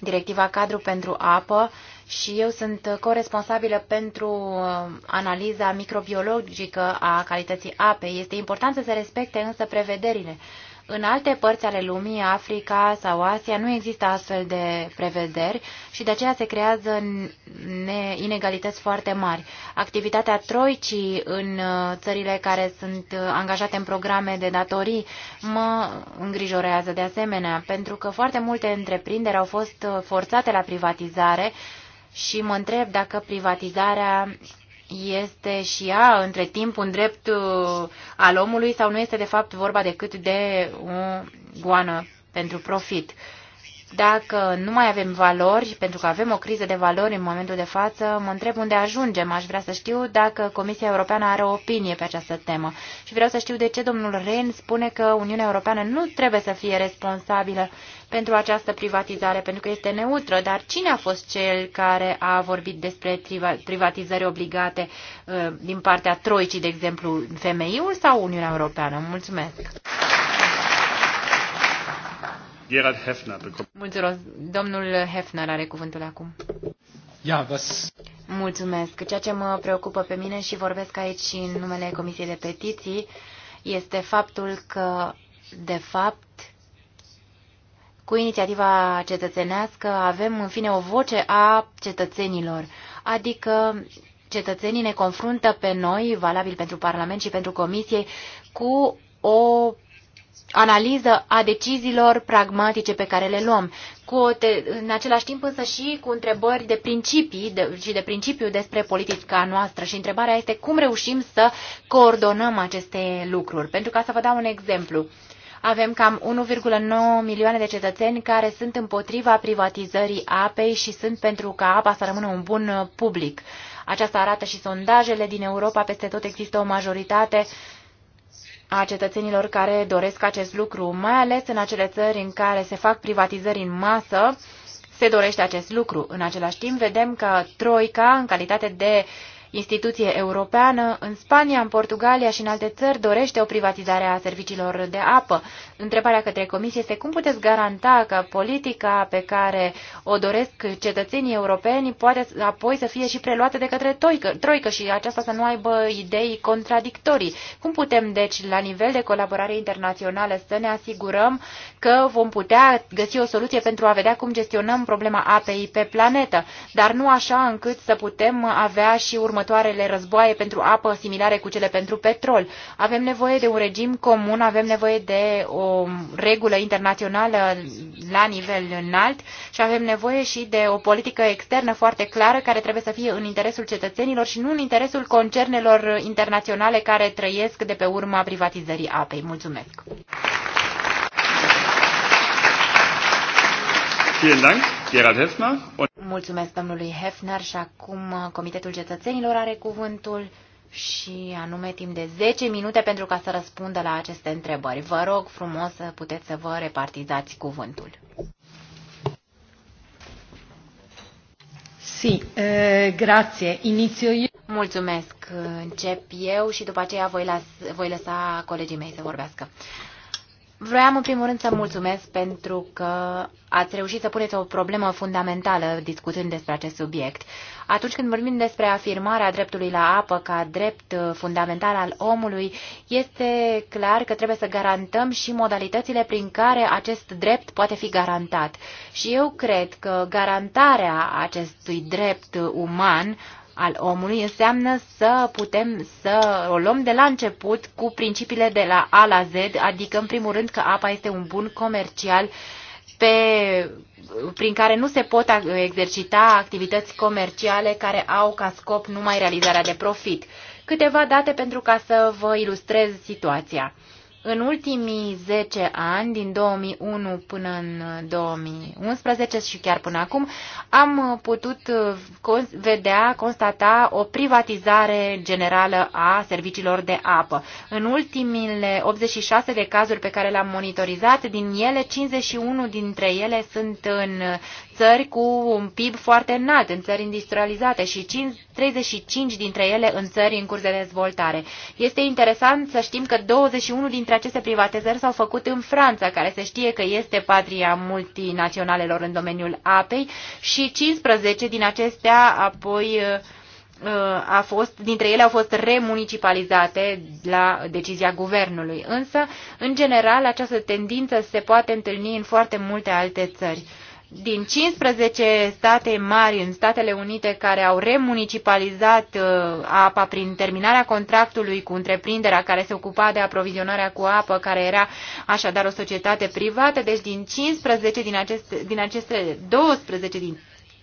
directiva cadru pentru apă și eu sunt coresponsabilă pentru uh, analiza microbiologică a calității apei. Este important să se respecte însă prevederile. În alte părți ale lumii, Africa sau Asia, nu există astfel de prevederi și de aceea se creează inegalități foarte mari. Activitatea troicii în uh, țările care sunt uh, angajate în programe de datorii mă îngrijorează de asemenea, pentru că foarte multe întreprinderi au fost forțate la privatizare și mă întreb dacă privatizarea este și ea între timp un drept uh, al omului sau nu este de fapt vorba decât de o goană pentru profit. Dacă nu mai avem valori, pentru că avem o criză de valori în momentul de față, mă întreb unde ajungem. Aș vrea să știu dacă Comisia Europeană are o opinie pe această temă. Și vreau să știu de ce domnul Ren spune că Uniunea Europeană nu trebuie să fie responsabilă pentru această privatizare, pentru că este neutră. Dar cine a fost cel care a vorbit despre privatizări obligate uh, din partea Troicii, de exemplu, femeiul sau Uniunea Europeană? Mulțumesc! Gerhard Hefner Mulțumesc. Domnul Hefner are cuvântul acum. Ja, was... Mulțumesc. Ceea ce mă preocupă pe mine și vorbesc aici și în numele Comisiei de Petiții este faptul că, de fapt, cu inițiativa cetățenească avem, în fine, o voce a cetățenilor. Adică cetățenii ne confruntă pe noi, valabil pentru Parlament și pentru Comisie, cu o analiză a deciziilor pragmatice pe care le luăm, cu o te, în același timp însă și cu întrebări de principii de, și de principiu despre politica noastră. Și întrebarea este cum reușim să coordonăm aceste lucruri. Pentru ca să vă dau un exemplu, avem cam 1,9 milioane de cetățeni care sunt împotriva privatizării apei și sunt pentru ca apa să rămână un bun public. Aceasta arată și sondajele din Europa, peste tot există o majoritate a cetățenilor care doresc acest lucru, mai ales în acele țări în care se fac privatizări în masă, se dorește acest lucru. În același timp, vedem că Troica, în calitate de instituție europeană, în Spania, în Portugalia și în alte țări dorește o privatizare a serviciilor de apă. Întrebarea către Comisie este cum puteți garanta că politica pe care o doresc cetățenii europeni poate apoi să fie și preluată de către toică, troică și aceasta să nu aibă idei contradictorii. Cum putem, deci, la nivel de colaborare internațională să ne asigurăm că vom putea găsi o soluție pentru a vedea cum gestionăm problema apei pe planetă, dar nu așa încât să putem avea și următoarea următoarele războaie pentru apă similare cu cele pentru petrol. Avem nevoie de un regim comun, avem nevoie de o regulă internațională la nivel înalt și avem nevoie și de o politică externă foarte clară care trebuie să fie în interesul cetățenilor și nu în interesul concernelor internaționale care trăiesc de pe urma privatizării apei. Mulțumesc! Vielen Dank. Gerald Hefner. Mulțumesc domnului Hefner și acum Comitetul Cetățenilor are cuvântul și anume timp de 10 minute pentru ca să răspundă la aceste întrebări. Vă rog frumos să puteți să vă repartizați cuvântul. Si, eh, grație. Inițio eu. Mulțumesc. Încep eu și după aceea voi, las, voi lăsa colegii mei să vorbească. Vreau în primul rând să mulțumesc pentru că ați reușit să puneți o problemă fundamentală discutând despre acest subiect. Atunci când vorbim despre afirmarea dreptului la apă ca drept fundamental al omului, este clar că trebuie să garantăm și modalitățile prin care acest drept poate fi garantat. Și eu cred că garantarea acestui drept uman al omului înseamnă să putem să o luăm de la început cu principiile de la A la Z, adică în primul rând că apa este un bun comercial pe, prin care nu se pot exercita activități comerciale care au ca scop numai realizarea de profit. Câteva date pentru ca să vă ilustrez situația. În ultimii 10 ani, din 2001 până în 2011 și chiar până acum, am putut vedea, constata o privatizare generală a serviciilor de apă. În ultimile 86 de cazuri pe care le-am monitorizat, din ele 51 dintre ele sunt în țări cu un PIB foarte înalt, în țări industrializate și 5 35 dintre ele în țări în curs de dezvoltare. Este interesant să știm că 21 dintre aceste privatizări s-au făcut în Franța, care se știe că este patria multinaționalelor în domeniul apei, și 15 din acestea apoi uh, uh, a fost, dintre ele au fost remunicipalizate la decizia guvernului. Însă, în general, această tendință se poate întâlni în foarte multe alte țări. Din 15 state mari în Statele Unite care au remunicipalizat uh, apa prin terminarea contractului cu întreprinderea care se ocupa de aprovizionarea cu apă, care era așadar o societate privată, deci din 15 din aceste, din aceste 12 din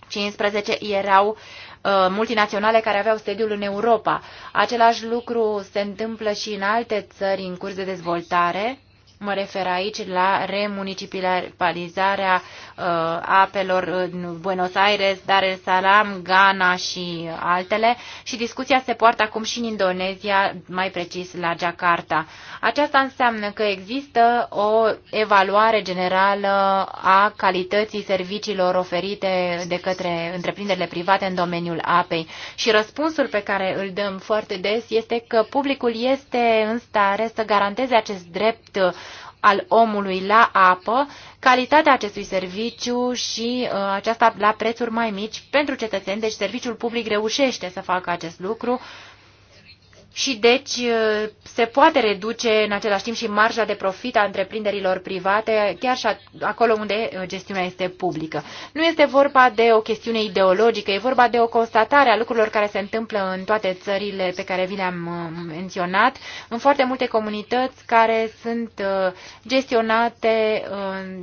15 erau uh, multinaționale care aveau sediul în Europa. Același lucru se întâmplă și în alte țări în curs de dezvoltare, Mă refer aici la remunicipalizarea uh, apelor în Buenos Aires, Dar el Salam, Ghana și altele și discuția se poartă acum și în Indonezia, mai precis la Jakarta. Aceasta înseamnă că există o evaluare generală a calității serviciilor oferite de către întreprinderile private în domeniul apei și răspunsul pe care îl dăm foarte des este că publicul este în stare să garanteze acest drept uh, al omului la apă, calitatea acestui serviciu și uh, aceasta la prețuri mai mici pentru cetățeni. Deci serviciul public reușește să facă acest lucru și deci uh, se poate reduce în același timp și marja de profit a întreprinderilor private, chiar și acolo unde uh, gestiunea este publică. Nu este vorba de o chestiune ideologică, e vorba de o constatare a lucrurilor care se întâmplă în toate țările pe care vi le-am uh, menționat, în foarte multe comunități care sunt gestionate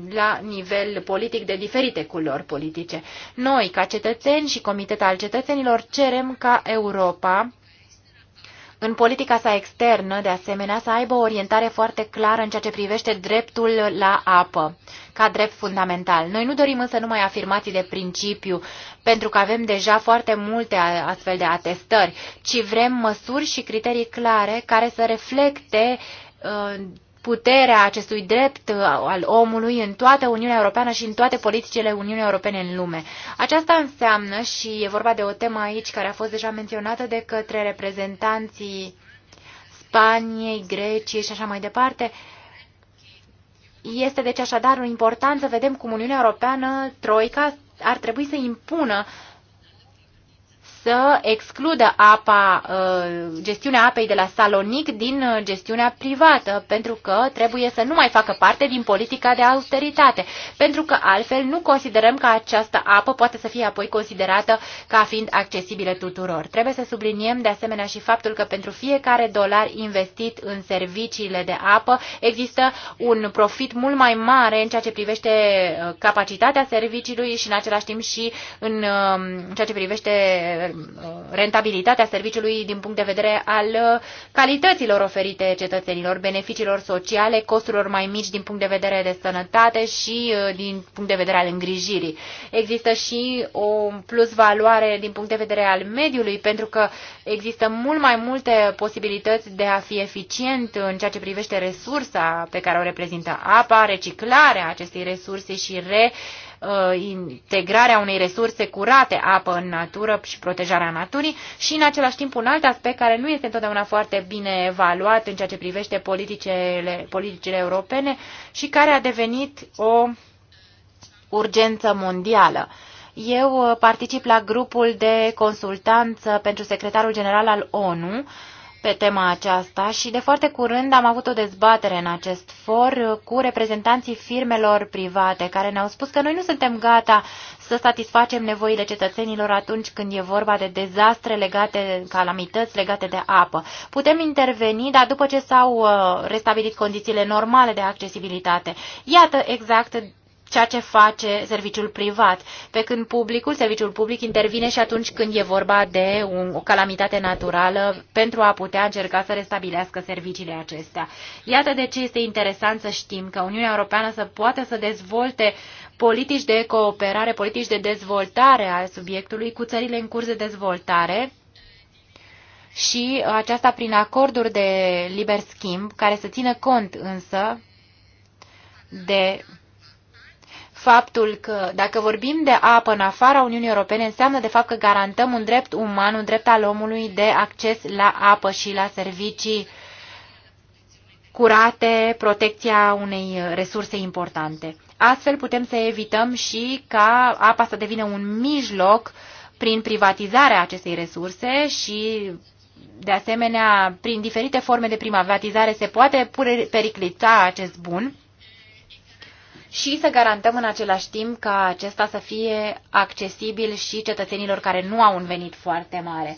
la nivel politic de diferite culori politice. Noi, ca cetățeni și Comitet al Cetățenilor, cerem ca Europa în politica sa externă, de asemenea, să aibă o orientare foarte clară în ceea ce privește dreptul la apă, ca drept fundamental. Noi nu dorim însă numai afirmații de principiu, pentru că avem deja foarte multe astfel de atestări, ci vrem măsuri și criterii clare care să reflecte uh, puterea acestui drept uh, al omului în toată Uniunea Europeană și în toate politicile Uniunii Europene în lume. Aceasta înseamnă, și e vorba de o temă aici care a fost deja menționată de către reprezentanții Spaniei, Greciei și așa mai departe, este deci așadar important să vedem cum Uniunea Europeană, Troica, ar trebui să impună să excludă apa, uh, gestiunea apei de la Salonic din uh, gestiunea privată, pentru că trebuie să nu mai facă parte din politica de austeritate, pentru că altfel nu considerăm că această apă poate să fie apoi considerată ca fiind accesibilă tuturor. Trebuie să subliniem de asemenea și faptul că pentru fiecare dolar investit în serviciile de apă există un profit mult mai mare în ceea ce privește uh, capacitatea serviciului și în același timp și în ceea ce privește Uh, rentabilitatea serviciului din punct de vedere al uh, calităților oferite cetățenilor, beneficiilor sociale, costurilor mai mici din punct de vedere de sănătate și uh, din punct de vedere al îngrijirii. Există și o plus valoare din punct de vedere al mediului, pentru că există mult mai multe posibilități de a fi eficient în ceea ce privește resursa pe care o reprezintă apa, reciclarea acestei resurse și re Uh, integrarea unei resurse curate, apă în natură și protejarea naturii și în același timp un alt aspect care nu este întotdeauna foarte bine evaluat în ceea ce privește politicele, politicile europene și care a devenit o urgență mondială. Eu uh, particip la grupul de consultanță pentru secretarul general al ONU, pe tema aceasta și de foarte curând am avut o dezbatere în acest for cu reprezentanții firmelor private care ne-au spus că noi nu suntem gata să satisfacem nevoile cetățenilor atunci când e vorba de dezastre legate, calamități legate de apă. Putem interveni, dar după ce s-au uh, restabilit condițiile normale de accesibilitate. Iată exact ceea ce face serviciul privat, pe când publicul, serviciul public intervine și atunci când e vorba de o calamitate naturală pentru a putea încerca să restabilească serviciile acestea. Iată de ce este interesant să știm că Uniunea Europeană să poată să dezvolte politici de cooperare, politici de dezvoltare a subiectului cu țările în curs de dezvoltare, și aceasta prin acorduri de liber schimb, care să țină cont însă de faptul că dacă vorbim de apă în afara Uniunii Europene, înseamnă de fapt că garantăm un drept uman, un drept al omului de acces la apă și la servicii curate, protecția unei resurse importante. Astfel putem să evităm și ca apa să devină un mijloc prin privatizarea acestei resurse și de asemenea, prin diferite forme de privatizare se poate periclita acest bun și să garantăm în același timp ca acesta să fie accesibil și cetățenilor care nu au un venit foarte mare.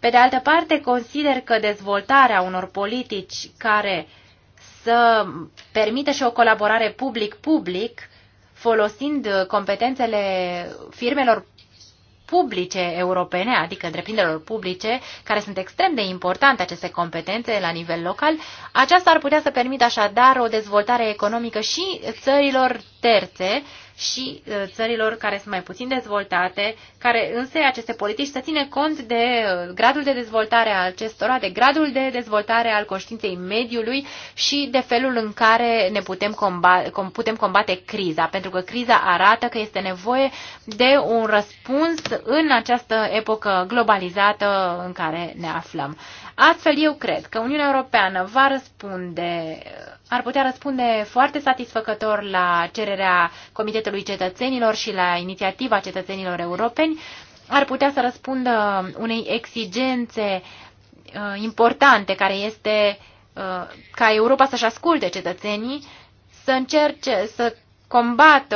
Pe de altă parte, consider că dezvoltarea unor politici care să permită și o colaborare public-public, folosind competențele firmelor publice europene, adică întreprinderilor publice, care sunt extrem de importante aceste competențe la nivel local, aceasta ar putea să permită așadar o dezvoltare economică și țărilor terțe și uh, țărilor care sunt mai puțin dezvoltate, care însă aceste politici să ține cont de uh, gradul de dezvoltare al acestora, de gradul de dezvoltare al conștiinței mediului și de felul în care ne putem, combate, putem combate criza, pentru că criza arată că este nevoie de un răspuns în această epocă globalizată în care ne aflăm. Astfel, eu cred că Uniunea Europeană va răspunde, ar putea răspunde foarte satisfăcător la cererea Comitetului Cetățenilor și la inițiativa cetățenilor europeni, ar putea să răspundă unei exigențe uh, importante, care este uh, ca Europa să-și asculte cetățenii, să încerce să combat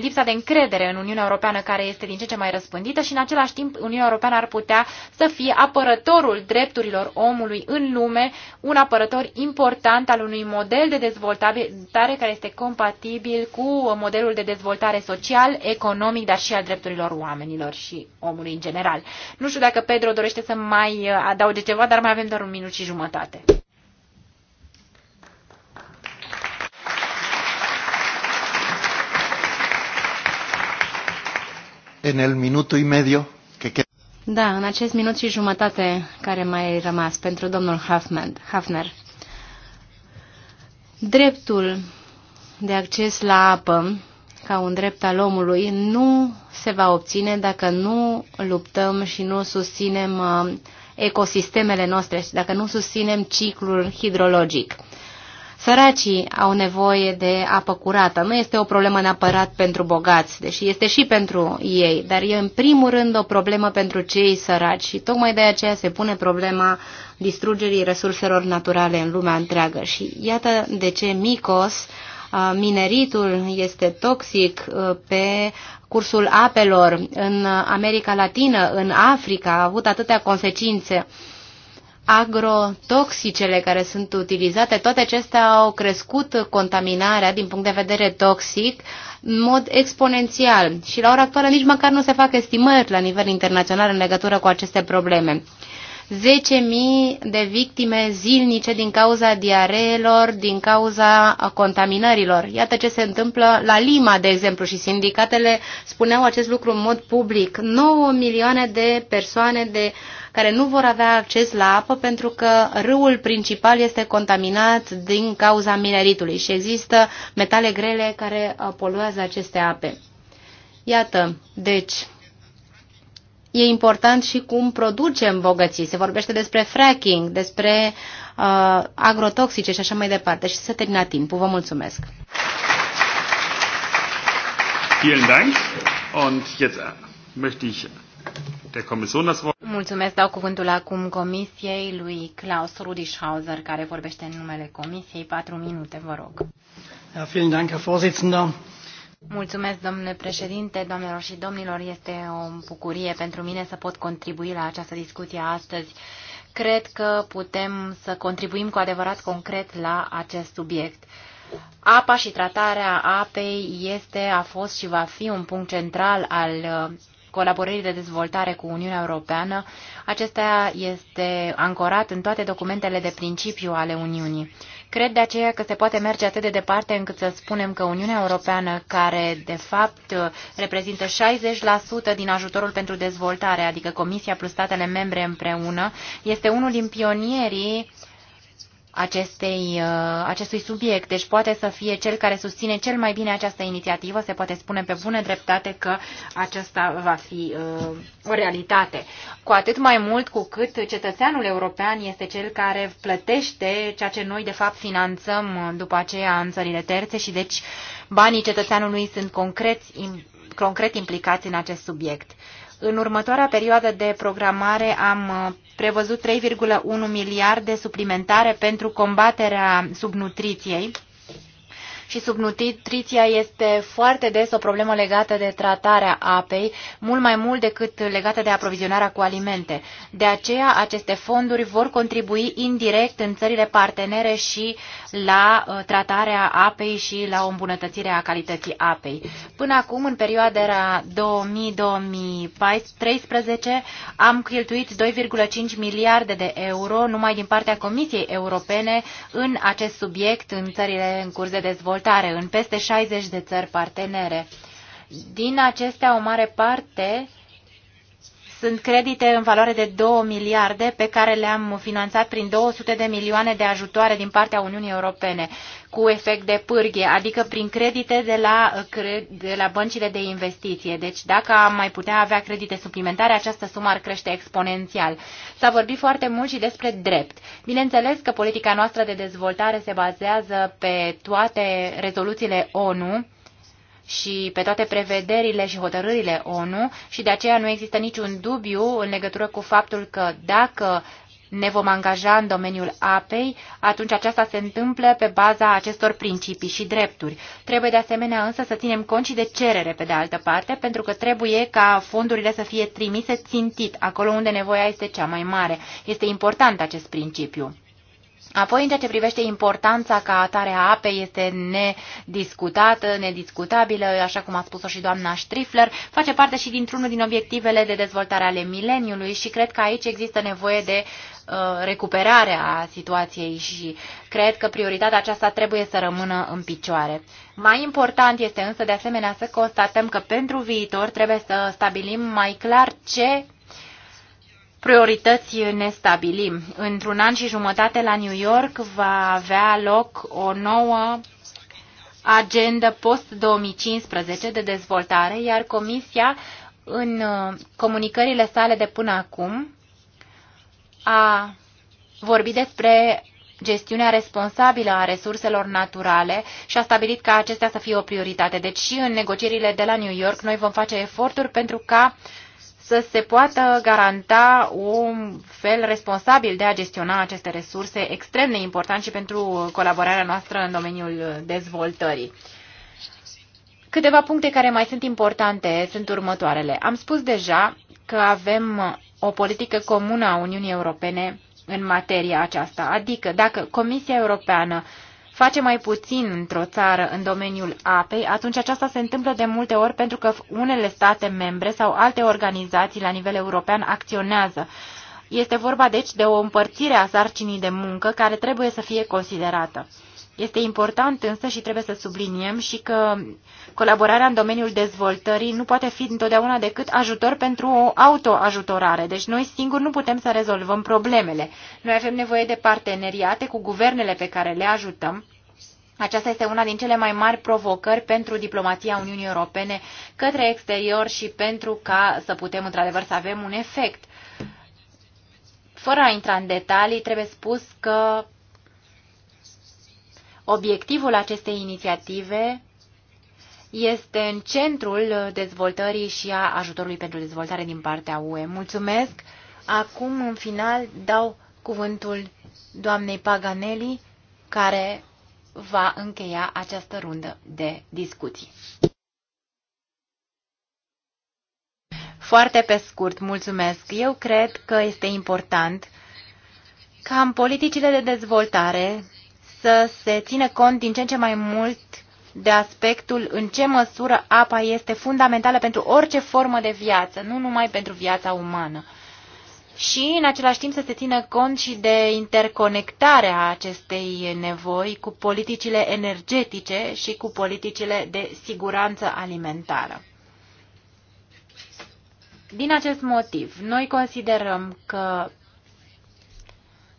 lipsa de încredere în Uniunea Europeană care este din ce ce mai răspândită și în același timp Uniunea Europeană ar putea să fie apărătorul drepturilor omului în lume, un apărător important al unui model de dezvoltare care este compatibil cu modelul de dezvoltare social, economic, dar și al drepturilor oamenilor și omului în general. Nu știu dacă Pedro dorește să mai adauge ceva, dar mai avem doar un minut și jumătate. în el minutul y medio que Da, în acest minut și jumătate care mai rămas pentru domnul Hafner. Dreptul de acces la apă ca un drept al omului nu se va obține dacă nu luptăm și nu susținem uh, ecosistemele noastre și dacă nu susținem ciclul hidrologic. Săracii au nevoie de apă curată. Nu este o problemă neapărat pentru bogați, deși este și pentru ei, dar e în primul rând o problemă pentru cei săraci și tocmai de aceea se pune problema distrugerii resurselor naturale în lumea întreagă. Și iată de ce Micos, mineritul este toxic pe cursul apelor în America Latină, în Africa, a avut atâtea consecințe agrotoxicele care sunt utilizate, toate acestea au crescut contaminarea din punct de vedere toxic în mod exponențial și la ora actuală nici măcar nu se fac estimări la nivel internațional în legătură cu aceste probleme. 10.000 de victime zilnice din cauza diareelor, din cauza contaminărilor. Iată ce se întâmplă la Lima, de exemplu, și sindicatele spuneau acest lucru în mod public. 9 milioane de persoane de uh, care nu vor avea acces la apă pentru că râul principal este contaminat din cauza mineritului și există metale grele care uh, poluează aceste ape. Iată, deci, e important și cum producem bogății. Se vorbește despre fracking, despre uh, agrotoxice și așa mai departe. Și să termina timpul. Vă mulțumesc! Vielen Dank. Und jetzt möchte ich Mulțumesc, dau cuvântul acum Comisiei lui Klaus Rudischhauser, care vorbește în numele Comisiei. Patru minute, vă rog. Mulțumesc, domnule președinte, doamnelor și domnilor. Este o bucurie pentru mine să pot contribui la această discuție astăzi. Cred că putem să contribuim cu adevărat concret la acest subiect. Apa și tratarea apei este, a fost și va fi un punct central al colaborării de dezvoltare cu Uniunea Europeană, acesta este ancorat în toate documentele de principiu ale Uniunii. Cred de aceea că se poate merge atât de departe încât să spunem că Uniunea Europeană, care de fapt reprezintă 60% din ajutorul pentru dezvoltare, adică Comisia plus statele membre împreună, este unul din pionierii uh, acestei, uh, acestui subiect. Deci poate să fie cel care susține cel mai bine această inițiativă. Se poate spune pe bună dreptate că aceasta va fi uh, o realitate. Cu atât mai mult cu cât cetățeanul european este cel care plătește ceea ce noi de fapt finanțăm după aceea în țările terțe și deci banii cetățeanului sunt concret, concret implicați în acest subiect. În următoarea perioadă de programare am uh, prevăzut 3,1 miliarde suplimentare pentru combaterea subnutriției și subnutriția este foarte des o problemă legată de tratarea apei, mult mai mult decât legată de aprovizionarea cu alimente. De aceea, aceste fonduri vor contribui indirect în țările partenere și la uh, tratarea apei și la o îmbunătățire a calității apei. Până acum, în perioada 2000-2013, am cheltuit 2,5 miliarde de euro numai din partea Comisiei Europene în acest subiect în țările în curs de dezvoltare dezvoltare în peste 60 de țări partenere. Din acestea, o mare parte sunt credite în valoare de 2 miliarde pe care le-am finanțat prin 200 de milioane de ajutoare din partea Uniunii Europene cu efect de pârghie, adică prin credite de la, de la băncile de investiție. Deci dacă am mai putea avea credite suplimentare, această sumă ar crește exponențial. S-a vorbit foarte mult și despre drept. Bineînțeles că politica noastră de dezvoltare se bazează pe toate rezoluțiile ONU, și pe toate prevederile și hotărârile ONU și de aceea nu există niciun dubiu în legătură cu faptul că dacă ne vom angaja în domeniul apei, atunci aceasta se întâmplă pe baza acestor principii și drepturi. Trebuie de asemenea însă să ținem cont și de cerere pe de altă parte, pentru că trebuie ca fondurile să fie trimise țintit, acolo unde nevoia este cea mai mare. Este important acest principiu. Apoi, în ceea ce privește importanța ca atare a apei, este nediscutată, nediscutabilă, așa cum a spus-o și doamna Strifler, face parte și dintr-unul din obiectivele de dezvoltare ale mileniului și cred că aici există nevoie de uh, recuperare a situației și cred că prioritatea aceasta trebuie să rămână în picioare. Mai important este însă de asemenea să constatăm că pentru viitor trebuie să stabilim mai clar ce priorități ne stabilim. Într-un an și jumătate la New York va avea loc o nouă agendă post-2015 de dezvoltare, iar Comisia, în uh, comunicările sale de până acum, a vorbit despre gestiunea responsabilă a resurselor naturale și a stabilit ca acestea să fie o prioritate. Deci și în negocierile de la New York noi vom face eforturi pentru ca uh, să se poată garanta un fel responsabil de a gestiona aceste resurse extrem de important și pentru colaborarea noastră în domeniul dezvoltării. Câteva puncte care mai sunt importante sunt următoarele. Am spus deja că avem o politică comună a Uniunii Europene în materia aceasta, adică dacă Comisia Europeană face mai puțin într-o țară în domeniul apei, atunci aceasta se întâmplă de multe ori pentru că unele state membre sau alte organizații la nivel european acționează. Este vorba deci de o împărțire a sarcinii de muncă care trebuie să fie considerată. Este important însă și trebuie să subliniem și că colaborarea în domeniul dezvoltării nu poate fi întotdeauna decât ajutor pentru o autoajutorare. Deci noi singuri nu putem să rezolvăm problemele. Noi avem nevoie de parteneriate cu guvernele pe care le ajutăm aceasta este una din cele mai mari provocări pentru diplomația Uniunii Europene către exterior și pentru ca să putem într-adevăr să avem un efect. Fără a intra în detalii, trebuie spus că obiectivul acestei inițiative este în centrul dezvoltării și a ajutorului pentru dezvoltare din partea UE. Mulțumesc! Acum, în final, dau cuvântul doamnei Paganelli, care va încheia această rundă de discuții. Foarte pe scurt, mulțumesc. Eu cred că este important ca în politicile de dezvoltare să se țină cont din ce în ce mai mult de aspectul în ce măsură apa este fundamentală pentru orice formă de viață, nu numai pentru viața umană și în același timp să se țină cont și de interconectarea acestei nevoi cu politicile energetice și cu politicile de siguranță alimentară. Din acest motiv, noi considerăm că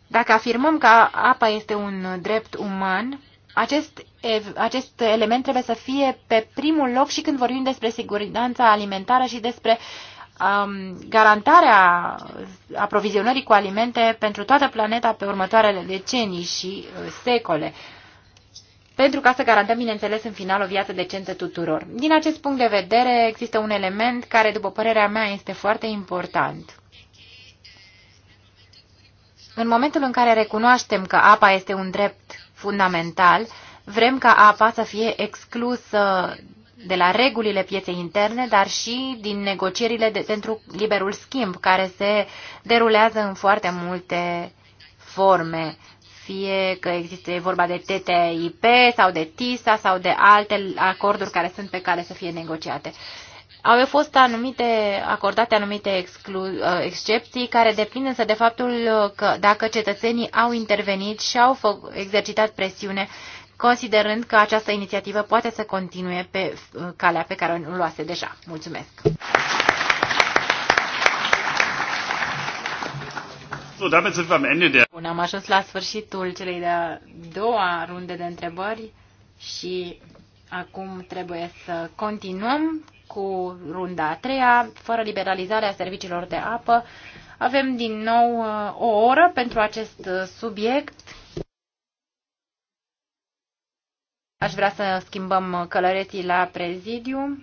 dacă afirmăm că apa este un drept uman, acest, acest element trebuie să fie pe primul loc și când vorbim despre siguranța alimentară și despre uh, Um, garantarea aprovizionării cu alimente pentru toată planeta pe următoarele decenii și uh, secole, pentru ca să garantăm, bineînțeles, în final o viață decentă tuturor. Din acest punct de vedere, există un element care, după părerea mea, este foarte important. În momentul în care recunoaștem că apa este un drept fundamental, vrem ca apa să fie exclusă de la regulile pieței interne, dar și din negocierile de, pentru liberul schimb, care se derulează în foarte multe forme, fie că există vorba de TTIP sau de TISA sau de alte acorduri care sunt pe care să fie negociate. Au fost anumite, acordate anumite exclu, uh, excepții care depind însă de faptul că dacă cetățenii au intervenit și au exercitat presiune considerând că această inițiativă poate să continue pe uh, calea pe care o luase deja. Mulțumesc! Bun, am ajuns la sfârșitul celei de-a doua runde de întrebări și acum trebuie să continuăm cu runda a treia, fără liberalizarea serviciilor de apă. Avem din nou uh, o oră pentru acest uh, subiect Aș vrea să schimbăm călăreții la prezidiu.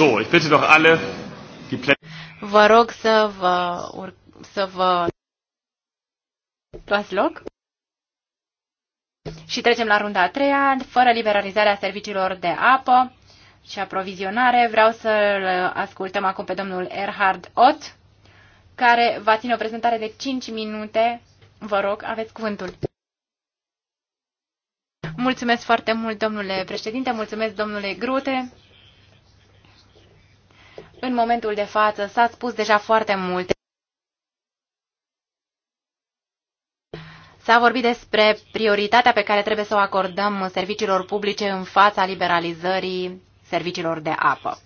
So, ich bitte doch alle, die Plätze. Vă rog să vă, să vă luați loc. Și trecem la runda a treia, fără liberalizarea serviciilor de apă și aprovizionare. Vreau să ascultăm acum pe domnul Erhard Ott, care va ține o prezentare de 5 minute. Vă rog, aveți cuvântul. Mulțumesc foarte mult, domnule președinte, mulțumesc, domnule Grute. În momentul de față s-a spus deja foarte multe. S-a vorbit despre prioritatea pe care trebuie să o acordăm serviciilor publice în fața liberalizării serviciilor de apă.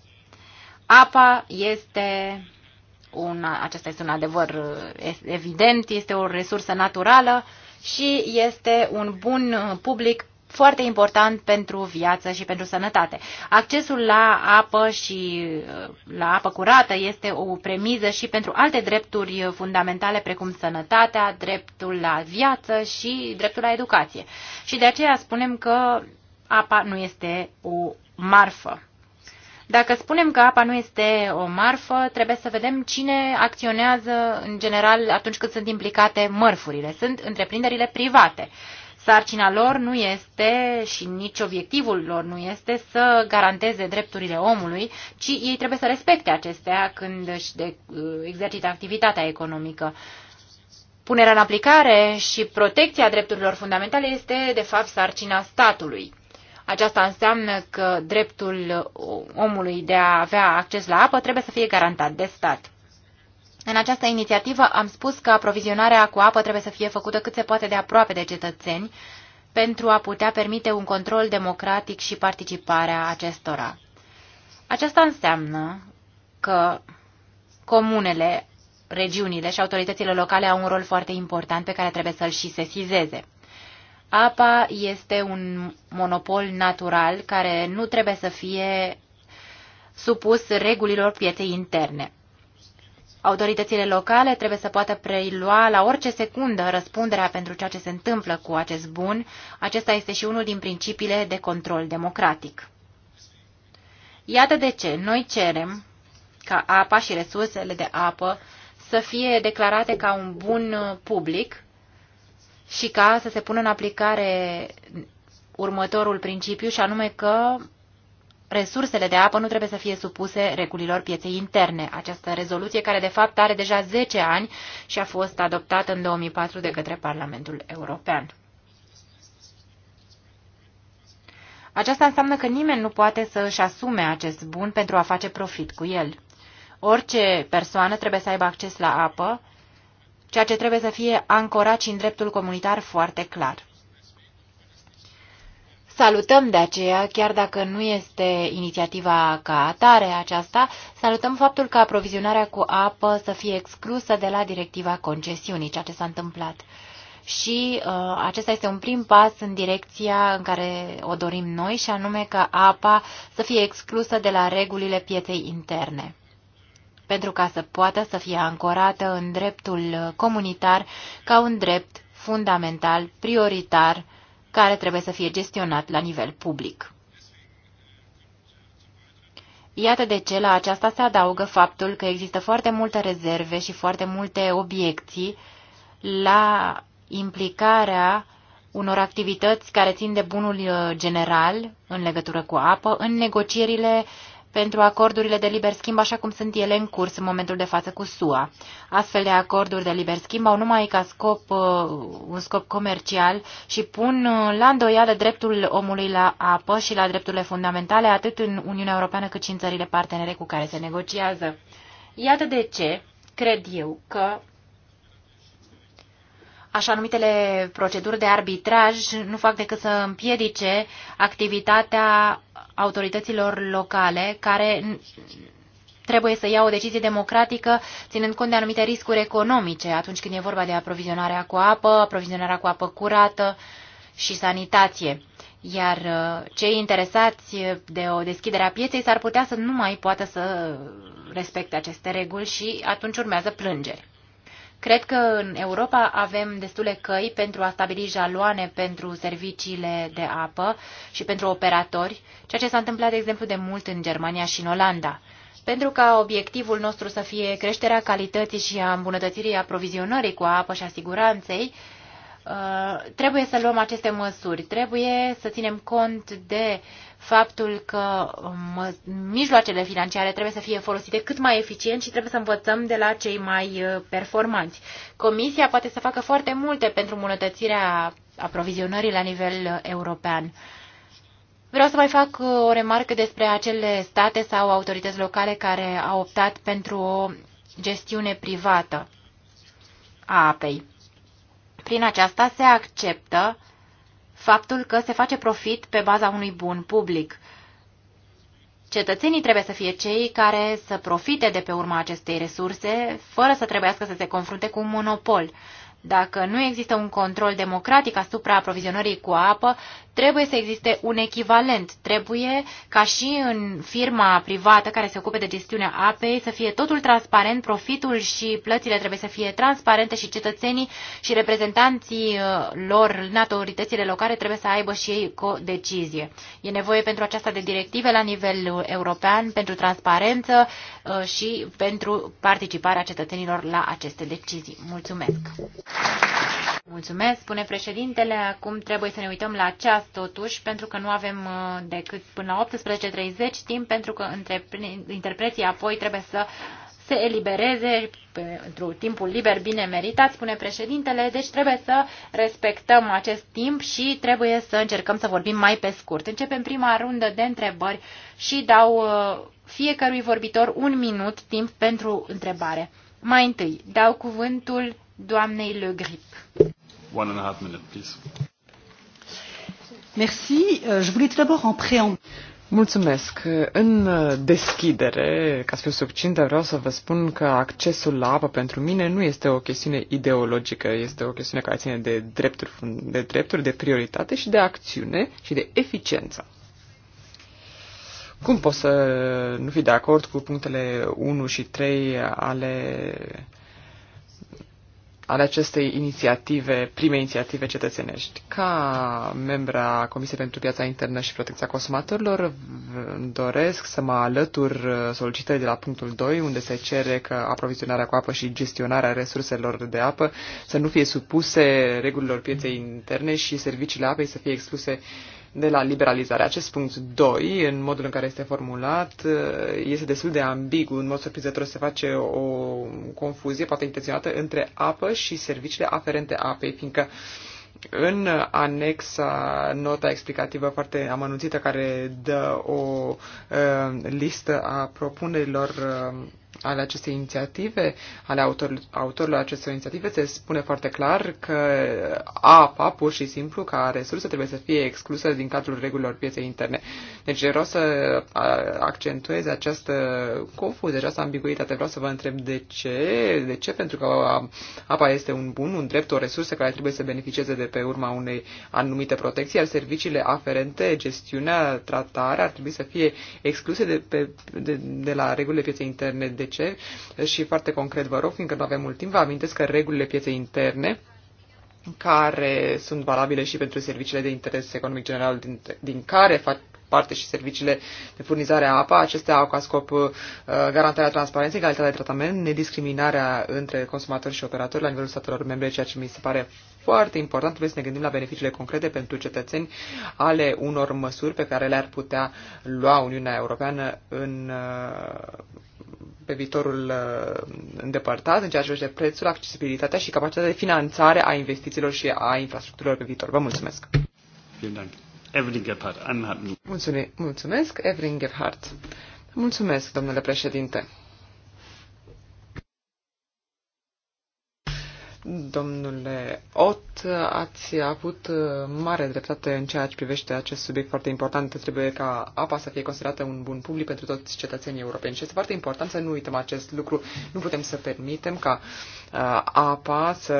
Apa este un, acesta este un adevăr evident, este o resursă naturală și este un bun public foarte important pentru viață și pentru sănătate. Accesul la apă și uh, la apă curată este o premiză și pentru alte drepturi fundamentale precum sănătatea, dreptul la viață și dreptul la educație. Și de aceea spunem că apa nu este o marfă. Dacă spunem că apa nu este o marfă, trebuie să vedem cine acționează în general atunci când sunt implicate mărfurile. Sunt întreprinderile private. Sarcina lor nu este și nici obiectivul lor nu este să garanteze drepturile omului, ci ei trebuie să respecte acestea când își de, uh, exercită activitatea economică. Punerea în aplicare și protecția drepturilor fundamentale este, de fapt, sarcina statului. Aceasta înseamnă că dreptul omului de a avea acces la apă trebuie să fie garantat de stat. În această inițiativă am spus că aprovizionarea cu apă trebuie să fie făcută cât se poate de aproape de cetățeni pentru a putea permite un control democratic și participarea acestora. Aceasta înseamnă că comunele, regiunile și autoritățile locale au un rol foarte important pe care trebuie să-l și sesizeze. Apa este un monopol natural care nu trebuie să fie supus regulilor pieței interne. Autoritățile locale trebuie să poată prelua la orice secundă răspunderea pentru ceea ce se întâmplă cu acest bun. Acesta este și unul din principiile de control democratic. Iată de ce noi cerem ca apa și resursele de apă să fie declarate ca un bun public și ca să se pună în aplicare următorul principiu și anume că resursele de apă nu trebuie să fie supuse regulilor pieței interne. Această rezoluție, care de fapt are deja 10 ani și a fost adoptată în 2004 de către Parlamentul European. Aceasta înseamnă că nimeni nu poate să își asume acest bun pentru a face profit cu el. Orice persoană trebuie să aibă acces la apă, ceea ce trebuie să fie ancorat și în dreptul comunitar foarte clar. Salutăm de aceea, chiar dacă nu este inițiativa ca atare aceasta, salutăm faptul că aprovizionarea cu apă să fie exclusă de la directiva concesiunii, ceea ce s-a întâmplat. Și uh, acesta este un prim pas în direcția în care o dorim noi, și anume ca apa să fie exclusă de la regulile pieței interne pentru ca să poată să fie ancorată în dreptul comunitar ca un drept fundamental, prioritar care trebuie să fie gestionat la nivel public. Iată de ce la aceasta se adaugă faptul că există foarte multe rezerve și foarte multe obiecții la implicarea unor activități care țin de bunul uh, general în legătură cu apă în negocierile pentru acordurile de liber schimb așa cum sunt ele în curs în momentul de față cu SUA. Astfel de acorduri de liber schimb au numai ca scop uh, un scop comercial și pun uh, la îndoială dreptul omului la apă și la drepturile fundamentale atât în Uniunea Europeană cât și în țările partenere cu care se negociază. Iată de ce cred eu că așa numitele proceduri de arbitraj nu fac decât să împiedice activitatea autorităților locale care trebuie să ia o decizie democratică ținând cont de anumite riscuri economice atunci când e vorba de aprovizionarea cu apă, aprovizionarea cu apă curată și sanitație. Iar uh, cei interesați de o deschidere a pieței s-ar putea să nu mai poată să respecte aceste reguli și atunci urmează plângeri. Cred că în Europa avem destule căi pentru a stabili jaloane pentru serviciile de apă și pentru operatori, ceea ce s-a întâmplat, de exemplu, de mult în Germania și în Olanda. Pentru ca obiectivul nostru să fie creșterea calității și a îmbunătățirii aprovizionării cu apă și a siguranței, uh, trebuie să luăm aceste măsuri. Trebuie să ținem cont de faptul că um, mijloacele financiare trebuie să fie folosite cât mai eficient și trebuie să învățăm de la cei mai uh, performanți. Comisia poate să facă foarte multe pentru îmbunătățirea aprovizionării la nivel uh, european. Vreau să mai fac uh, o remarcă despre acele state sau autorități locale care au optat pentru o gestiune privată a apei. Prin aceasta se acceptă faptul că se face profit pe baza unui bun public. Cetățenii trebuie să fie cei care să profite de pe urma acestei resurse, fără să trebuiască să se confrunte cu un monopol. Dacă nu există un control democratic asupra aprovizionării cu apă, trebuie să existe un echivalent. Trebuie ca și în firma privată care se ocupe de gestiunea apei să fie totul transparent, profitul și plățile trebuie să fie transparente și cetățenii și reprezentanții uh, lor în autoritățile locale trebuie să aibă și ei o decizie. E nevoie pentru aceasta de directive la nivel uh, european pentru transparență uh, și pentru participarea cetățenilor la aceste decizii. Mulțumesc! Mulțumesc, spune președintele. Acum trebuie să ne uităm la această avantajați totuși, pentru că nu avem uh, decât până la 18.30 timp, pentru că interpreții apoi trebuie să se elibereze pentru timpul liber bine meritat, spune președintele, deci trebuie să respectăm acest timp și trebuie să încercăm să vorbim mai pe scurt. Începem prima rundă de întrebări și dau uh, fiecărui vorbitor un minut timp pentru întrebare. Mai întâi, dau cuvântul doamnei Le Grip. One and a half minute, please. Merci. Euh, je voulais tout d'abord en préambule. Mulțumesc. În uh, deschidere, ca să fiu subțintă, vreau să vă spun că accesul la apă pentru mine nu este o chestiune ideologică, este o chestiune care ține de drepturi, de drepturi, de prioritate și de acțiune și de eficiență. Cum pot să nu fi de acord cu punctele 1 și 3 ale ale acestei inițiative, prime inițiative cetățenești. Ca membra Comisiei pentru Piața Internă și Protecția Consumatorilor, doresc să mă alătur solicitării de la punctul 2, unde se cere că aprovizionarea cu apă și gestionarea resurselor de apă să nu fie supuse regulilor pieței interne și serviciile apei să fie excluse de la liberalizare. Acest punct 2, în modul în care este formulat, uh, este destul de ambigu. În mod surprinzător se face o confuzie, poate intenționată, între apă și serviciile aferente apei, fiindcă în anexa nota explicativă foarte amănunțită care dă o uh, listă a propunerilor uh, ale acestei inițiative, ale autor, autorilor acestor inițiative, se spune foarte clar că apa, pur și simplu, ca resursă, trebuie să fie exclusă din cadrul regulilor pieței interne. Deci vreau să accentuez această confuzie, această ambiguitate. Vreau să vă întreb de ce, de ce, pentru că apa este un bun, un drept, o resursă care trebuie să beneficieze de pe urma unei anumite protecții, iar serviciile aferente, gestiunea, tratarea, ar trebui să fie excluse de, pe, de, de la regulile pieței interne de de ce și foarte concret vă rog, fiindcă nu avem mult timp, vă amintesc că regulile pieței interne care sunt valabile și pentru serviciile de interes economic general din, din care fac parte și serviciile de furnizare a apa. Acestea au ca scop uh, garantarea transparenței, calitatea de tratament, nediscriminarea între consumatori și operatori la nivelul statelor membre, ceea ce mi se pare foarte important. Trebuie să ne gândim la beneficiile concrete pentru cetățeni ale unor măsuri pe care le-ar putea lua Uniunea Europeană în, uh, pe viitorul uh, îndepărtat în ceea ce privește prețul, accesibilitatea și capacitatea de finanțare a investițiilor și a infrastructurilor pe viitor. Vă mulțumesc! Mulțumesc, Evelyn Gebhardt. Mulțumesc, domnule președinte. Domnule Ot, ați avut uh, mare dreptate în ceea ce privește acest subiect foarte important. Trebuie ca apa să fie considerată un bun public pentru toți cetățenii europeni și este foarte important să nu uităm acest lucru. Nu putem să permitem ca uh, apa să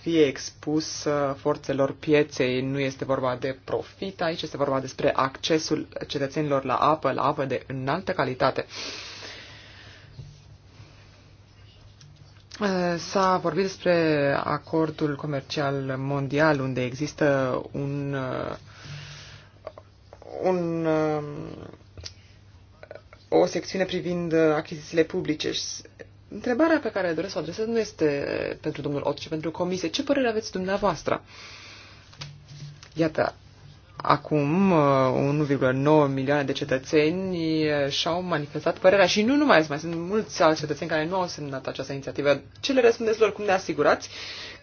fie expusă forțelor pieței. Nu este vorba de profit aici, este vorba despre accesul cetățenilor la apă, la apă de înaltă calitate. Uh, Uh, s-a vorbit despre acordul comercial mondial, unde există un, uh, un, uh, o secțiune privind achizițiile publice. Întrebarea pe care doresc să o adresez nu este pentru domnul Ot, ci pentru comisie. Ce părere aveți dumneavoastră? Iată, Acum, 1,9 uh, milioane de cetățeni uh, și-au manifestat părerea și nu numai, mai sunt mulți alți cetățeni care nu au semnat această inițiativă. Ce le răspundeți lor? Cum ne asigurați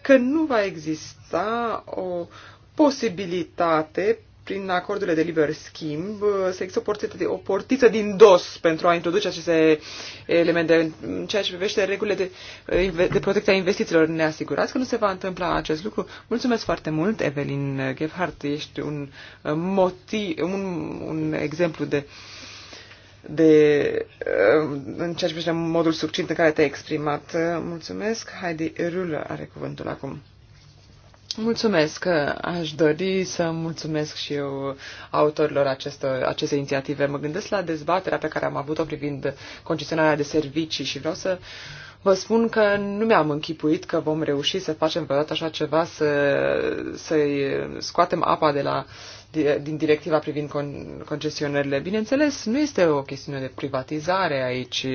că nu va exista o posibilitate prin acordurile de liber schimb, uh, să există o portiță, de, o portiță din dos pentru a introduce aceste elemente. În ceea ce privește regulile de, uh, de protecția investițiilor, ne asigurați că nu se va întâmpla acest lucru. Mulțumesc foarte mult, Evelyn Gebhardt. Ești un, uh, motiv, un, un exemplu de de, în ceea ce privește modul succint în care te-ai exprimat. Mulțumesc. Heidi Rulă are cuvântul acum. Mulțumesc. Aș dori să mulțumesc și eu autorilor acestor, acestei inițiative. Mă gândesc la dezbaterea pe care am avut-o privind concesionarea de servicii și vreau să vă spun că nu mi-am închipuit că vom reuși să facem vreodată așa ceva, să, să scoatem apa de la din directiva privind con- concesionările. Bineînțeles, nu este o chestiune de privatizare aici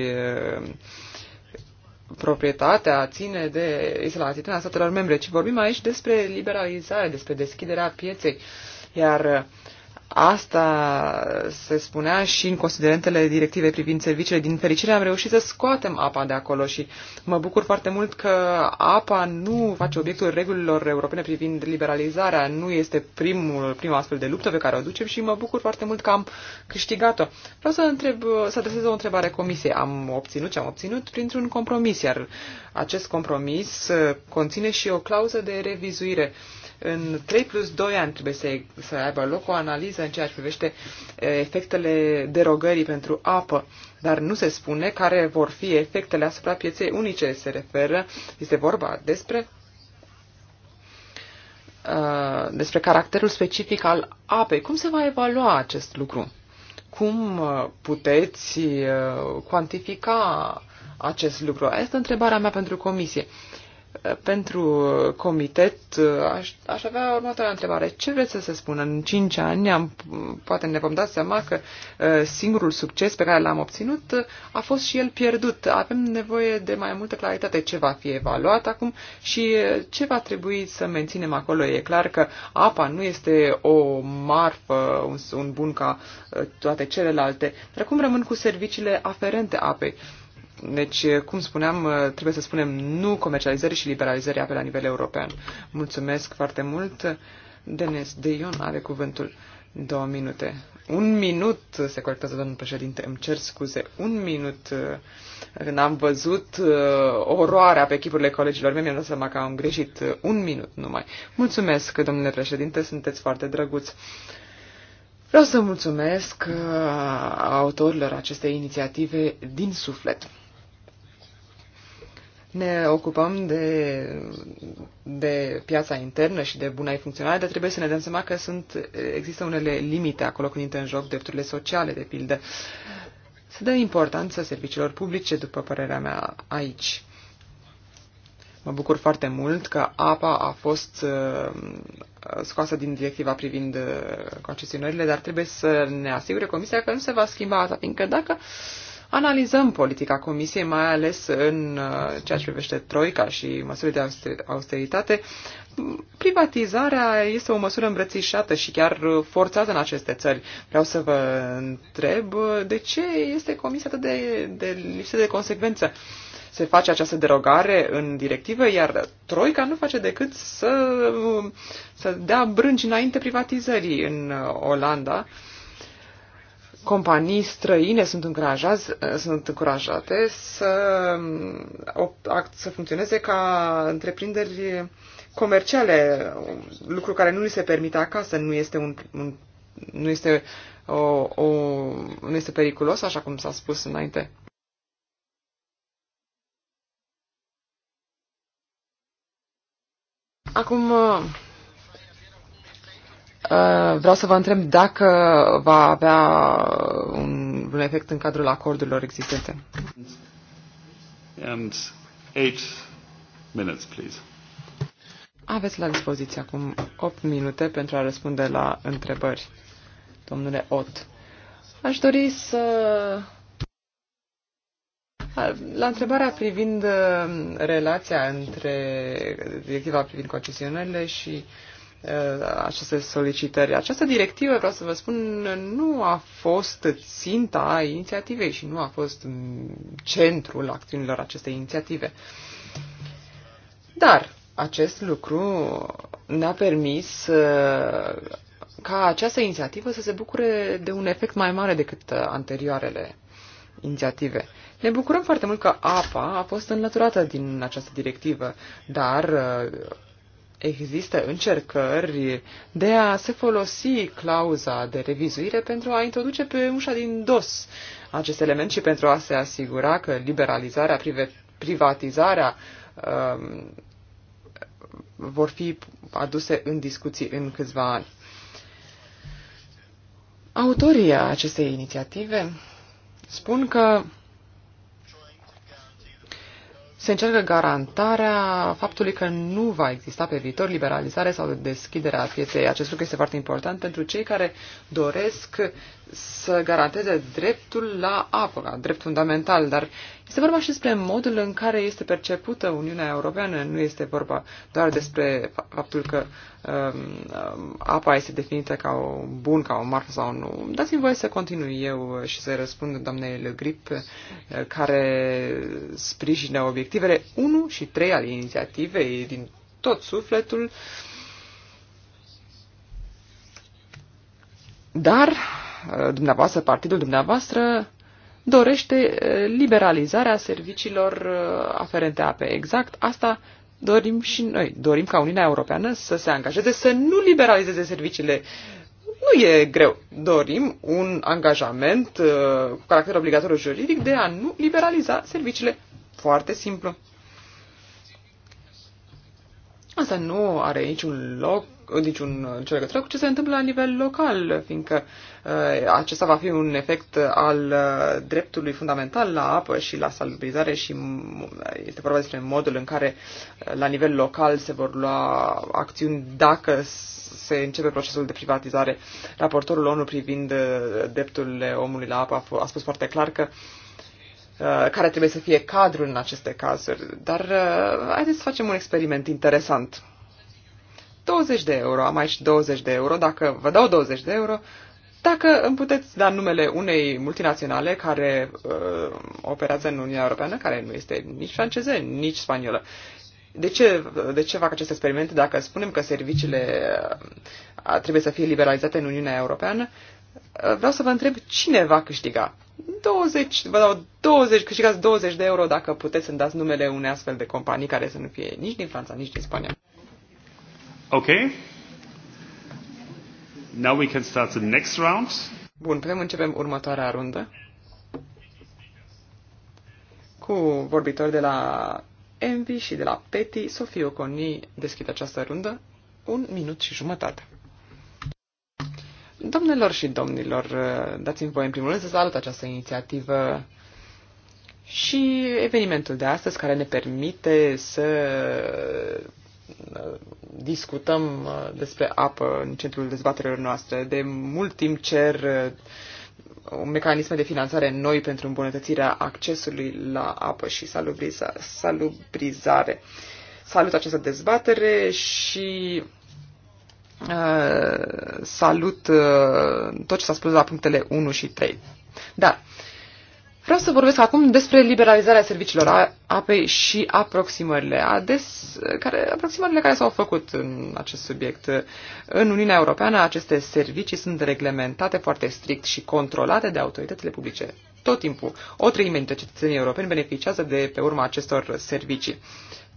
proprietatea ține de este la atitudinea statelor membre, ci vorbim aici despre liberalizare, despre deschiderea pieței. Iar Asta se spunea și în considerentele directivei privind serviciile. Din fericire am reușit să scoatem apa de acolo și mă bucur foarte mult că apa nu face obiectul regulilor europene privind liberalizarea, nu este primul, prima astfel de luptă pe care o ducem și mă bucur foarte mult că am câștigat-o. Vreau să, întreb, să adresez o întrebare comisiei. Am obținut ce am obținut printr-un compromis, iar acest compromis uh, conține și o clauză de revizuire. Uh, în 3 plus 2 ani trebuie să, să aibă loc o analiză în ceea ce privește eh, efectele derogării pentru apă, dar nu se spune care vor fi efectele asupra pieței unice. Se referă, este vorba despre eh, despre caracterul specific al apei. Cum se va evalua acest lucru? Cum eh, puteți cuantifica acest lucru? Asta este întrebarea mea pentru comisie. Uh, pentru comitet, aș, aș avea următoarea întrebare. Ce vreți să se spună? În 5 ani, am, poate ne vom da seama că uh, singurul succes pe care l-am obținut a fost și el pierdut. Avem nevoie de mai multă claritate ce va fi evaluat acum și uh, ce va trebui să menținem acolo. E clar că apa nu este o marfă, un, un bun ca uh, toate celelalte, dar cum rămân cu serviciile aferente apei? Deci, eh, cum spuneam, eh, trebuie să spunem nu comercializării și liberalizării apei la nivel european. Mulțumesc foarte mult. Denis De Ion are cuvântul. Două minute. Un minut, se corectează domnul președinte, îmi cer scuze. Un minut. Eh, când am văzut uh, oroarea pe chipurile colegilor mei, mi-am dat seama că am greșit. Un minut numai. Mulțumesc, domnule președinte, sunteți foarte drăguți. Vreau să mulțumesc autorilor acestei inițiative din suflet. Ne ocupăm de, de piața internă și de buna ei funcționare, dar trebuie să ne dăm seama că sunt, există unele limite acolo când intră în joc drepturile sociale, de pildă. Se dă importanță serviciilor publice, după părerea mea, aici. Mă bucur foarte mult că apa a fost uh, scoasă din directiva privind uh, concesionările, dar trebuie să ne asigure Comisia că nu se va schimba asta, fiindcă dacă uh, analizăm politica Comisiei, mai ales în uh, ceea ce privește Troica și măsurile de austeritate. Privatizarea este o măsură îmbrățișată și chiar forțată în aceste țări. Vreau să vă întreb uh, de ce este Comisia atât de, de lipsă de consecvență se face această derogare în directivă, iar Troica nu face decât să, uh, să dea brânci înainte privatizării în Olanda companii străine sunt, sunt încurajate să, să funcționeze ca întreprinderi comerciale, lucru care nu li se permite acasă, nu este, un, un, nu este, o, o, nu este periculos, așa cum s-a spus înainte. Acum, Uh, vreau să vă întreb dacă va avea un, un efect în cadrul acordurilor existente. And eight minutes, please. Aveți la dispoziție acum 8 minute pentru a răspunde la întrebări, domnule Ot. Aș dori să... La întrebarea privind uh, relația între directiva privind concesionările și uh, Uh, aceste solicitări. Această directivă, vreau să vă spun, nu a fost ținta inițiativei și nu a fost centrul acțiunilor acestei inițiative. Dar acest lucru ne-a permis uh, ca această inițiativă să se bucure de un efect mai mare decât uh, anterioarele inițiative. Ne bucurăm foarte mult că apa a fost înlăturată din această directivă, dar există încercări de a se folosi clauza de revizuire pentru a introduce pe ușa din dos acest element și pentru a se asigura că liberalizarea, privatizarea um, vor fi aduse în discuții în câțiva ani. Autorii acestei inițiative spun că se încearcă garantarea faptului că nu va exista pe viitor liberalizare sau deschiderea pieței. Acest lucru este foarte important pentru cei care doresc să garanteze dreptul la apă, drept fundamental, dar este vorba și despre modul în care este percepută Uniunea Europeană. Nu este vorba doar despre faptul că um, um, apa este definită ca un bun, ca o marfă sau nu. Dați-mi voie să continui eu și să răspund doamnei Le Grip, uh, care sprijină obiectivele 1 și 3 ale inițiativei din tot sufletul. Dar uh, dumneavoastră, partidul dumneavoastră, dorește eh, liberalizarea serviciilor eh, aferente ape. Exact asta dorim și noi. Dorim ca Uniunea Europeană să se angajeze să nu liberalizeze serviciile. Nu e greu. Dorim un angajament eh, cu caracter obligatoriu juridic de a nu liberaliza serviciile. Foarte simplu. Asta nu are niciun loc niciun nicio legătură cu ce se întâmplă la nivel local, fiindcă uh, acesta va fi un efect al uh, dreptului fundamental la apă și la salubrizare și este vorba despre modul în care uh, la nivel local se vor lua acțiuni dacă se începe procesul de privatizare. Raportorul ONU privind uh, drepturile omului la apă a, a spus foarte clar că uh, care trebuie să fie cadrul în aceste cazuri. Dar uh, haideți să facem un experiment interesant. 20 de euro, am aici 20 de euro, dacă vă dau 20 de euro, dacă îmi puteți da numele unei multinaționale care uh, operează în Uniunea Europeană, care nu este nici franceză, nici spaniolă. De ce, de ce fac acest experiment dacă spunem că serviciile uh, trebuie să fie liberalizate în Uniunea Europeană? Uh, vreau să vă întreb cine va câștiga. 20, vă dau 20, câștigați 20 de euro dacă puteți să-mi dați numele unei astfel de companii care să nu fie nici din Franța, nici din Spania. Okay. Now we can start the next round. Bun, putem începem următoarea rundă cu vorbitori de la Envy și de la Peti. Sofie Oconi deschide această rundă un minut și jumătate. Domnilor și domnilor, dați-mi voie în primul rând să salut această inițiativă și evenimentul de astăzi care ne permite să discutăm uh, despre apă în centrul dezbaterilor noastre. De mult timp cer uh, un mecanisme de finanțare noi pentru îmbunătățirea accesului la apă și salubriza, salubrizare. Salut această dezbatere și uh, salut uh, tot ce s-a spus la punctele 1 și 3. Dar Vreau să vorbesc acum despre liberalizarea serviciilor apei și aproximările, ades, care, aproximările care s-au făcut în acest subiect. În Uniunea Europeană aceste servicii sunt reglementate foarte strict și controlate de autoritățile publice. Tot timpul, o treime dintre cetățenii europeni beneficiază de pe urma acestor servicii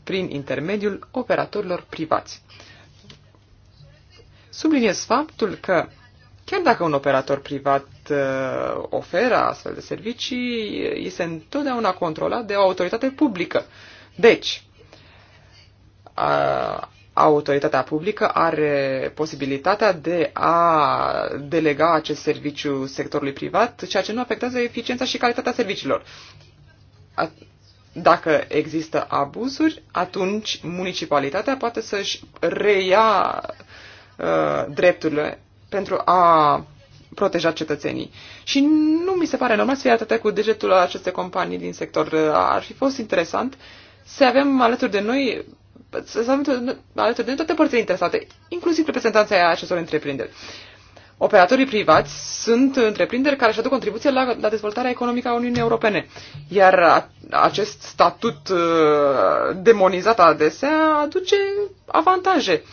prin intermediul operatorilor privați. Subliniez faptul că Chiar dacă un operator privat uh, oferă astfel de servicii, este întotdeauna controlat de o autoritate publică. Deci, uh, autoritatea publică are posibilitatea de a delega acest serviciu sectorului privat, ceea ce nu afectează eficiența și calitatea serviciilor. A, dacă există abuzuri, atunci municipalitatea poate să-și reia uh, drepturile pentru a proteja cetățenii. Și nu mi se pare normal să fie atâtea cu degetul aceste companii din sector. Ar fi fost interesant să avem alături de noi să avem alături de noi toate părțile interesate, inclusiv reprezentanța acestor întreprinderi. Operatorii privați sunt întreprinderi care își aduc contribuție la, la dezvoltarea economică a Uniunii Europene, iar a, acest statut uh, demonizat adesea aduce avantaje. Uh,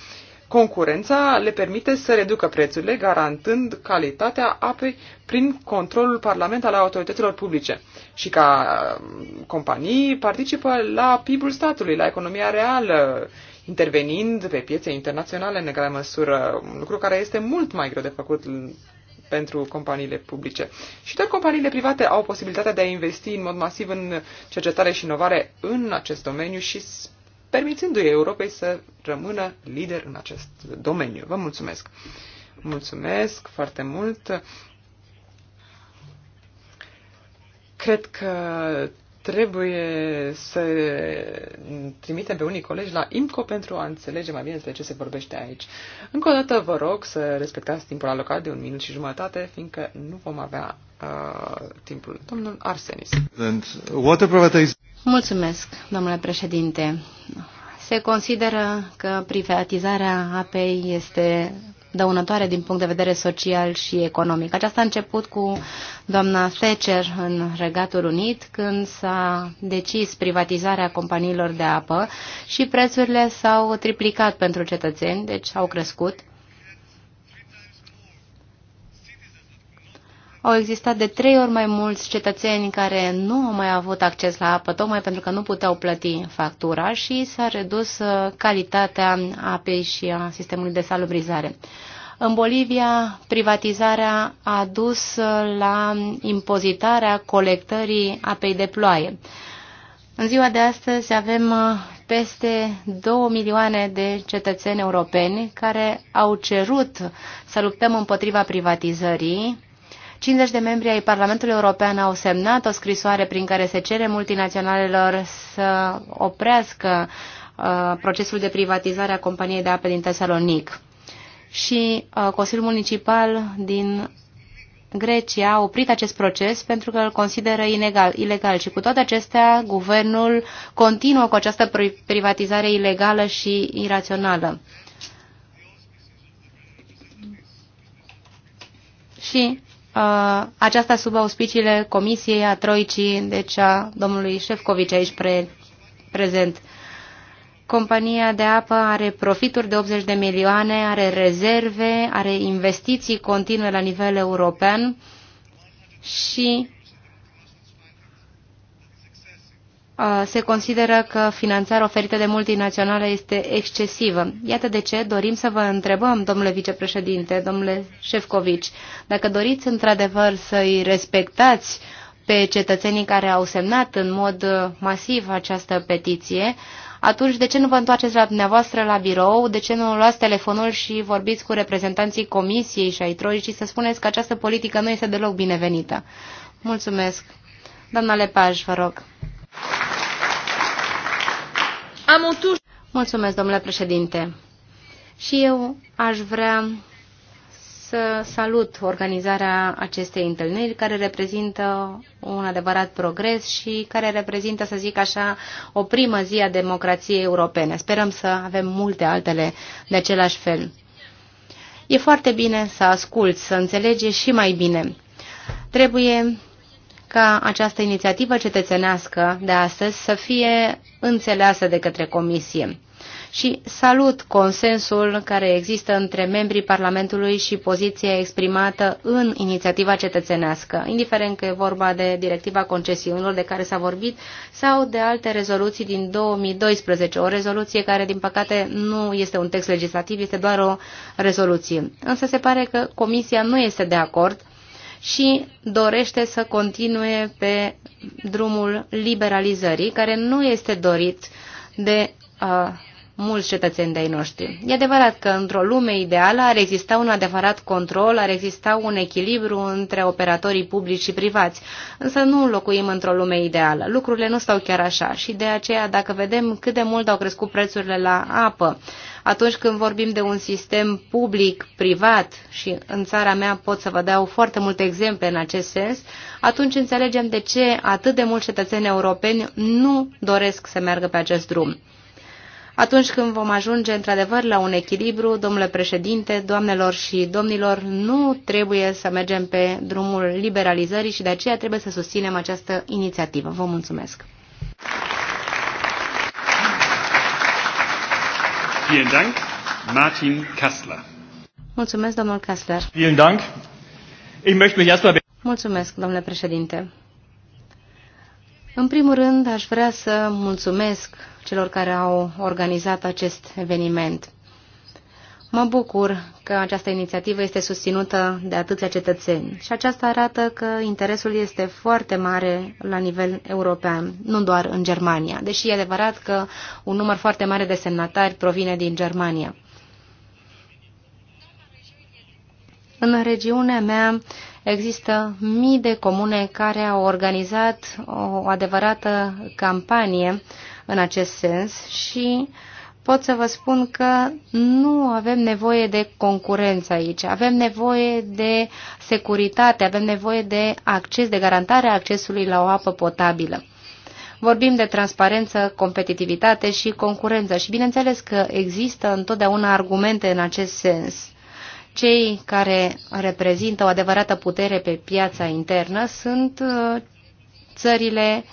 Concurența le permite să reducă prețurile, garantând calitatea apei prin controlul parlament al autorităților publice și ca um, companii participă la PIB-ul statului, la economia reală, intervenind pe piețe internaționale în egală măsură, un lucru care este mult mai greu de făcut pentru companiile publice. Și doar companiile private au posibilitatea de a investi în mod masiv în cercetare și inovare în acest domeniu și permițându-i Europei să rămână lider în acest domeniu. Vă mulțumesc! Mulțumesc foarte mult! Cred că trebuie să trimitem pe unii colegi la IMCO pentru a înțelege mai bine despre ce se vorbește aici. Încă o dată vă rog să respectați timpul alocat de un minut și jumătate, fiindcă nu vom avea uh, timpul. Domnul Arsenis. Water Mulțumesc, domnule președinte. Se consideră că privatizarea apei este dăunătoare din punct de vedere social și economic. Aceasta a început cu doamna Thatcher în Regatul Unit, când s-a decis privatizarea companiilor de apă și prețurile s-au triplicat pentru cetățeni, deci au crescut au existat de trei ori mai mulți cetățeni care nu au mai avut acces la apă, tocmai pentru că nu puteau plăti factura și s-a redus uh, calitatea apei și a sistemului de salubrizare. În Bolivia, privatizarea a dus uh, la impozitarea colectării apei de ploaie. În ziua de astăzi avem uh, peste 2 milioane de cetățeni europeni care au cerut să luptăm împotriva privatizării 50 de membri ai Parlamentului European au semnat o scrisoare prin care se cere multinaționalelor să oprească uh, procesul de privatizare a companiei de ape din Tesalonic. Și uh, Consiliul Municipal din Grecia a oprit acest proces pentru că îl consideră inegal, ilegal și cu toate acestea guvernul continuă cu această privatizare ilegală și irațională. Și Uh, aceasta sub auspiciile Comisiei a Troicii, deci a domnului Șefcovici aici pre, prezent. Compania de apă are profituri de 80 de milioane, are rezerve, are investiții continue la nivel european și se consideră că finanțarea oferită de multinaționale este excesivă. Iată de ce dorim să vă întrebăm, domnule vicepreședinte, domnule Șefcovici, dacă doriți într-adevăr să-i respectați pe cetățenii care au semnat în mod masiv această petiție, atunci de ce nu vă întoarceți la dumneavoastră la birou, de ce nu luați telefonul și vorbiți cu reprezentanții comisiei și ai troicii să spuneți că această politică nu este deloc binevenită? Mulțumesc. Doamna Lepaj, vă rog. Mulțumesc, domnule președinte. Și eu aș vrea să salut organizarea acestei întâlniri, care reprezintă un adevărat progres și care reprezintă, să zic așa, o primă zi a democrației europene. Sperăm să avem multe altele de același fel. E foarte bine să asculți, să înțelegi și mai bine. Trebuie ca această inițiativă cetățenească de astăzi să fie înțeleasă de către Comisie. Și salut consensul care există între membrii Parlamentului și poziția exprimată în inițiativa cetățenească, indiferent că e vorba de directiva concesiunilor de care s-a vorbit sau de alte rezoluții din 2012, o rezoluție care, din păcate, nu este un text legislativ, este doar o rezoluție. Însă se pare că Comisia nu este de acord și dorește să continue pe drumul liberalizării, care nu este dorit de uh, mulți cetățeni de-ai noștri. E adevărat că într-o lume ideală ar exista un adevărat control, ar exista un echilibru între operatorii publici și privați, însă nu locuim într-o lume ideală. Lucrurile nu stau chiar așa și de aceea dacă vedem cât de mult au crescut prețurile la apă, atunci când vorbim de un sistem public-privat și în țara mea pot să vă dau foarte multe exemple în acest sens, atunci înțelegem de ce atât de mulți cetățeni europeni nu doresc să meargă pe acest drum. Atunci când vom ajunge într-adevăr la un echilibru, domnule președinte, doamnelor și domnilor, nu trebuie să mergem pe drumul liberalizării și de aceea trebuie să susținem această inițiativă. Vă mulțumesc! Vielen Dank, Martin Kassler. Mulțumesc, domnul Kassler. Vielen Dank. Ich möchte mich erstmal Mulțumesc, domnule președinte. În primul rând, aș vrea să mulțumesc celor care au organizat acest eveniment. Mă bucur că această inițiativă este susținută de atâția cetățeni și aceasta arată că interesul este foarte mare la nivel european, nu doar în Germania, deși e adevărat că un număr foarte mare de semnatari provine din Germania. În regiunea mea Există mii de comune care au organizat o adevărată campanie în acest sens și pot să vă spun că nu avem nevoie de concurență aici, avem nevoie de securitate, avem nevoie de acces, de garantarea accesului la o apă potabilă. Vorbim de transparență, competitivitate și concurență și bineînțeles că există întotdeauna argumente în acest sens cei care reprezintă o adevărată putere pe piața internă sunt uh, țările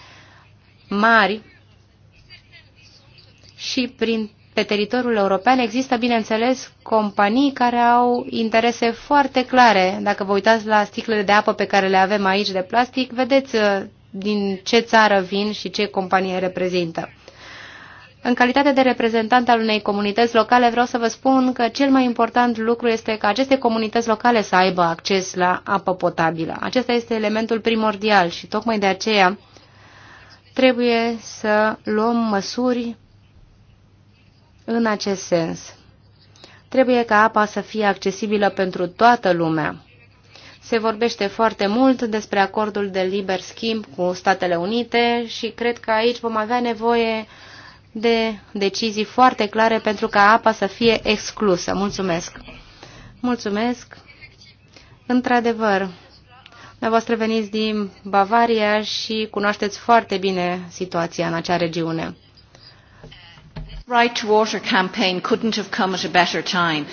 mari și prin, pe teritoriul european există, bineînțeles, companii care au interese foarte clare. Dacă vă uitați la sticlele de apă pe care le avem aici de plastic, vedeți uh, din ce țară vin și ce companie reprezintă. În calitate de reprezentant al unei comunități locale, vreau să vă spun că cel mai important lucru este ca aceste comunități locale să aibă acces la apă potabilă. Acesta este elementul primordial și tocmai de aceea trebuie să luăm măsuri în acest sens. Trebuie ca apa să fie accesibilă pentru toată lumea. Se vorbește foarte mult despre acordul de liber schimb cu Statele Unite și cred că aici vom avea nevoie de decizii foarte clare pentru ca apa să fie exclusă. Mulțumesc! Mulțumesc! Într-adevăr, dumneavoastră veniți din Bavaria și cunoașteți foarte bine situația în acea regiune. Right to Water campaign couldn't have come at a better time,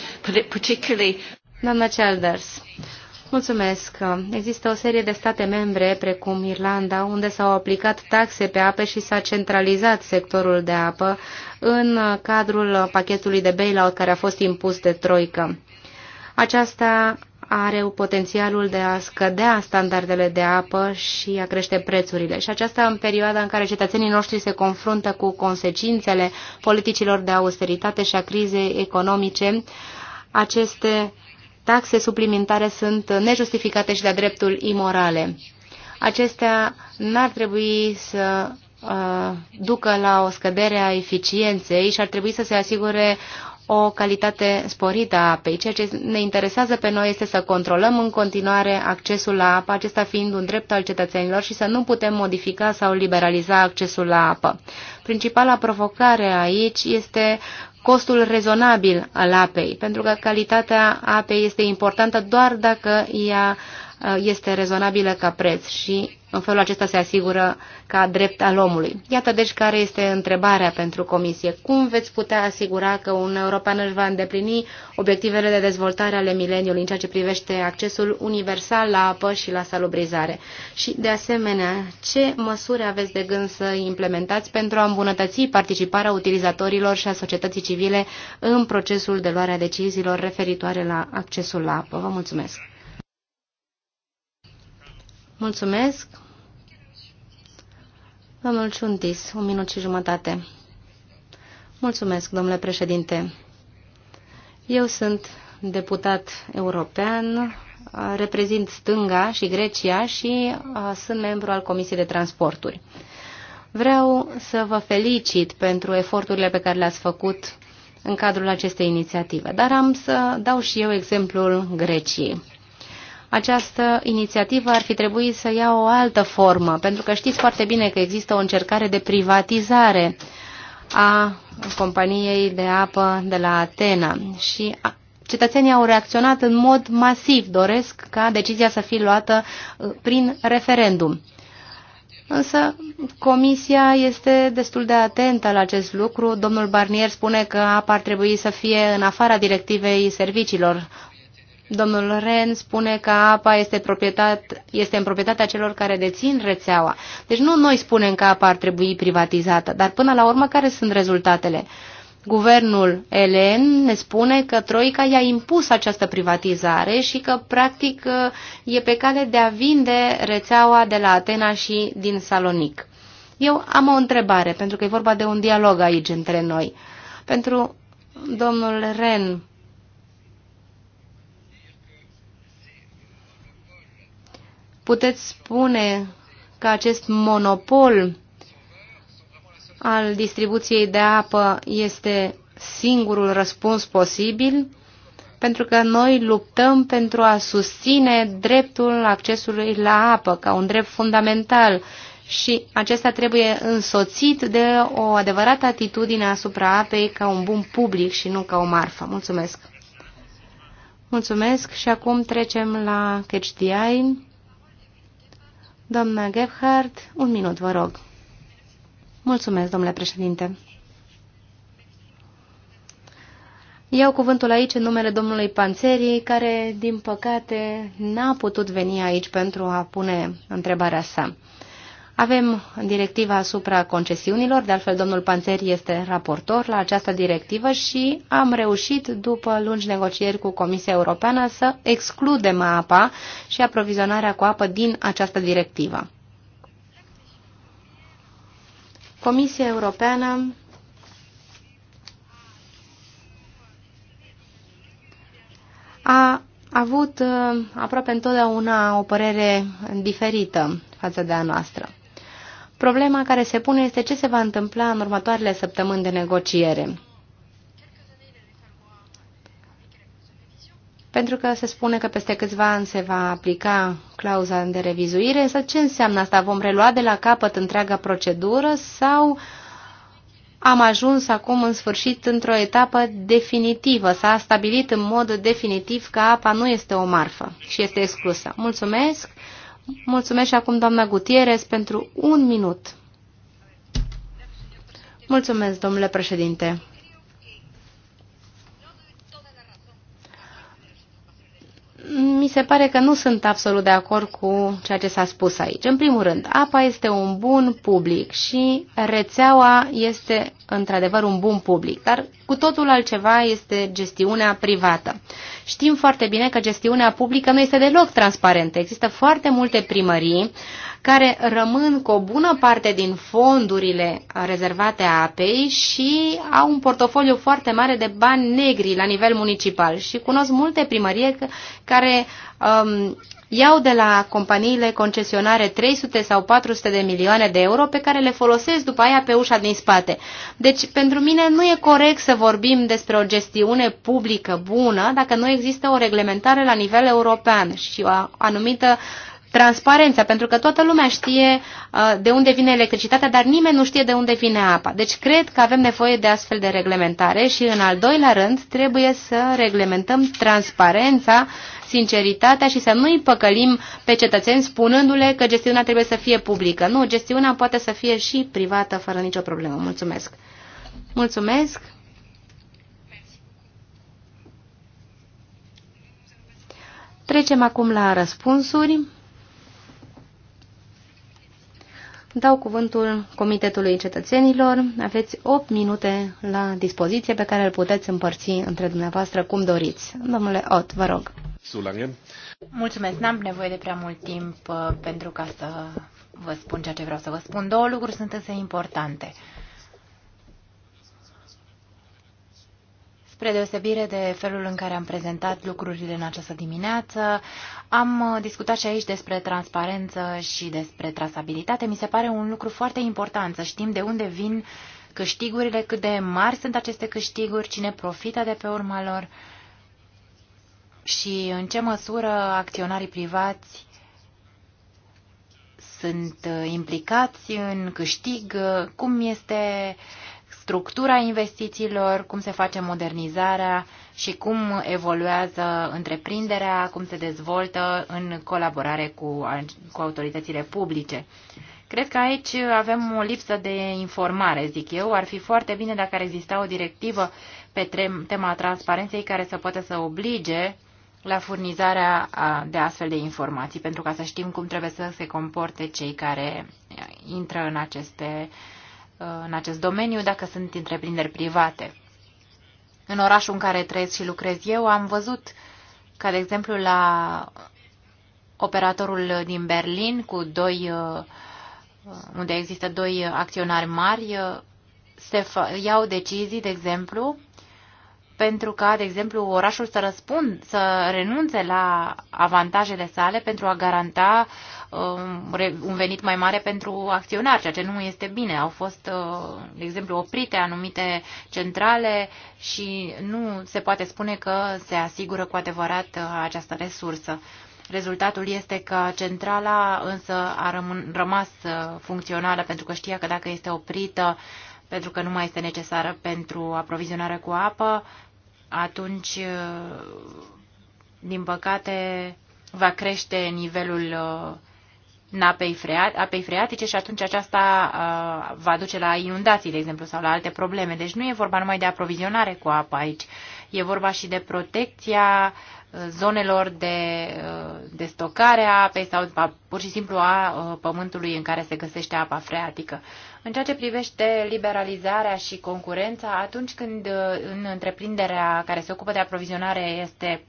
particularly Doamna Childers, Mulțumesc. Există o serie de state membre, precum Irlanda, unde s-au aplicat taxe pe apă și s-a centralizat sectorul de apă în cadrul pachetului de bailout care a fost impus de Troică. Aceasta are potențialul de a scădea standardele de apă și a crește prețurile. Și aceasta în perioada în care cetățenii noștri se confruntă cu consecințele politicilor de austeritate și a crizei economice, aceste taxe suplimentare sunt nejustificate și de-a dreptul imorale. Acestea n-ar trebui să uh, ducă la o scădere a eficienței și ar trebui să se asigure o calitate sporită a apei. Ceea ce ne interesează pe noi este să controlăm în continuare accesul la apă, acesta fiind un drept al cetățenilor și să nu putem modifica sau liberaliza accesul la apă. Principala provocare aici este costul rezonabil al apei, pentru că calitatea apei este importantă doar dacă ea Uh, este rezonabilă ca preț și în felul acesta se asigură ca drept al omului. Iată deci care este întrebarea pentru Comisie. Cum veți putea asigura că un european își va îndeplini obiectivele de dezvoltare ale mileniului în ceea ce privește accesul universal la apă și la salubrizare? Și, de asemenea, ce măsuri aveți de gând să implementați pentru a îmbunătăți participarea utilizatorilor și a societății civile în procesul de luare a deciziilor referitoare la accesul la apă? Vă mulțumesc! Mulțumesc. Domnul Ciuntis, un minut și jumătate. Mulțumesc, domnule președinte. Eu sunt deputat european, reprezint stânga și Grecia și sunt membru al Comisiei de Transporturi. Vreau să vă felicit pentru eforturile pe care le-ați făcut în cadrul acestei inițiative, dar am să dau și eu exemplul Greciei această inițiativă ar fi trebuit să ia o altă formă, pentru că știți foarte bine că există o încercare de privatizare a companiei de apă de la Atena și cetățenii au reacționat în mod masiv, doresc ca decizia să fie luată uh, prin referendum. Însă comisia este destul de atentă la acest lucru. Domnul Barnier spune că apa ar trebui să fie în afara directivei serviciilor. Domnul Ren spune că apa este, proprietat, este în proprietatea celor care dețin rețeaua. Deci nu noi spunem că apa ar trebui privatizată, dar până la urmă care sunt rezultatele? Guvernul elen ne spune că Troica i-a impus această privatizare și că, practic, e pe cale de a vinde rețeaua de la Atena și din Salonic. Eu am o întrebare, pentru că e vorba de un dialog aici între noi. Pentru domnul Ren, puteți spune că acest monopol al distribuției de apă este singurul răspuns posibil, pentru că noi luptăm pentru a susține dreptul accesului la apă ca un drept fundamental și acesta trebuie însoțit de o adevărată atitudine asupra apei ca un bun public și nu ca o marfă. Mulțumesc! Mulțumesc și acum trecem la eye. Doamna Gebhardt, un minut, vă rog. Mulțumesc, domnule președinte. Iau cuvântul aici în numele domnului Panțerii, care, din păcate, n-a putut veni aici pentru a pune întrebarea sa. Avem directiva asupra concesiunilor, de altfel domnul Panțeri este raportor la această directivă și am reușit, după lungi negocieri cu Comisia Europeană, să excludem apa și aprovizionarea cu apă din această directivă. Comisia Europeană a avut uh, aproape întotdeauna o părere diferită față de a noastră. Problema care se pune este ce se va întâmpla în următoarele săptămâni de negociere. Pentru că se spune că peste câțiva ani se va aplica clauza de revizuire, însă ce înseamnă asta? Vom relua de la capăt întreaga procedură sau am ajuns acum în sfârșit într-o etapă definitivă? S-a stabilit în mod definitiv că apa nu este o marfă și este exclusă. Mulțumesc! Mulțumesc și acum doamna Gutierrez pentru un minut. Mulțumesc, domnule președinte. mi se pare că nu sunt absolut de acord cu ceea ce s-a spus aici. În primul rând, apa este un bun public și rețeaua este într-adevăr un bun public, dar cu totul altceva este gestiunea privată. Știm foarte bine că gestiunea publică nu este deloc transparentă. Există foarte multe primării care rămân cu o bună parte din fondurile rezervate a apei și au un portofoliu foarte mare de bani negri la nivel municipal. Și cunosc multe primărie care um, iau de la companiile concesionare 300 sau 400 de milioane de euro pe care le folosesc după aia pe ușa din spate. Deci, pentru mine nu e corect să vorbim despre o gestiune publică bună dacă nu există o reglementare la nivel european și o anumită transparența, pentru că toată lumea știe uh, de unde vine electricitatea, dar nimeni nu știe de unde vine apa. Deci cred că avem nevoie de astfel de reglementare și, în al doilea rând, trebuie să reglementăm transparența, sinceritatea și să nu îi păcălim pe cetățeni spunându-le că gestiunea trebuie să fie publică. Nu, gestiunea poate să fie și privată fără nicio problemă. Mulțumesc! Mulțumesc! Trecem acum la răspunsuri. Dau cuvântul Comitetului Cetățenilor. Aveți 8 minute la dispoziție pe care îl puteți împărți între dumneavoastră cum doriți. Domnule Ot, vă rog. Mulțumesc, n-am nevoie de prea mult timp uh, pentru ca să vă spun ceea ce vreau să vă spun. Două lucruri sunt însă importante. Spre deosebire de felul în care am prezentat lucrurile în această dimineață, am uh, discutat și aici despre transparență și despre trasabilitate. Mi se pare un lucru foarte important să știm de unde vin câștigurile, cât de mari sunt aceste câștiguri, cine profită de pe urma lor și în ce măsură acționarii privați sunt uh, implicați în câștig, uh, cum este uh, structura investițiilor, cum se face modernizarea și cum evoluează întreprinderea, cum se dezvoltă în colaborare cu, cu autoritățile publice. Cred că aici avem o lipsă de informare, zic eu. Ar fi foarte bine dacă ar exista o directivă pe tema transparenței care să poată să oblige la furnizarea de astfel de informații, pentru ca să știm cum trebuie să se comporte cei care intră în aceste uh, Uh, în acest domeniu dacă sunt întreprinderi private. În orașul în care trăiesc și lucrez eu am văzut ca, de exemplu, la operatorul din Berlin cu doi, uh, uh, unde există doi acționari mari, se iau decizii, de exemplu, pentru ca, de exemplu, orașul să răspund, să renunțe la avantajele sale pentru a garanta um, un venit mai mare pentru acționari, ceea ce nu este bine. Au fost, uh, de exemplu, oprite anumite centrale și nu se poate spune că se asigură cu adevărat uh, această resursă. Rezultatul este că centrala însă a rămas uh, funcțională pentru că știa că dacă este oprită, pentru că nu mai este necesară pentru aprovizionare cu apă, atunci, uh, din păcate, va crește nivelul uh, apei, freat, apei freatice și atunci aceasta uh, va duce la inundații, de exemplu, sau la alte probleme. Deci nu e vorba numai de aprovizionare cu apă aici, e vorba și de protecția zonelor de, de stocare a apei sau pur și simplu a pământului în care se găsește apa freatică. În ceea ce privește liberalizarea și concurența, atunci când uh, în întreprinderea care se ocupă de aprovizionare este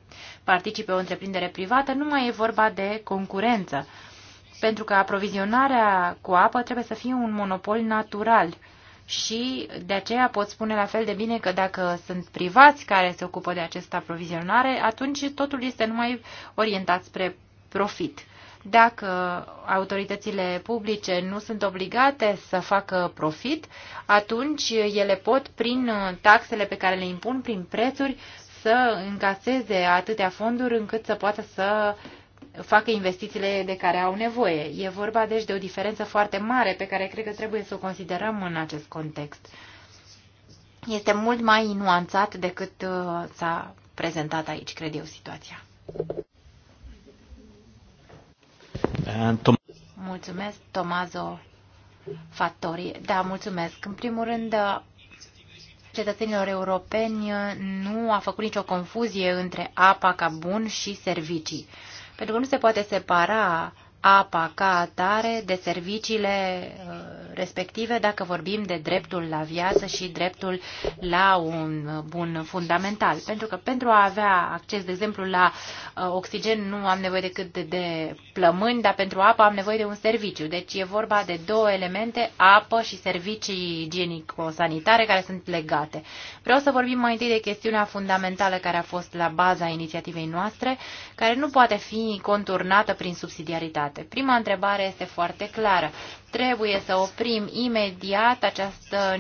participe o întreprindere privată, nu mai e vorba de concurență, pentru că aprovizionarea cu apă trebuie să fie un monopol natural. Și de aceea pot spune la fel de bine că dacă sunt privați care se ocupă de această aprovizionare, atunci totul este numai orientat spre profit. Dacă autoritățile publice nu sunt obligate să facă profit, atunci ele pot, prin uh, taxele pe care le impun, prin prețuri, să încaseze atâtea fonduri încât să poată să facă investițiile de care au nevoie. E vorba deci de o diferență foarte mare pe care cred că trebuie să o considerăm în acest context. Este mult mai nuanțat decât uh, s-a prezentat aici, cred eu, situația. Mulțumesc, Tomazo Fattori. Da, mulțumesc. În primul rând, cetățenilor europeni nu a făcut nicio confuzie între apa ca bun și servicii. Pentru că nu se poate separa apa ca atare, de serviciile uh, respective, dacă vorbim de dreptul la viață și dreptul la un uh, bun fundamental. Pentru că pentru a avea acces, de exemplu, la uh, oxigen nu am nevoie decât de plămâni, dar pentru apă am nevoie de un serviciu. Deci e vorba de două elemente, apă și servicii igienico-sanitare, care sunt legate. Vreau să vorbim mai întâi de chestiunea fundamentală care a fost la baza inițiativei noastre, care nu poate fi conturnată prin subsidiaritate adresate. Prima întrebare este foarte clară. Trebuie să oprim imediat această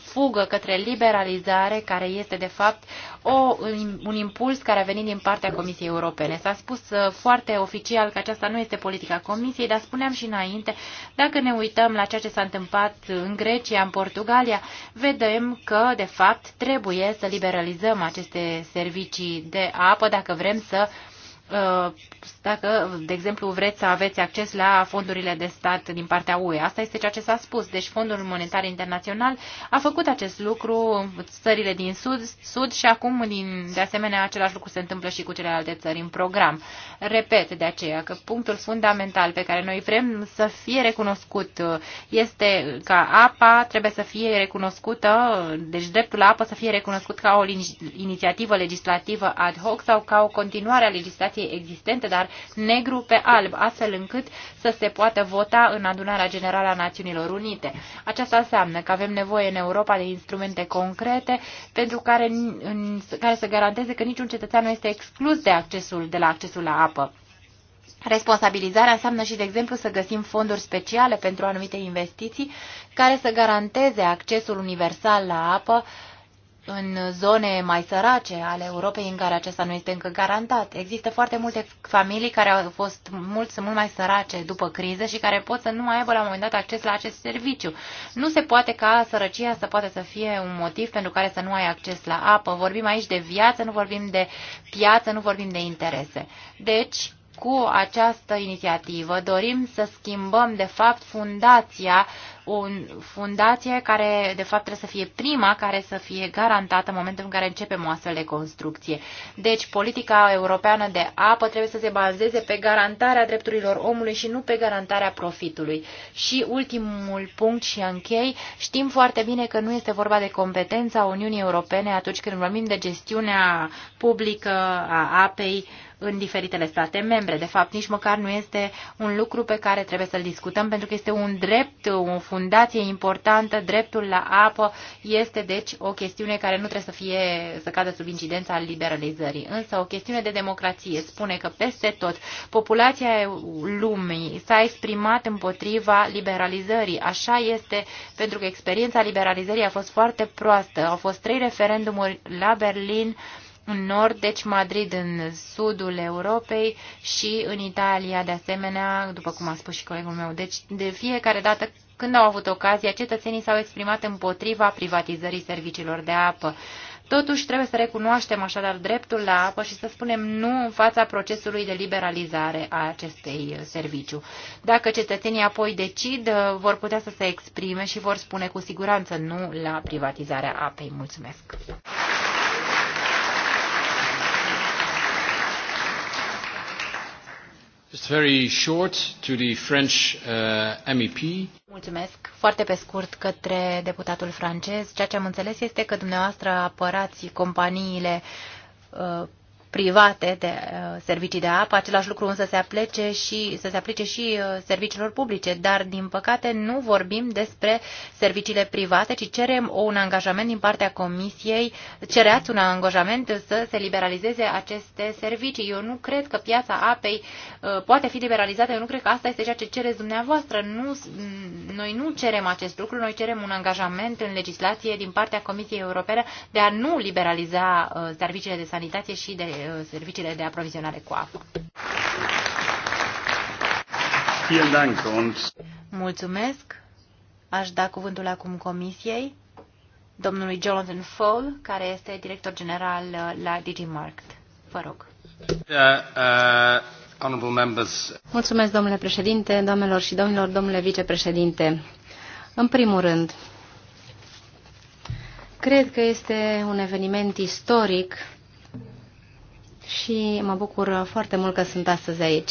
fugă către liberalizare, care este de fapt o, un impuls care a venit din partea Comisiei Europene. S-a spus uh, foarte oficial că aceasta nu este politica Comisiei, dar spuneam și înainte, dacă ne uităm la ceea ce s-a întâmplat în Grecia, în Portugalia, vedem că, de fapt, trebuie să liberalizăm aceste servicii de apă dacă vrem să uh, Uh, dacă, de exemplu, vreți să aveți acces la fondurile de stat din partea UE. Asta este ceea ce s-a spus. Deci Fondul Monetar Internațional a făcut acest lucru țările din sud, sud și acum, din, de asemenea, același lucru se întâmplă și cu celelalte țări în program. Repet de aceea că punctul fundamental pe care noi vrem să fie recunoscut uh, este ca apa trebuie să fie recunoscută, deci dreptul la apă să fie recunoscut ca o inițiativă legislativă ad hoc sau ca o continuare a legislației legislației existente, dar negru pe alb, astfel încât să se poată vota în adunarea generală a Națiunilor Unite. Aceasta înseamnă că avem nevoie în Europa de instrumente concrete pentru care, în, care să garanteze că niciun cetățean nu este exclus de, accesul, de la accesul la apă. Responsabilizarea înseamnă și, de exemplu, să găsim fonduri speciale pentru anumite investiții care să garanteze accesul universal la apă uh, în zone mai sărace ale Europei în care acesta nu este încă garantat. Există foarte multe familii care au fost mult, sunt mult mai sărace după criză și care pot să nu mai aibă la un moment dat acces la acest serviciu. Nu se poate ca sărăcia să poată să fie un motiv pentru care să nu ai acces la apă. Vorbim aici de viață, nu vorbim de piață, nu vorbim de interese. Deci, cu această inițiativă dorim să schimbăm, de fapt, fundația, o fundație care, de fapt, trebuie să fie prima care să fie garantată în momentul în care începem o astfel de construcție. Deci, politica europeană de apă trebuie să se bazeze pe garantarea drepturilor omului și nu pe garantarea profitului. Și ultimul punct și închei, știm foarte bine că nu este vorba de competența Uniunii Europene atunci când vorbim de gestiunea publică a apei, în diferitele state membre. De fapt, nici măcar nu este un lucru pe care trebuie să-l discutăm, pentru că este un drept, o fundație importantă, dreptul la apă este, deci, o chestiune care nu trebuie să fie, să cadă sub incidența liberalizării. Însă, o chestiune de democrație spune că peste tot populația lumii s-a exprimat împotriva liberalizării. Așa este, pentru că experiența liberalizării a fost foarte proastă. Au fost trei referendumuri la Berlin, uh, în nord, deci Madrid în sudul Europei și în Italia de asemenea, după cum a spus și colegul meu. Deci de fiecare dată când au avut ocazia, cetățenii s-au exprimat împotriva privatizării serviciilor de apă. Totuși, trebuie să recunoaștem așadar dreptul la apă și să spunem nu în fața procesului de liberalizare a acestei uh, serviciu. Dacă cetățenii apoi decid, uh, vor putea să se exprime și vor spune cu siguranță nu la privatizarea apei. Mulțumesc! Just very short to the French uh, MEP. Mulțumesc. Foarte pe scurt către deputatul francez. Ceea ce am înțeles este că dumneavoastră apărați companiile uh, private de uh, servicii de apă, același lucru însă se aplice și, să se aplice și uh, serviciilor publice, dar din păcate nu vorbim despre serviciile private, ci cerem un angajament din partea Comisiei, cereați un angajament să se liberalizeze aceste servicii. Eu nu cred că piața apei uh, poate fi liberalizată, eu nu cred că asta este ceea ce cereți dumneavoastră. Nu, mm, noi nu cerem acest lucru, noi cerem un angajament în legislație din partea Comisiei Europene de a nu liberaliza serviciile de sanitate și de Uh, serviciile de aprovizionare cu apă. Mulțumesc. Aș da cuvântul acum Comisiei, domnului Jonathan Fowle, care este director general uh, la DigiMarkt. Vă rog. Uh, Mulțumesc, domnule președinte, doamnelor și domnilor, domnule vicepreședinte. În primul rând, cred că este un eveniment istoric și mă bucur foarte mult că sunt astăzi aici.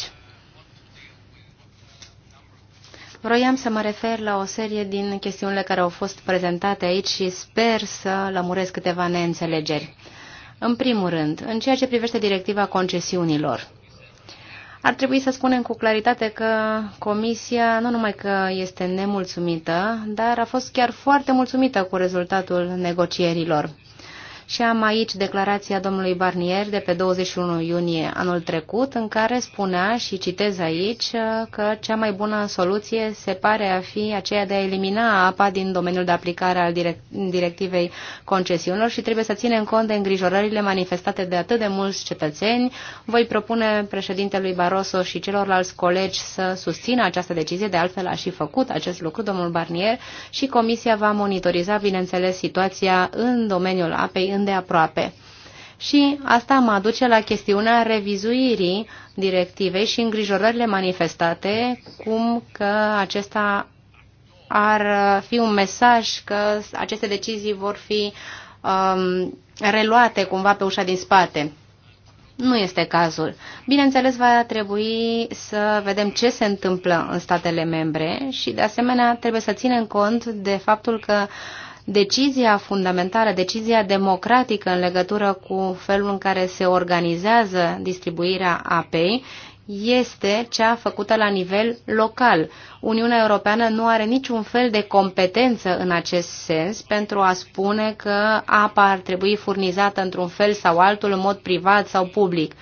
Vroiam să mă refer la o serie din chestiunile care au fost prezentate aici și sper să lămuresc câteva neînțelegeri. În primul rând, în ceea ce privește directiva concesiunilor, ar trebui să spunem cu claritate că Comisia nu numai că este nemulțumită, dar a fost chiar foarte mulțumită cu rezultatul negocierilor. Și am aici declarația domnului Barnier de pe 21 iunie anul trecut, în care spunea, și citez aici, că cea mai bună soluție se pare a fi aceea de a elimina apa din domeniul de aplicare al directivei concesiunilor și trebuie să ținem cont de îngrijorările manifestate de atât de mulți cetățeni. Voi propune președintelui Barroso și celorlalți colegi să susțină această decizie, de altfel a și făcut acest lucru domnul Barnier și Comisia va monitoriza, bineînțeles, situația în domeniul apei îndeaproape. Și asta mă aduce la chestiunea revizuirii directivei și îngrijorările manifestate, cum că acesta ar fi un mesaj că aceste decizii vor fi um, reluate cumva pe ușa din spate. Nu este cazul. Bineînțeles, va trebui să vedem ce se întâmplă în statele membre și, de asemenea, trebuie să ținem cont de faptul că uh, decizia fundamentală, decizia democratică în legătură cu felul în care se organizează distribuirea apei este cea făcută la nivel local. Uniunea Europeană nu are niciun fel de competență în acest sens pentru a spune că apa ar trebui furnizată într-un fel sau altul, în mod privat sau public.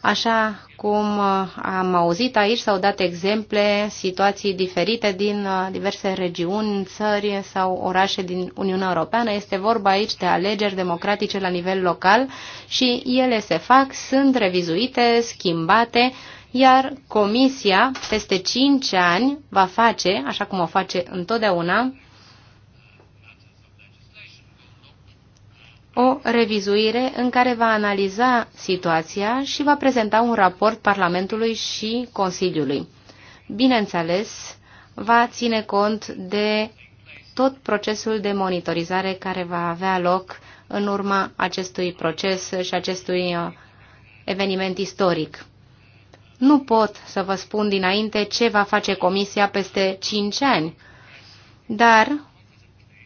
Așa cum uh, am auzit aici, s-au dat exemple, situații diferite din uh, diverse regiuni, țări sau orașe din Uniunea Europeană. Este vorba aici de alegeri democratice la nivel local și ele se fac, sunt revizuite, schimbate, iar Comisia peste 5 ani va face, așa cum o face întotdeauna, o revizuire în care va analiza situația și va prezenta un raport Parlamentului și Consiliului. Bineînțeles, va ține cont de tot procesul de monitorizare care va avea loc în urma acestui proces și acestui uh, eveniment istoric. Nu pot să vă spun dinainte ce va face Comisia peste 5 ani, dar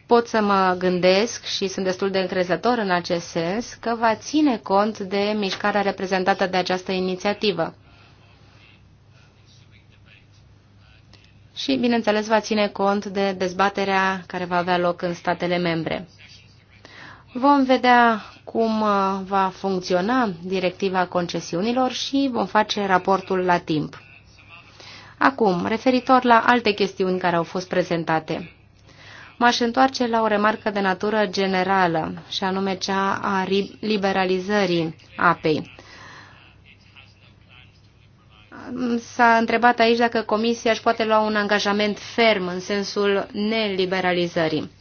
pot să mă gândesc și sunt destul de încrezător în acest sens că va ține cont de mișcarea reprezentată de această inițiativă. Și, bineînțeles, va ține cont de dezbaterea care va avea loc în statele membre. Vom vedea cum uh, va funcționa directiva concesiunilor și vom face raportul la timp. Acum, referitor la alte chestiuni care au fost prezentate. M-aș întoarce la o remarcă de natură generală, și anume cea a liberalizării apei. S-a întrebat aici dacă Comisia își poate lua un angajament ferm în sensul neliberalizării.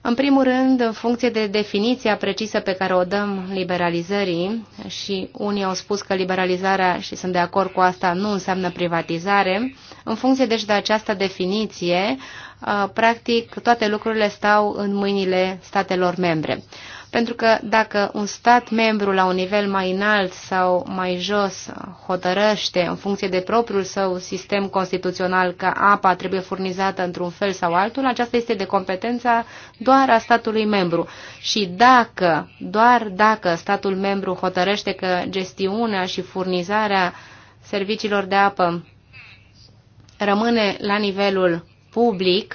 În primul rând, în funcție de definiția precisă pe care o dăm liberalizării, și unii au spus că liberalizarea, și sunt de acord cu asta, nu înseamnă privatizare, în funcție deci de această definiție, practic toate lucrurile stau în mâinile statelor membre. Pentru că dacă un stat membru la un nivel mai înalt sau mai jos hotărăște în funcție de propriul său sistem constituțional că apa trebuie furnizată într-un fel sau altul, aceasta este de competența doar a statului membru. Și dacă, doar dacă statul membru hotărăște că gestiunea și furnizarea serviciilor de apă rămâne la nivelul public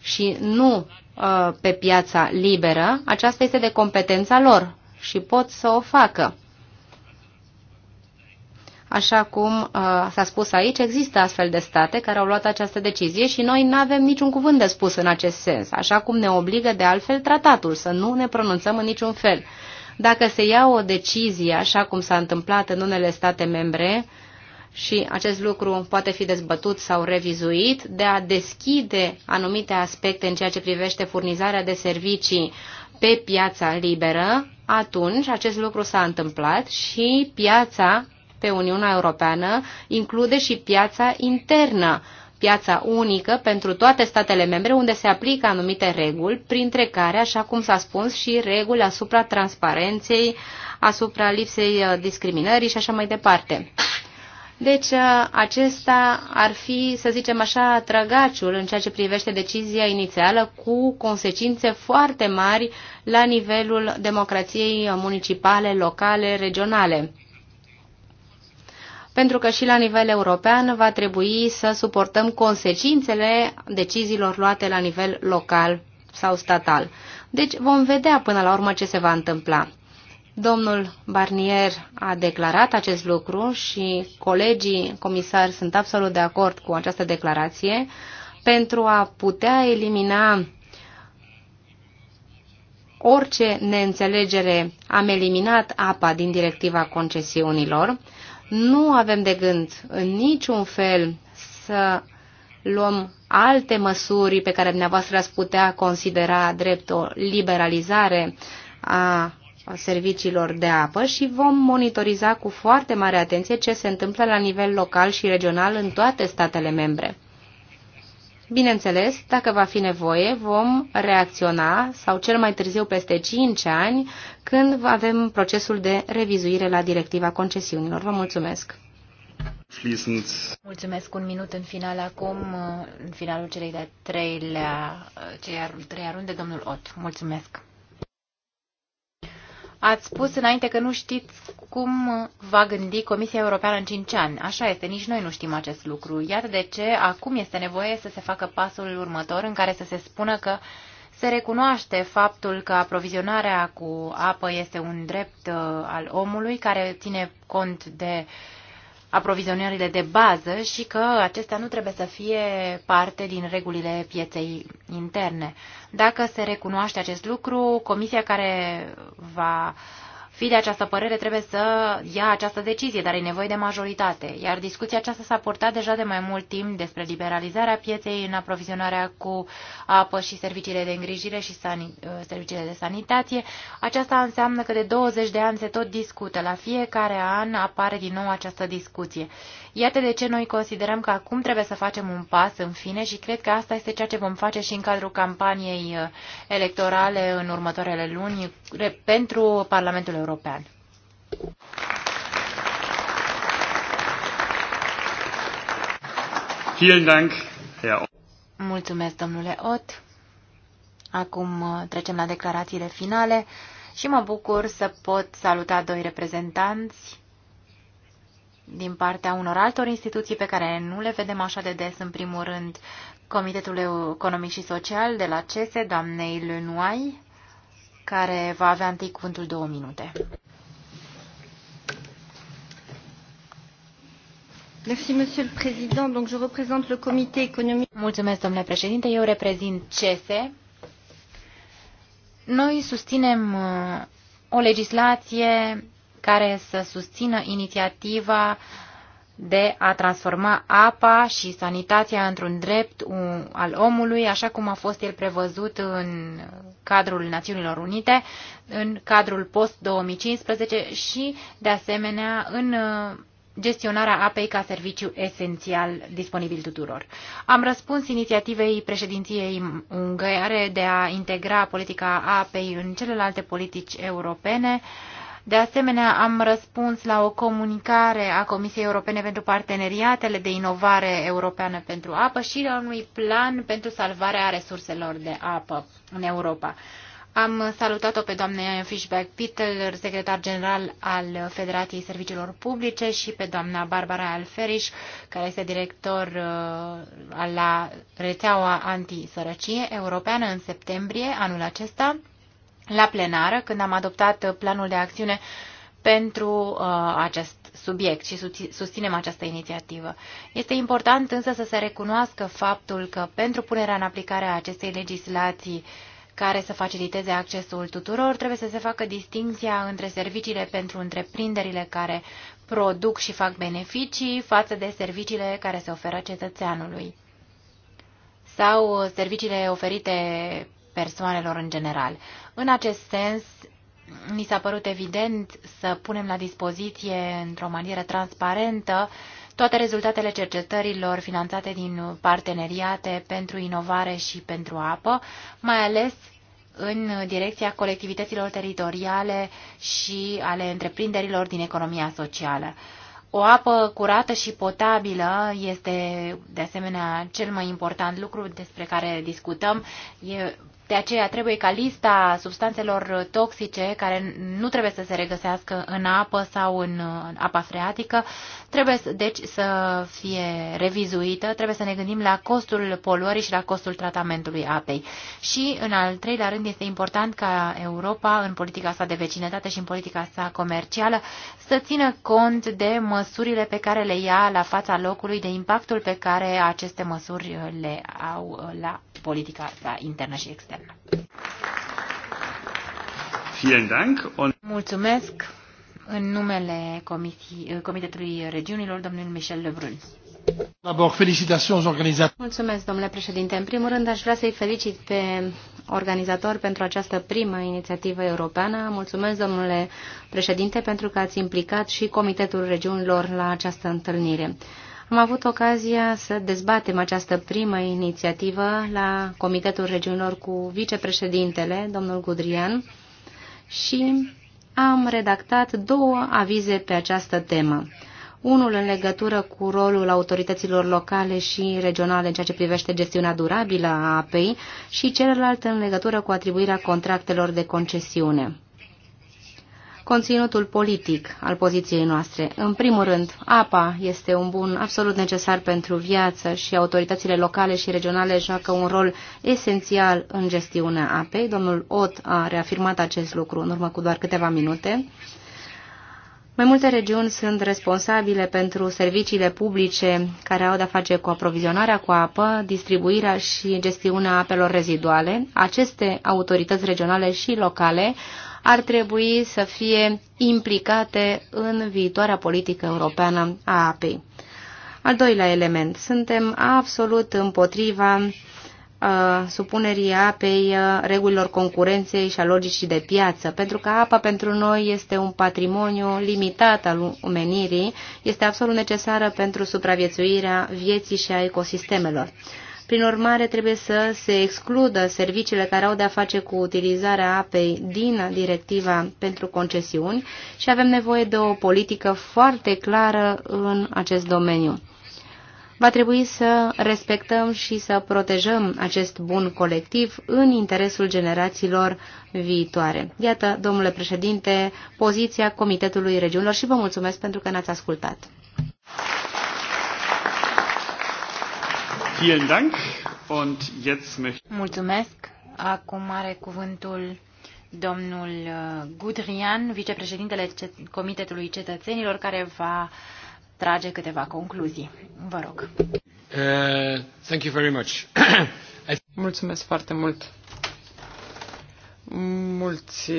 și nu uh, pe piața liberă, aceasta este de competența lor și pot să o facă. Așa cum uh, s-a spus aici, există astfel de state care au luat această decizie și noi nu avem niciun cuvânt de spus în acest sens, așa cum ne obligă de altfel tratatul să nu ne pronunțăm în niciun fel. Dacă se ia o decizie, așa cum s-a întâmplat în unele state membre, uh, și acest lucru poate fi dezbătut sau revizuit, de a deschide anumite aspecte în ceea ce privește furnizarea de servicii pe piața liberă, atunci acest lucru s-a întâmplat și piața pe Uniunea Europeană include și piața internă, piața unică pentru toate statele membre unde se aplică anumite reguli, printre care, așa cum s-a spus, și reguli asupra transparenței, asupra lipsei uh, discriminării și așa mai departe. Deci uh, acesta ar fi, să zicem așa, trăgaciul în ceea ce privește decizia inițială cu consecințe foarte mari la nivelul democrației municipale, locale, regionale pentru că și la nivel european va trebui să suportăm consecințele deciziilor luate la nivel local sau statal. Deci vom vedea până la urmă ce se va întâmpla. Domnul Barnier a declarat acest lucru și colegii comisari sunt absolut de acord cu această declarație pentru a putea elimina orice neînțelegere am eliminat apa din directiva concesiunilor. Nu avem de gând în niciun fel să luăm alte măsuri pe care dumneavoastră ați putea considera drept o liberalizare a serviciilor de apă și vom monitoriza cu foarte mare atenție ce se întâmplă la nivel local și regional în toate statele membre. Bineînțeles, dacă va fi nevoie, vom reacționa sau cel mai târziu peste 5 ani când avem procesul de revizuire la directiva concesiunilor. Vă mulțumesc! Mulțumesc un minut în final acum, în finalul celei de-a treilea, treia runde, domnul Ot. Mulțumesc! Ați spus înainte că nu știți cum va gândi Comisia Europeană în 5 ani. Așa este, nici noi nu știm acest lucru. Iată de ce acum este nevoie să se facă pasul următor în care să se spună că se recunoaște faptul că aprovizionarea cu apă este un drept uh, al omului care ține cont de uh, aprovizionările de bază și că acestea nu trebuie să fie parte din regulile pieței interne. Dacă se recunoaște acest lucru, comisia care va uh, fi de această părere, trebuie să ia această decizie, dar e nevoie de majoritate. Iar discuția aceasta s-a purtat deja de mai mult timp despre liberalizarea pieței în aprovizionarea cu apă și serviciile de îngrijire și uh, serviciile de sanitație. Aceasta înseamnă că de 20 de ani se tot discută. La fiecare an apare din nou această discuție. Iată de ce noi considerăm că acum trebuie să facem un pas în fine și cred că asta este ceea ce vom face și în cadrul campaniei uh, electorale în următoarele luni pentru Parlamentul European. Mulțumesc, domnule Ott. Acum uh, trecem la declarațiile finale și mă bucur să pot saluta doi reprezentanți din partea unor altor instituții pe care nu le vedem așa de des, în primul rând Comitetul Economic și Social de la CESE, doamnei Lenoai, care va avea întâi cuvântul două minute. Mulțumesc, domnule președinte. Eu reprezint CESE. Noi susținem uh, o legislație care să susțină inițiativa de a transforma apa și sanitația într-un drept al omului, așa cum a fost el prevăzut în cadrul Națiunilor Unite, în cadrul post-2015 și, de asemenea, în uh, gestionarea apei ca serviciu esențial disponibil tuturor. Am răspuns inițiativei președinției ungăiare de a integra politica apei în celelalte politici europene, uh, de asemenea, am răspuns la o comunicare a Comisiei Europene pentru Parteneriatele de Inovare Europeană pentru Apă și la unui plan pentru salvarea resurselor de apă în Europa. Am salutat-o pe doamna Fishback Pittel, secretar general al Federației Serviciilor Publice și pe doamna Barbara Alferiș, care este director uh, la rețeaua antisărăcie europeană în septembrie anul acesta la plenară, când am adoptat planul de acțiune pentru uh, acest subiect și susținem această inițiativă. Este important însă să se recunoască faptul că pentru punerea în aplicare a acestei legislații care să faciliteze accesul tuturor, trebuie să se facă distinția între serviciile pentru întreprinderile care produc și fac beneficii față de serviciile care se oferă cetățeanului sau uh, serviciile oferite persoanelor în general. În acest sens, mi s-a părut evident să punem la dispoziție într-o manieră transparentă toate rezultatele cercetărilor finanțate din parteneriate pentru inovare și pentru apă, mai ales în direcția colectivităților teritoriale și ale întreprinderilor din economia socială. O apă curată și potabilă este, de asemenea, cel mai important lucru despre care discutăm. E de aceea trebuie ca lista substanțelor toxice care nu trebuie să se regăsească în apă sau în uh, apa freatică, trebuie deci să fie revizuită, trebuie să ne gândim la costul poluării și la costul tratamentului apei. Și în al treilea rând este important ca Europa în politica sa de vecinătate și în politica sa comercială să țină cont de măsurile pe care le ia la fața locului, de impactul pe care aceste măsuri le au uh, la politica sa internă și externă. Mulțumesc în numele eh, Comitetului Regiunilor, domnul Michel Lebrun. Mulțumesc, domnule președinte. În primul rând, aș vrea să-i felicit pe organizatori pentru această primă inițiativă europeană. Mulțumesc, domnule președinte, pentru că ați implicat și Comitetul Regiunilor la această întâlnire. Am avut ocazia să dezbatem această primă inițiativă la Comitetul Regiunilor cu vicepreședintele, domnul Gudrian, și am redactat două avize pe această temă. Unul în legătură cu rolul autorităților locale și regionale în ceea ce privește gestiunea durabilă a apei și celălalt în legătură cu atribuirea contractelor de concesiune conținutul politic al poziției noastre. În primul rând, apa este un bun absolut necesar pentru viață și autoritățile locale și regionale joacă un rol esențial în gestiunea apei. Domnul Ot a reafirmat acest lucru în urmă cu doar câteva minute. Mai multe regiuni sunt responsabile pentru serviciile publice care au de-a face cu aprovizionarea cu apă, distribuirea și gestiunea apelor reziduale. Aceste autorități regionale și locale ar trebui să fie implicate în viitoarea politică europeană a apei. Al doilea element. Suntem absolut împotriva uh, supunerii apei uh, regulilor concurenței și a logicii de piață, pentru că apa pentru noi este un patrimoniu limitat al omenirii, este absolut necesară pentru supraviețuirea vieții și a ecosistemelor. Prin urmare, trebuie să se excludă serviciile care au de-a face cu utilizarea apei din directiva pentru concesiuni și avem nevoie de o politică foarte clară în acest domeniu. Va trebui să respectăm și să protejăm acest bun colectiv în interesul generațiilor viitoare. Iată, domnule președinte, poziția Comitetului Regiunilor și vă mulțumesc pentru că ne-ați ascultat. Vielen Dank. Und jetzt möchte Mulțumesc. Acum are cuvântul domnul uh, Gudrian, vicepreședintele Comitetului Cetățenilor, care va trage câteva concluzii. Vă rog. Uh, thank you very much. Mulțumesc foarte mult. Mulți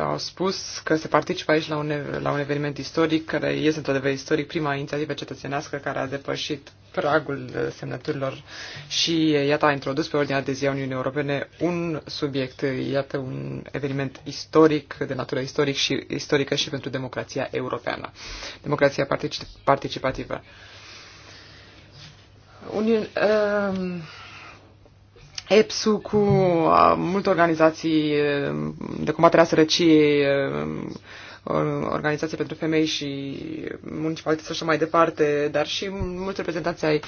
au spus că se participă aici la un, la un eveniment istoric, care este într-adevăr istoric, prima inițiativă cetățenească care a depășit pragul semnăturilor și iată a introdus pe ordinea de zi a Uniunii Europene un subiect, iată un eveniment istoric, de natură istoric și, istorică și pentru democrația europeană, democrația particip, participativă. Uniune, ehm, uh, EPSU cu uh, multe organizații uh, de combatere a sărăciei, uh, organizații pentru femei și municipalități și așa mai departe, dar și mulți reprezentanți ai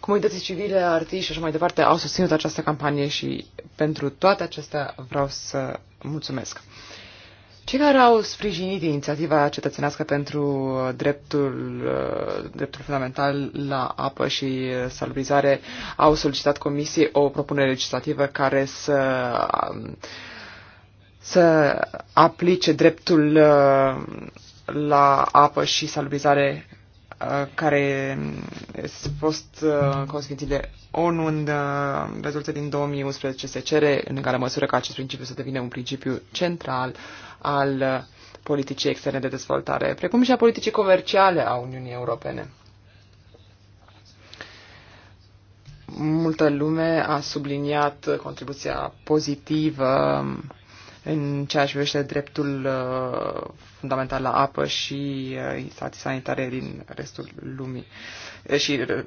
comunității civile, artiști și așa mai departe au susținut această campanie și pentru toate acestea vreau să mulțumesc. Cei care au sprijinit inițiativa cetățenească pentru uh, dreptul, uh, dreptul fundamental la apă și uh, salubrizare au solicitat comisiei o propunere legislativă care să, um, să aplice dreptul la apă și salubrizare Uh, care a fost uh, consfințit de ONU în uh, rezultă din 2011. Se cere în egală măsură ca acest principiu să devină un principiu central al politicii externe de dezvoltare, precum și a politicii comerciale a Uniunii Europene. Multă lume a subliniat contribuția pozitivă în ceea ce privește dreptul uh, fundamental la apă și uh, instații sanitare din restul lumii și uh,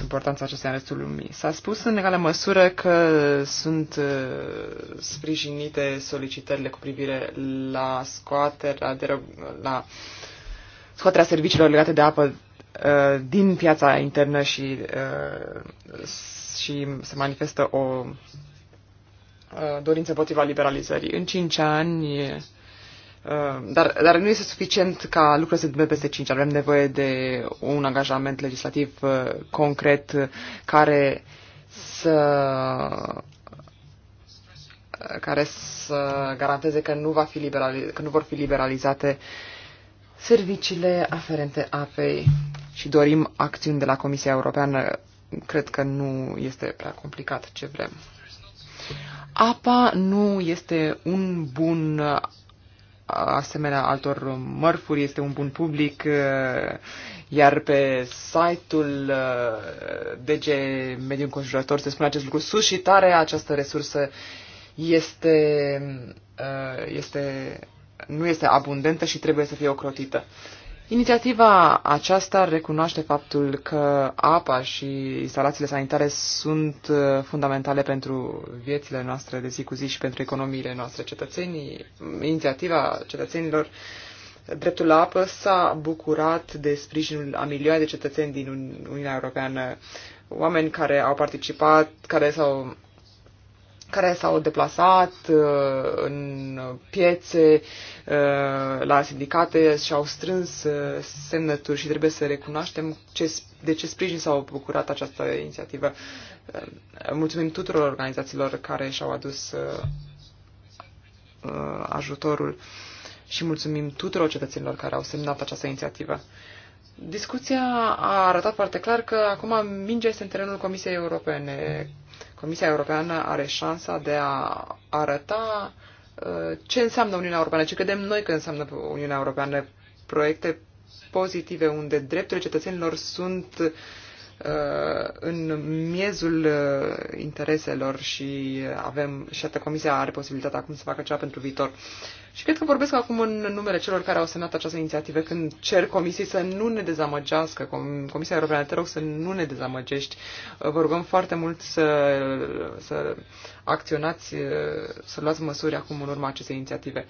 importanța acestei în restul lumii. S-a spus în egală măsură că sunt sprijinite solicitările cu privire la scoaterea, de, la scoaterea serviciilor legate de apă din piața internă și, și se manifestă o Uh, dorință împotriva liberalizării. În 5 ani, uh, dar, dar nu este suficient ca lucrurile să se întâmple peste 5 ani. Avem nevoie de un angajament legislativ uh, concret care să care să garanteze că nu, va fi că nu vor fi liberalizate serviciile aferente apei și dorim acțiuni de la Comisia Europeană. Cred că nu este prea complicat ce vrem. Apa nu este un bun uh, asemenea altor mărfuri, este un bun public, uh, iar pe site-ul uh, DG Mediul Înconjurător se spune acest lucru sus și tare, această resursă este, este, nu este abundentă și trebuie să fie ocrotită. Inițiativa aceasta recunoaște faptul că apa și instalațiile sanitare sunt uh, fundamentale pentru viețile noastre de zi cu zi și pentru economiile noastre. Cetățenii, inițiativa cetățenilor Dreptul la apă s-a bucurat de sprijinul a milioane de cetățeni din Uniunea Europeană, oameni care au participat, care s-au care s-au deplasat uh, în piețe, uh, la sindicate și au strâns uh, semnături și trebuie să recunoaștem ce, de ce sprijin s-au bucurat această inițiativă. Mulțumim tuturor organizațiilor care și-au adus ajutorul și mulțumim tuturor cetățenilor care au semnat această inițiativă. Discuția a arătat foarte clar că acum mingea este în terenul Comisiei Europene. Comisia Europeană are șansa de a arăta uh, ce înseamnă Uniunea Europeană, ce credem noi că înseamnă Uniunea Europeană, proiecte pozitive unde drepturile cetățenilor sunt Uh, în miezul uh, intereselor și avem și atât comisia are posibilitatea acum să facă ceva pentru viitor. Și cred că vorbesc acum în numele celor care au semnat această inițiativă când cer comisiei să nu ne dezamăgească. Comisia Europeană, te rog să nu ne dezamăgești. Uh, vă rugăm foarte mult să, să acționați, să luați măsuri acum în urma acestei inițiative.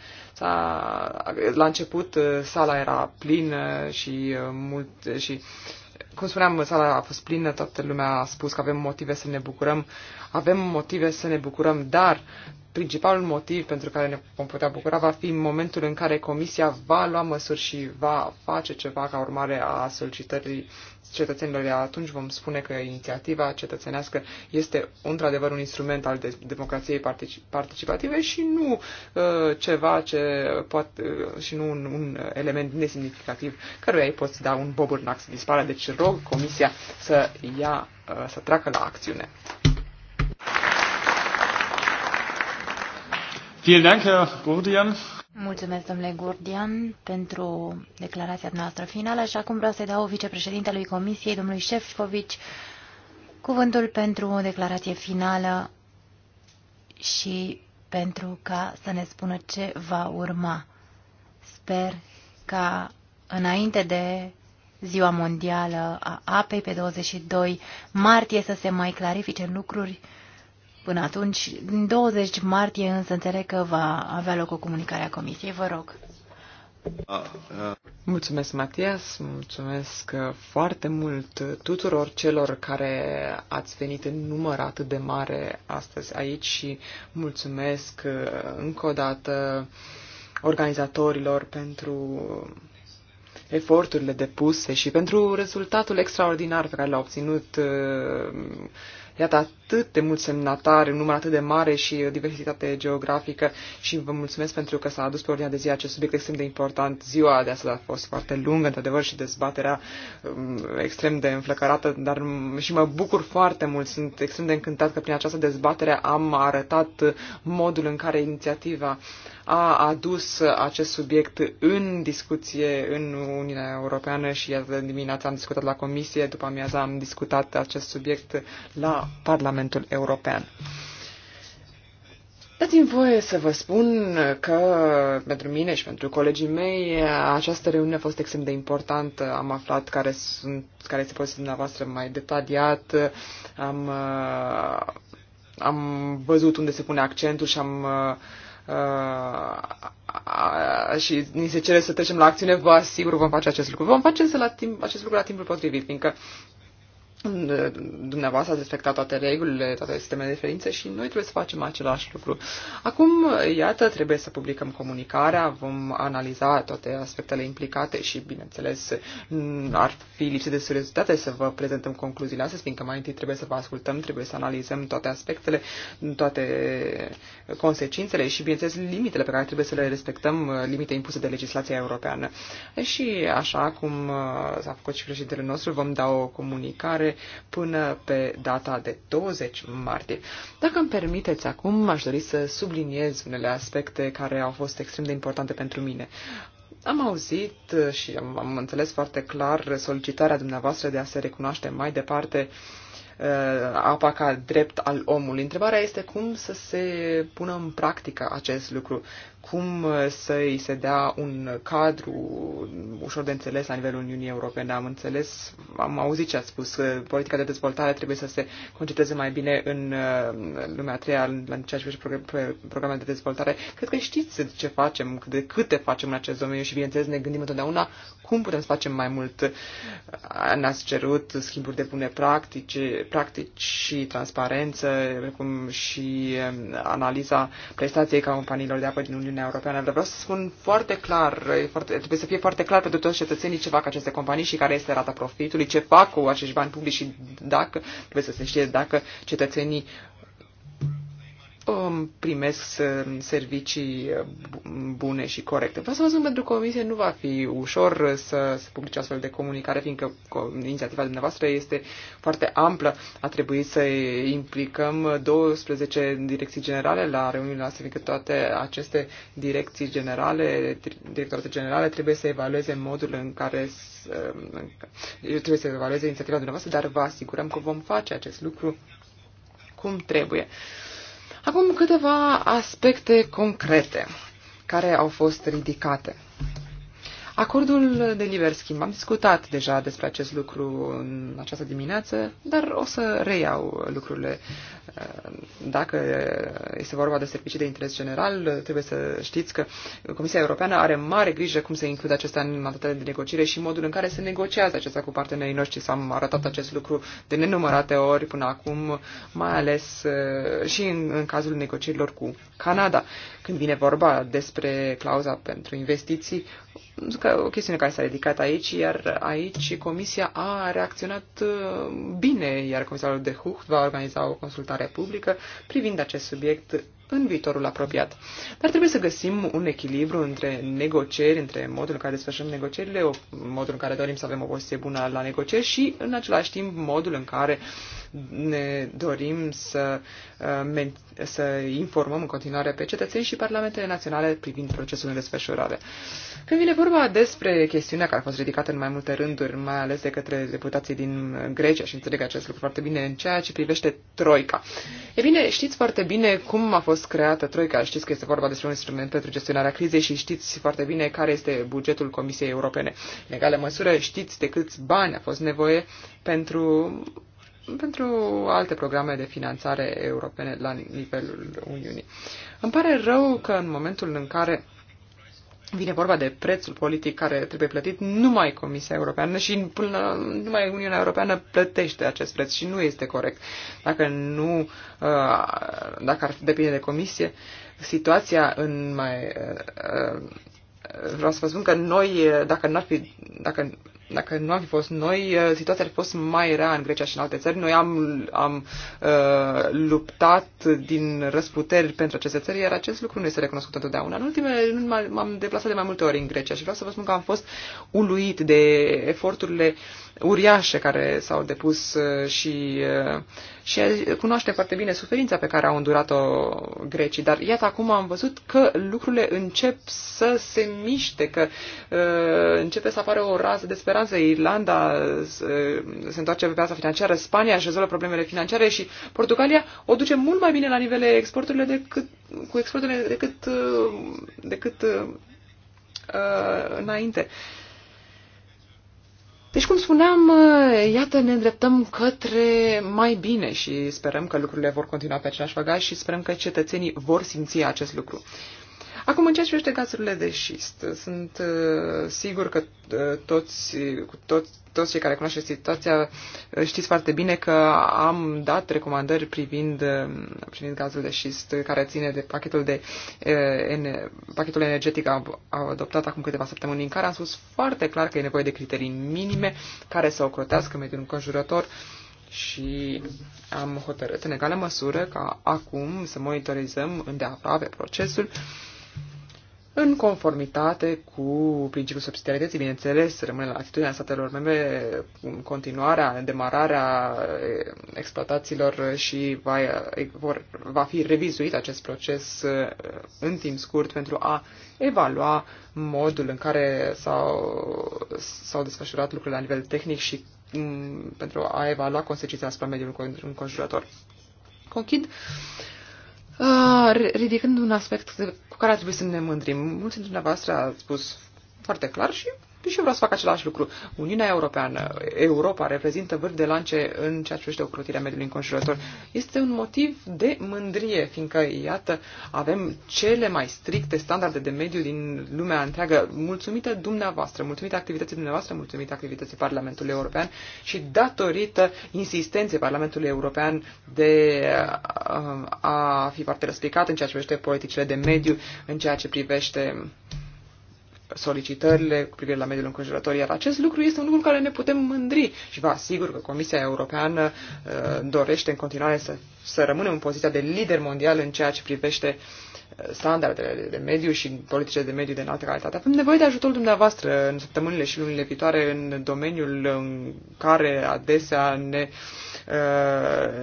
la început sala era plină și mult și cum spuneam, sala a fost plină, toată lumea a spus că avem motive să ne bucurăm. Avem motive să ne bucurăm, dar principalul motiv pentru care ne vom putea bucura va fi momentul în care Comisia va lua măsuri și va face ceva ca urmare a solicitării cetățenilor. Atunci vom spune că inițiativa cetățenească este într-adevăr un instrument al de- democrației particip- participative și nu uh, ceva ce poate, uh, și nu un, un element nesemnificativ căruia îi poți da un bobârnac să dispară. Deci rog Comisia să ia, uh, să treacă la acțiune. Mulțumesc, domnule Gordian, pentru declarația noastră finală și acum vreau să-i dau vicepreședintelui Comisiei, domnului Șefcovic, cuvântul pentru o declarație finală și pentru ca să ne spună ce va urma. Sper ca înainte de Ziua Mondială a Apei pe 22 martie să se mai clarifice lucruri Până atunci, din 20 martie însă înțeleg că va avea loc o comunicare a Comisiei. Vă rog. Mulțumesc, Matias, mulțumesc uh, foarte mult tuturor celor care ați venit în număr atât de mare astăzi aici și mulțumesc uh, încă o dată organizatorilor pentru eforturile depuse și pentru rezultatul extraordinar pe care l-a obținut uh, Iată atât de mulți semnatari, un număr atât de mare și o uh, diversitate geografică și vă mulțumesc pentru că s-a adus pe ordinea de zi acest subiect extrem de important. Ziua de astăzi a fost foarte lungă, într-adevăr, și dezbaterea um, extrem de înflăcărată, dar um, și mă bucur foarte mult. Sunt extrem de încântat că prin această dezbatere am arătat uh, modul în care inițiativa a adus acest subiect în discuție în Uniunea Europeană și iată dimineața am discutat la comisie, după amiaza am discutat acest subiect la Parlamentul European. Dați-mi voie să vă spun că pentru mine și pentru colegii mei această reuniune a fost extrem de importantă. Am aflat care, sunt, care este poziția dumneavoastră mai detaliat, am, uh, am văzut unde se pune accentul și am uh, uh, și ni se cere să trecem la acțiune, vă asigur vom face acest lucru. Vom face însă la timp, acest lucru la timpul potrivit, fiindcă dumneavoastră ați respectat toate regulile, toate sistemele de referințe și noi trebuie să facem același lucru. Acum, iată, trebuie să publicăm comunicarea, vom analiza toate aspectele implicate și, bineînțeles, ar fi lipsit de seriozitate să vă prezentăm concluziile astăzi, fiindcă mai întâi trebuie să vă ascultăm, trebuie să analizăm toate aspectele, toate consecințele și, bineînțeles, limitele pe care trebuie să le respectăm, limite impuse de legislația europeană. Și, așa cum s-a făcut și președintele nostru, vom da o comunicare dezbatere până pe data de 20 martie. Dacă îmi permiteți acum, aș dori să subliniez unele aspecte care au fost extrem de importante pentru mine. Am auzit și am, am înțeles foarte clar solicitarea dumneavoastră de a se recunoaște mai departe uh, apa ca drept al omului. Întrebarea este cum să se pună în practică acest lucru cum uh, să îi se dea un cadru ușor de înțeles la nivelul Uniunii Europene. Am înțeles, am auzit ce ați spus, că politica de dezvoltare trebuie să se concentreze mai bine în uh, lumea treia, în ceea ce privește programele de dezvoltare. Cred că știți ce facem, de câte facem în acest domeniu și, bineînțeles, ne gândim întotdeauna cum putem să facem mai mult. Uh, ne-ați cerut schimburi de bune practici, practici și transparență, precum și um, analiza prestației ca companiilor de apă din Uniunea Uniunea Europeană. Dar vreau să spun foarte clar, foarte, trebuie să fie foarte clar pentru toți cetățenii ce fac aceste companii și care este rata profitului, ce fac cu acești bani publici și dacă, trebuie să se știe dacă cetățenii primesc servicii uh, bune și corecte. Vreau să vă spun, pentru comisie nu va fi ușor să se publice astfel de comunicare, fiindcă inițiativa dumneavoastră este foarte amplă. A trebuit să implicăm 12 direcții generale la reuniunile noastre, fiindcă toate aceste direcții generale, directorate generale, trebuie să evalueze modul în care uh, deci trebuie să evalueze inițiativa dumneavoastră, dar vă asigurăm că vom face acest lucru cum trebuie. Acum câteva aspecte concrete care au fost ridicate. Acordul de liber schimb. Am discutat deja despre acest lucru în această dimineață, dar o să reiau lucrurile dacă este vorba de servicii de interes general, trebuie să știți că Comisia Europeană are mare grijă cum să includă acestea în mandatele de negociere și modul în care se negociază acestea cu partenerii noștri. S-am arătat acest lucru de nenumărate ori până acum, mai ales uh, și în, în cazul negocierilor cu Canada. Când vine vorba despre clauza pentru investiții, că o chestiune care s-a ridicat aici, iar aici Comisia a reacționat uh, bine, iar Comisarul de Hucht va organiza o consultare consultare publică privind acest subiect în viitorul apropiat. Dar trebuie să găsim un echilibru între negocieri, între modul în care desfășurăm negocierile, modul în care dorim să avem o poziție bună la negocieri și, în același timp, modul în care ne dorim să, uh, să informăm în continuare pe cetățeni și parlamentele naționale privind procesul în desfășurare. Când vine vorba despre chestiunea care a fost ridicată în mai multe rânduri, mai ales de către deputații din Grecia și înțeleg acest lucru foarte bine în ceea ce privește Troica. E bine, știți foarte bine cum a fost fost creată Troica. Știți că este vorba despre un instrument pentru gestionarea crizei și știți foarte bine care este bugetul Comisiei Europene. În egală măsură știți de câți bani a fost nevoie pentru pentru alte programe de finanțare europene la nivelul Uniunii. Îmi pare rău că în momentul în care vine vorba de prețul politic care trebuie plătit numai Comisia Europeană și până numai Uniunea Europeană plătește acest preț și nu este corect. Dacă nu, uh, dacă ar depinde de Comisie, situația în mai uh, uh, vreau să vă spun că noi, dacă n-ar fi, dacă dacă nu am fi fost noi, uh, situația ar fi fost mai rea în Grecia și în alte țări. Noi am, am uh, luptat din răsputeri pentru aceste țări, iar acest lucru nu este recunoscut întotdeauna. În ultimele luni m-am deplasat de mai multe ori în Grecia și vreau să vă spun că am fost uluit de eforturile uriașe care s-au depus uh, și, uh, și cunoaște foarte bine suferința pe care au îndurat-o grecii. Dar iată acum am văzut că lucrurile încep să se miște, că uh, începe să apară o rază de speranță speranțe. Irlanda se întoarce pe piața financiară, Spania își rezolvă problemele financiare și Portugalia o duce mult mai bine la nivele exporturile decât, cu exporturile decât, decât uh, înainte. Deci, cum spuneam, uh, iată, ne îndreptăm către mai bine și sperăm că lucrurile vor continua pe același făgaș și sperăm că cetățenii vor simți acest lucru. Uh, Acum, în ceea ce privește gazurile de șist, sunt uh, sigur că uh, toți, toți, toți cei care cunoașteți situația uh, știți foarte bine că am dat recomandări privind, uh, privind gazul de șist care ține de pachetul, de, uh, pachetul energetic adoptat acum câteva săptămâni, în care am spus foarte clar că e nevoie de criterii minime care să ocrotească mediul înconjurător și am hotărât în egală măsură ca acum să monitorizăm îndeaproape procesul în conformitate cu principiul subsidiarității, bineînțeles, rămâne la atitudinea statelor membre continuarea, demararea exploatațiilor și va, vor, va fi revizuit acest proces în timp scurt pentru a evalua modul în care s-au, s-au desfășurat lucrurile la nivel tehnic și m, pentru a evalua consecințele asupra mediului înconjurător. Conchid Ah, ridicând un aspect cu care ar trebui să ne mândrim. Mulți dintre dumneavoastră a spus foarte clar și și eu vreau să fac același lucru. Uniunea Europeană, Europa, reprezintă vârf de lance în ceea ce privește ocrotirea mediului înconjurător. Este un motiv de mândrie, fiindcă, iată, avem cele mai stricte standarde de mediu din lumea întreagă, mulțumită dumneavoastră, mulțumită activității dumneavoastră, mulțumită activității Parlamentului European și datorită insistenței Parlamentului European de uh, a fi foarte răspicat în ceea ce privește politicile de mediu, în ceea ce privește solicitările cu privire la mediul înconjurător, iar acest lucru este un lucru care ne putem mândri și vă asigur că Comisia Europeană uh, dorește în continuare să, să rămânem în poziția de lider mondial în ceea ce privește uh, standardele de mediu și politice de mediu de înaltă calitate. Avem nevoie de ajutorul dumneavoastră în săptămânile și lunile viitoare în domeniul în care adesea ne uh, Uh,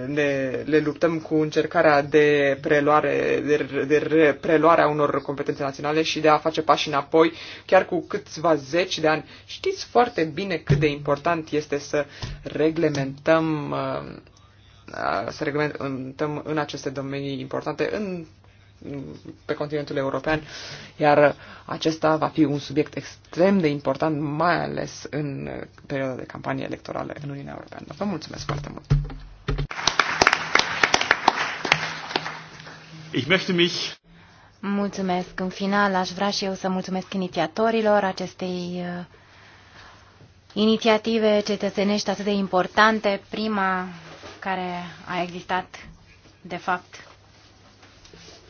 ne, le luptăm cu încercarea de preluare, de, de a unor competențe naționale și de a face pași înapoi, chiar cu câțiva zeci de ani. Știți foarte bine cât de important este să reglementăm uh, să reglementăm în aceste domenii importante în pe continentul european, iar acesta va fi un subiect extrem de important, mai ales în perioada de campanie electorală în Uniunea Europeană. Vă mulțumesc foarte mult! Ich möchte mich Mulțumesc. În final, aș vrea și eu să mulțumesc inițiatorilor acestei uh, inițiative cetățenești atât de importante. Prima care a existat, de fapt,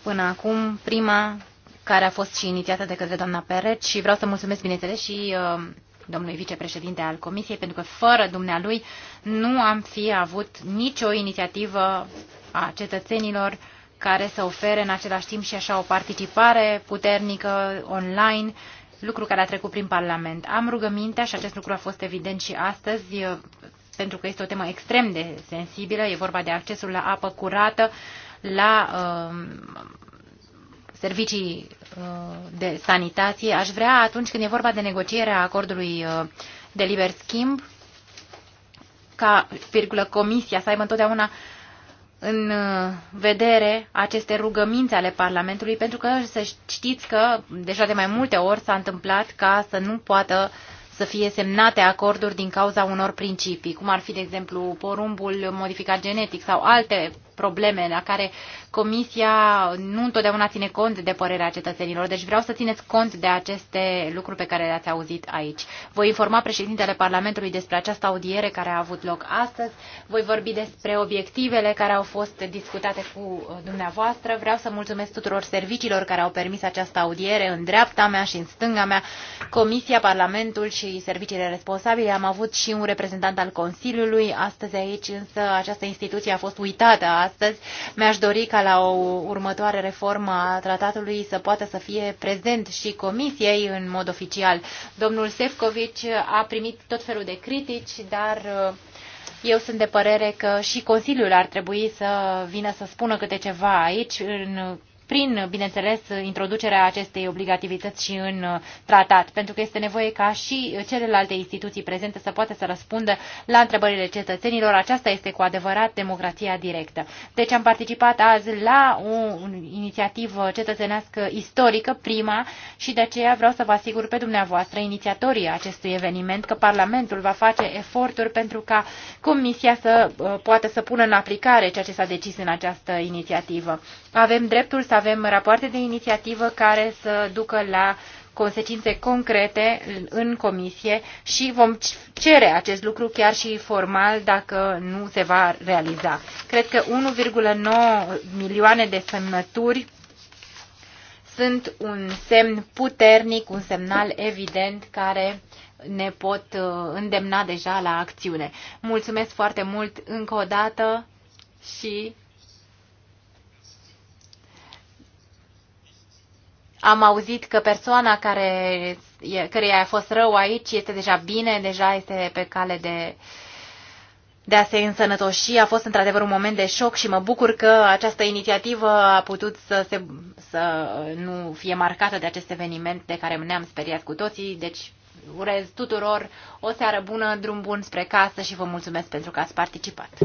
până acum, prima care a fost și inițiată de către doamna Peret și vreau să mulțumesc, bineînțeles, și uh, domnului vicepreședinte al Comisiei, pentru că fără dumnealui nu am fi avut nicio inițiativă a cetățenilor care să ofere în același timp și așa o participare puternică online, lucru care a trecut prin Parlament. Am rugămintea și acest lucru a fost evident și astăzi, uh, pentru că este o temă extrem de sensibilă, e vorba de accesul la apă curată, la uh, servicii uh, de sanitație, aș vrea atunci când e vorba de negocierea acordului uh, de liber schimb, ca virgulă, comisia să aibă întotdeauna în uh, vedere aceste rugăminți ale Parlamentului, pentru că să știți că deja de mai multe ori s-a întâmplat ca să nu poată să fie semnate acorduri din cauza unor principii, cum ar fi, de exemplu, porumbul modificat genetic sau alte probleme la care Comisia nu întotdeauna ține cont de părerea cetățenilor, deci vreau să țineți cont de aceste lucruri pe care le-ați auzit aici. Voi informa președintele Parlamentului despre această audiere care a avut loc astăzi, voi vorbi despre obiectivele care au fost discutate cu uh, dumneavoastră. Vreau să mulțumesc tuturor serviciilor care au permis această audiere în dreapta mea și în stânga mea, Comisia, Parlamentul și serviciile responsabile. Am avut și un reprezentant al Consiliului astăzi aici, însă această instituție a fost uitată astăzi. Mi-aș dori ca la o următoare reformă a tratatului să poată să fie prezent și comisiei în mod oficial. Domnul Sefcovic a primit tot felul de critici, dar uh, eu sunt de părere că și Consiliul ar trebui să vină să spună câte ceva aici în prin, bineînțeles, introducerea acestei obligativități și în uh, tratat, pentru că este nevoie ca și celelalte instituții prezente să poată să răspundă la întrebările cetățenilor. Aceasta este cu adevărat democrația directă. Deci am participat azi la o inițiativă cetățenească istorică, prima, și de aceea vreau să vă asigur pe dumneavoastră, inițiatorii acestui eveniment, că Parlamentul va face eforturi pentru ca Comisia să uh, poată să pună în aplicare ceea ce s-a decis în această inițiativă. Avem dreptul să avem avem rapoarte de inițiativă care să ducă la consecințe concrete în comisie și vom cere acest lucru chiar și formal dacă nu se va realiza. Cred că 1,9 milioane de semnături sunt un semn puternic, un semnal evident care ne pot uh, îndemna deja la acțiune. Mulțumesc foarte mult încă o dată și Am auzit că persoana care, care i-a fost rău aici este deja bine, deja este pe cale de de a se însănătoși. A fost într-adevăr un moment de șoc și mă bucur că această inițiativă a putut să, se, să nu fie marcată de acest eveniment de care ne-am speriat cu toții. Deci urez tuturor o seară bună, drum bun spre casă și vă mulțumesc pentru că ați participat.